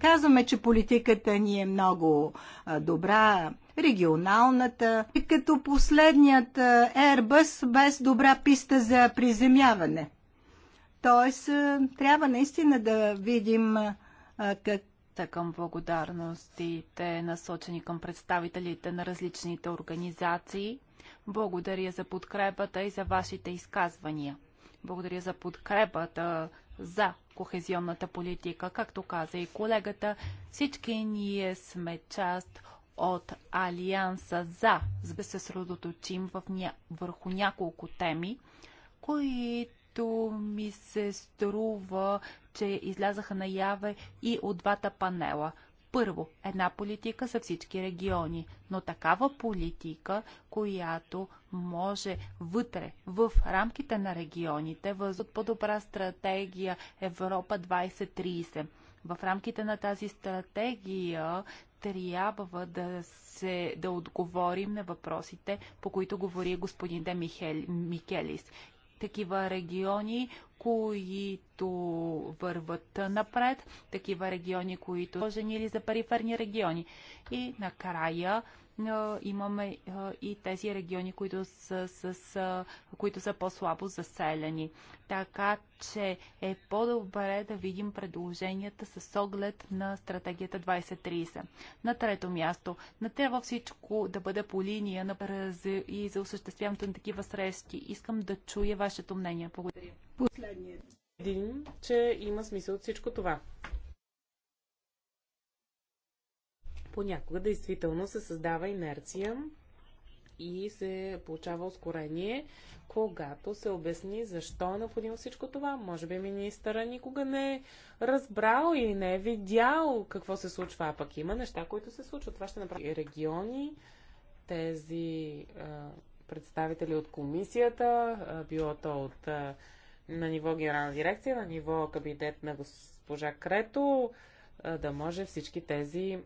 Казваме, че политиката ни е много добра, регионалната, като последният Airbus без добра писта за приземяване. Тоест, трябва наистина да видим как към благодарностите, насочени към представителите на различните организации – благодаря за подкрепата и за вашите изказвания. Благодаря за подкрепата за кохезионната политика. Както каза и колегата, всички ние сме част от Алианса за, да се средоточим в ня... върху няколко теми, които ми се струва, че излязаха наяве и от двата панела. Първо, една политика за всички региони, но такава политика, която може вътре, в рамките на регионите, възот по-добра стратегия Европа 2030. В рамките на тази стратегия трябва да, се, да отговорим на въпросите, по които говори господин Де Михел, Микелис такива региони, които върват напред, такива региони, които са за периферни региони. И накрая но е, имаме е, и тези региони, които са, с, с, е, които са по-слабо заселени. Така че е по-добре да видим предложенията с оглед на стратегията 2030. На трето място, не трябва всичко да бъде по линия на и за осъществяването на такива срещи. Искам да чуя вашето мнение. Благодаря. Последният един, че има смисъл от всичко това. понякога действително се създава инерция и се получава ускорение, когато се обясни защо е необходимо всичко това. Може би министъра никога не е разбрал и не е видял какво се случва, а пък има неща, които се случват. Това ще направи региони, тези а, представители от комисията, а, било то от а, на ниво генерална дирекция, на ниво кабинет на госпожа Крето, а, да може всички тези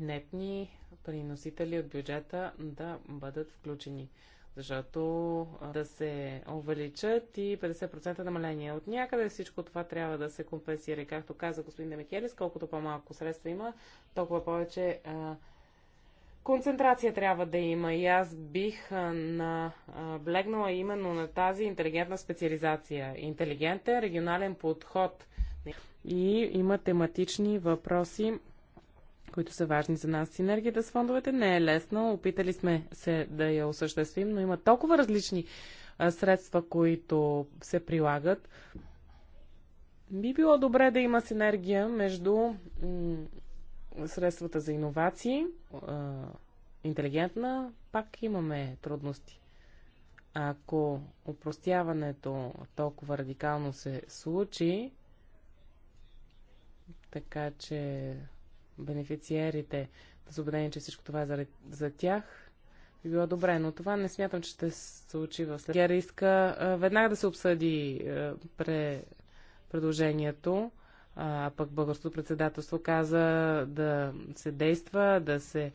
нетни приносители от бюджета да бъдат включени. Защото да се увеличат и 50% намаление от някъде, всичко това трябва да се компенсира. Както каза господин Демекелис, колкото по-малко средства има, толкова повече концентрация трябва да има. И аз бих наблегнала именно на тази интелигентна специализация. Интелигентен регионален подход. И има тематични въпроси, които са важни за нас. Синергията с фондовете не е лесна. Опитали сме се да я осъществим, но има толкова различни а, средства, които се прилагат. Би било добре да има синергия между средствата за иновации, а, интелигентна, пак имаме трудности. Ако упростяването толкова радикално се случи, така че бенефициерите, да са убедени, че всичко това е за, за тях, би било добре, но това не смятам, че ще се случи в след. Гера иска а, веднага да се обсъди а, пре, предложението, а пък българското председателство каза да се действа, да се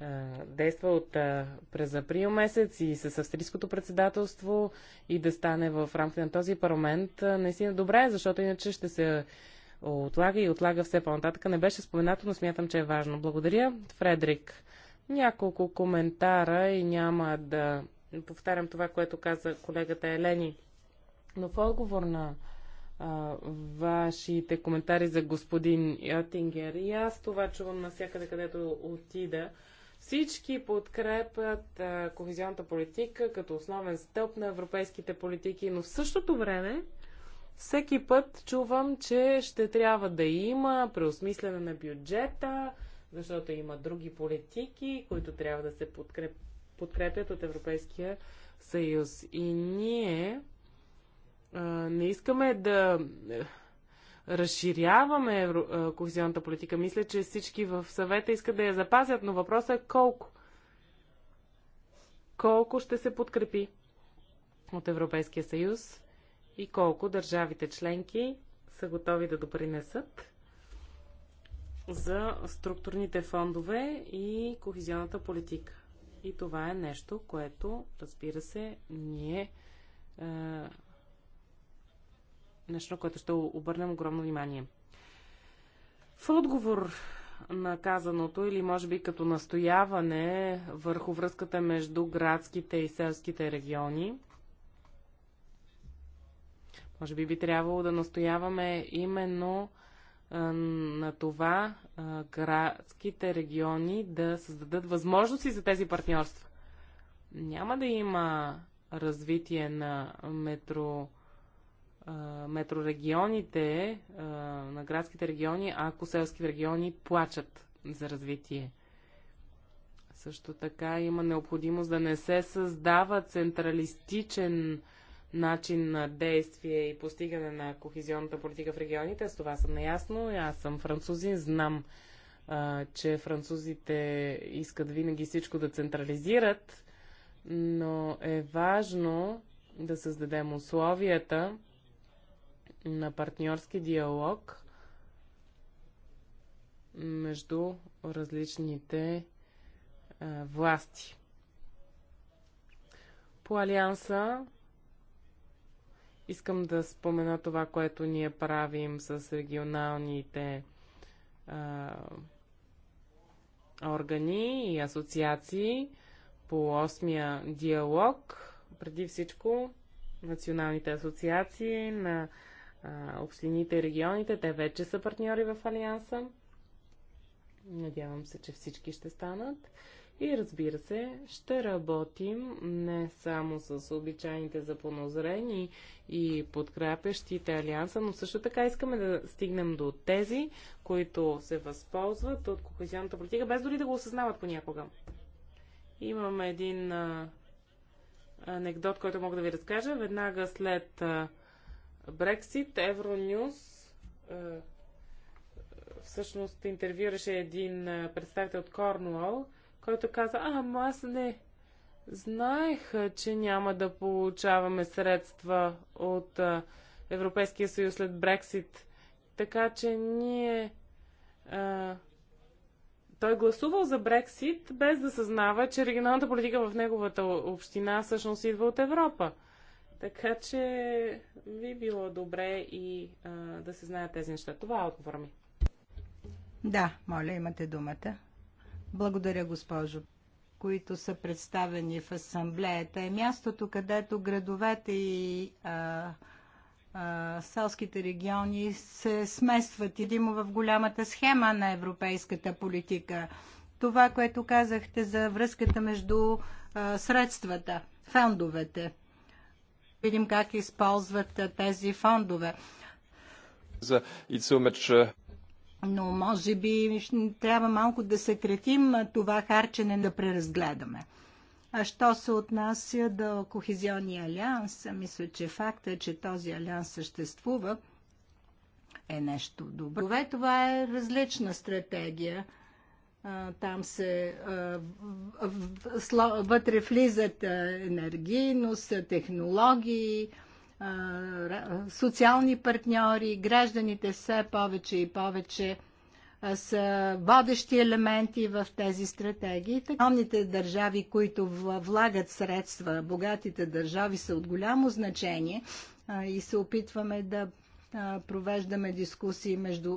а, действа от а, през април месец и с австрийското председателство и да стане в рамките на този парламент. Наистина добре, защото иначе ще се отлага и отлага все по-нататък. Не беше споменато, но смятам, че е важно. Благодаря, Фредрик. Няколко коментара и няма да повтарям това, което каза колегата Елени. Но в отговор на а, вашите коментари за господин Йотингер, и аз това чувам навсякъде, където отида, всички подкрепят а, кохезионната политика като основен стълб на европейските политики, но в същото време всеки път чувам, че ще трябва да има преосмислене на бюджета, защото има други политики, които трябва да се подкреп... подкрепят от Европейския съюз. И ние а, не искаме да е, разширяваме евро... кохезионната политика. Мисля, че всички в съвета искат да я запазят, но въпросът е колко. Колко ще се подкрепи от Европейския съюз? и колко държавите членки са готови да допринесат за структурните фондове и кохезионната политика. И това е нещо, което, разбира се, ние е, нещо, на което ще обърнем огромно внимание. В отговор на казаното или може би като настояване върху връзката между градските и селските региони, може би би трябвало да настояваме именно на това градските региони да създадат възможности за тези партньорства. Няма да има развитие на метро, метрорегионите, на градските региони, ако селските региони плачат за развитие. Също така има необходимост да не се създава централистичен начин на действие и постигане на кохезионната политика в регионите. С това съм наясно. Аз съм французин, знам, а, че французите искат винаги всичко да централизират, но е важно да създадем условията на партньорски диалог между различните а, власти. По Алианса Искам да спомена това, което ние правим с регионалните а, органи и асоциации по осмия диалог. Преди всичко националните асоциации на а, общините и регионите, те вече са партньори в Алианса. Надявам се, че всички ще станат. И разбира се, ще работим не само с обичайните запонозрени и подкрепящите Алианса, но също така искаме да стигнем до тези, които се възползват от кохезионната политика, без дори да го осъзнават понякога. Имам един а, анекдот, който мога да ви разкажа. Веднага след а, Брексит, Евронюс всъщност интервюраше един представител от Корнуол – който каза, а, ама аз не знаех, че няма да получаваме средства от а, Европейския съюз след Брексит. Така че ние. А, той гласувал за Брексит, без да съзнава, че регионалната политика в неговата община всъщност идва от Европа. Така че би било добре и а, да се знаят тези неща. Това е отговор ми. Да, моля, имате думата. Благодаря, госпожо които са представени в асамблеята, е мястото, където градовете и а, а, селските региони се смесват идимо в голямата схема на европейската политика. Това, което казахте за връзката между а, средствата, фондовете. Видим как използват а, тези фондове но може би трябва малко да кретим това харчене да преразгледаме. А що се отнася до Кохезионния алианс, мисля, че факта, че този алианс съществува, е нещо добро. Това е различна стратегия. Там се вътре влизат енергийност, технологии, социални партньори, гражданите все повече и повече са водещи елементи в тези стратегии. Огромните държави, които влагат средства, богатите държави са от голямо значение и се опитваме да провеждаме дискусии между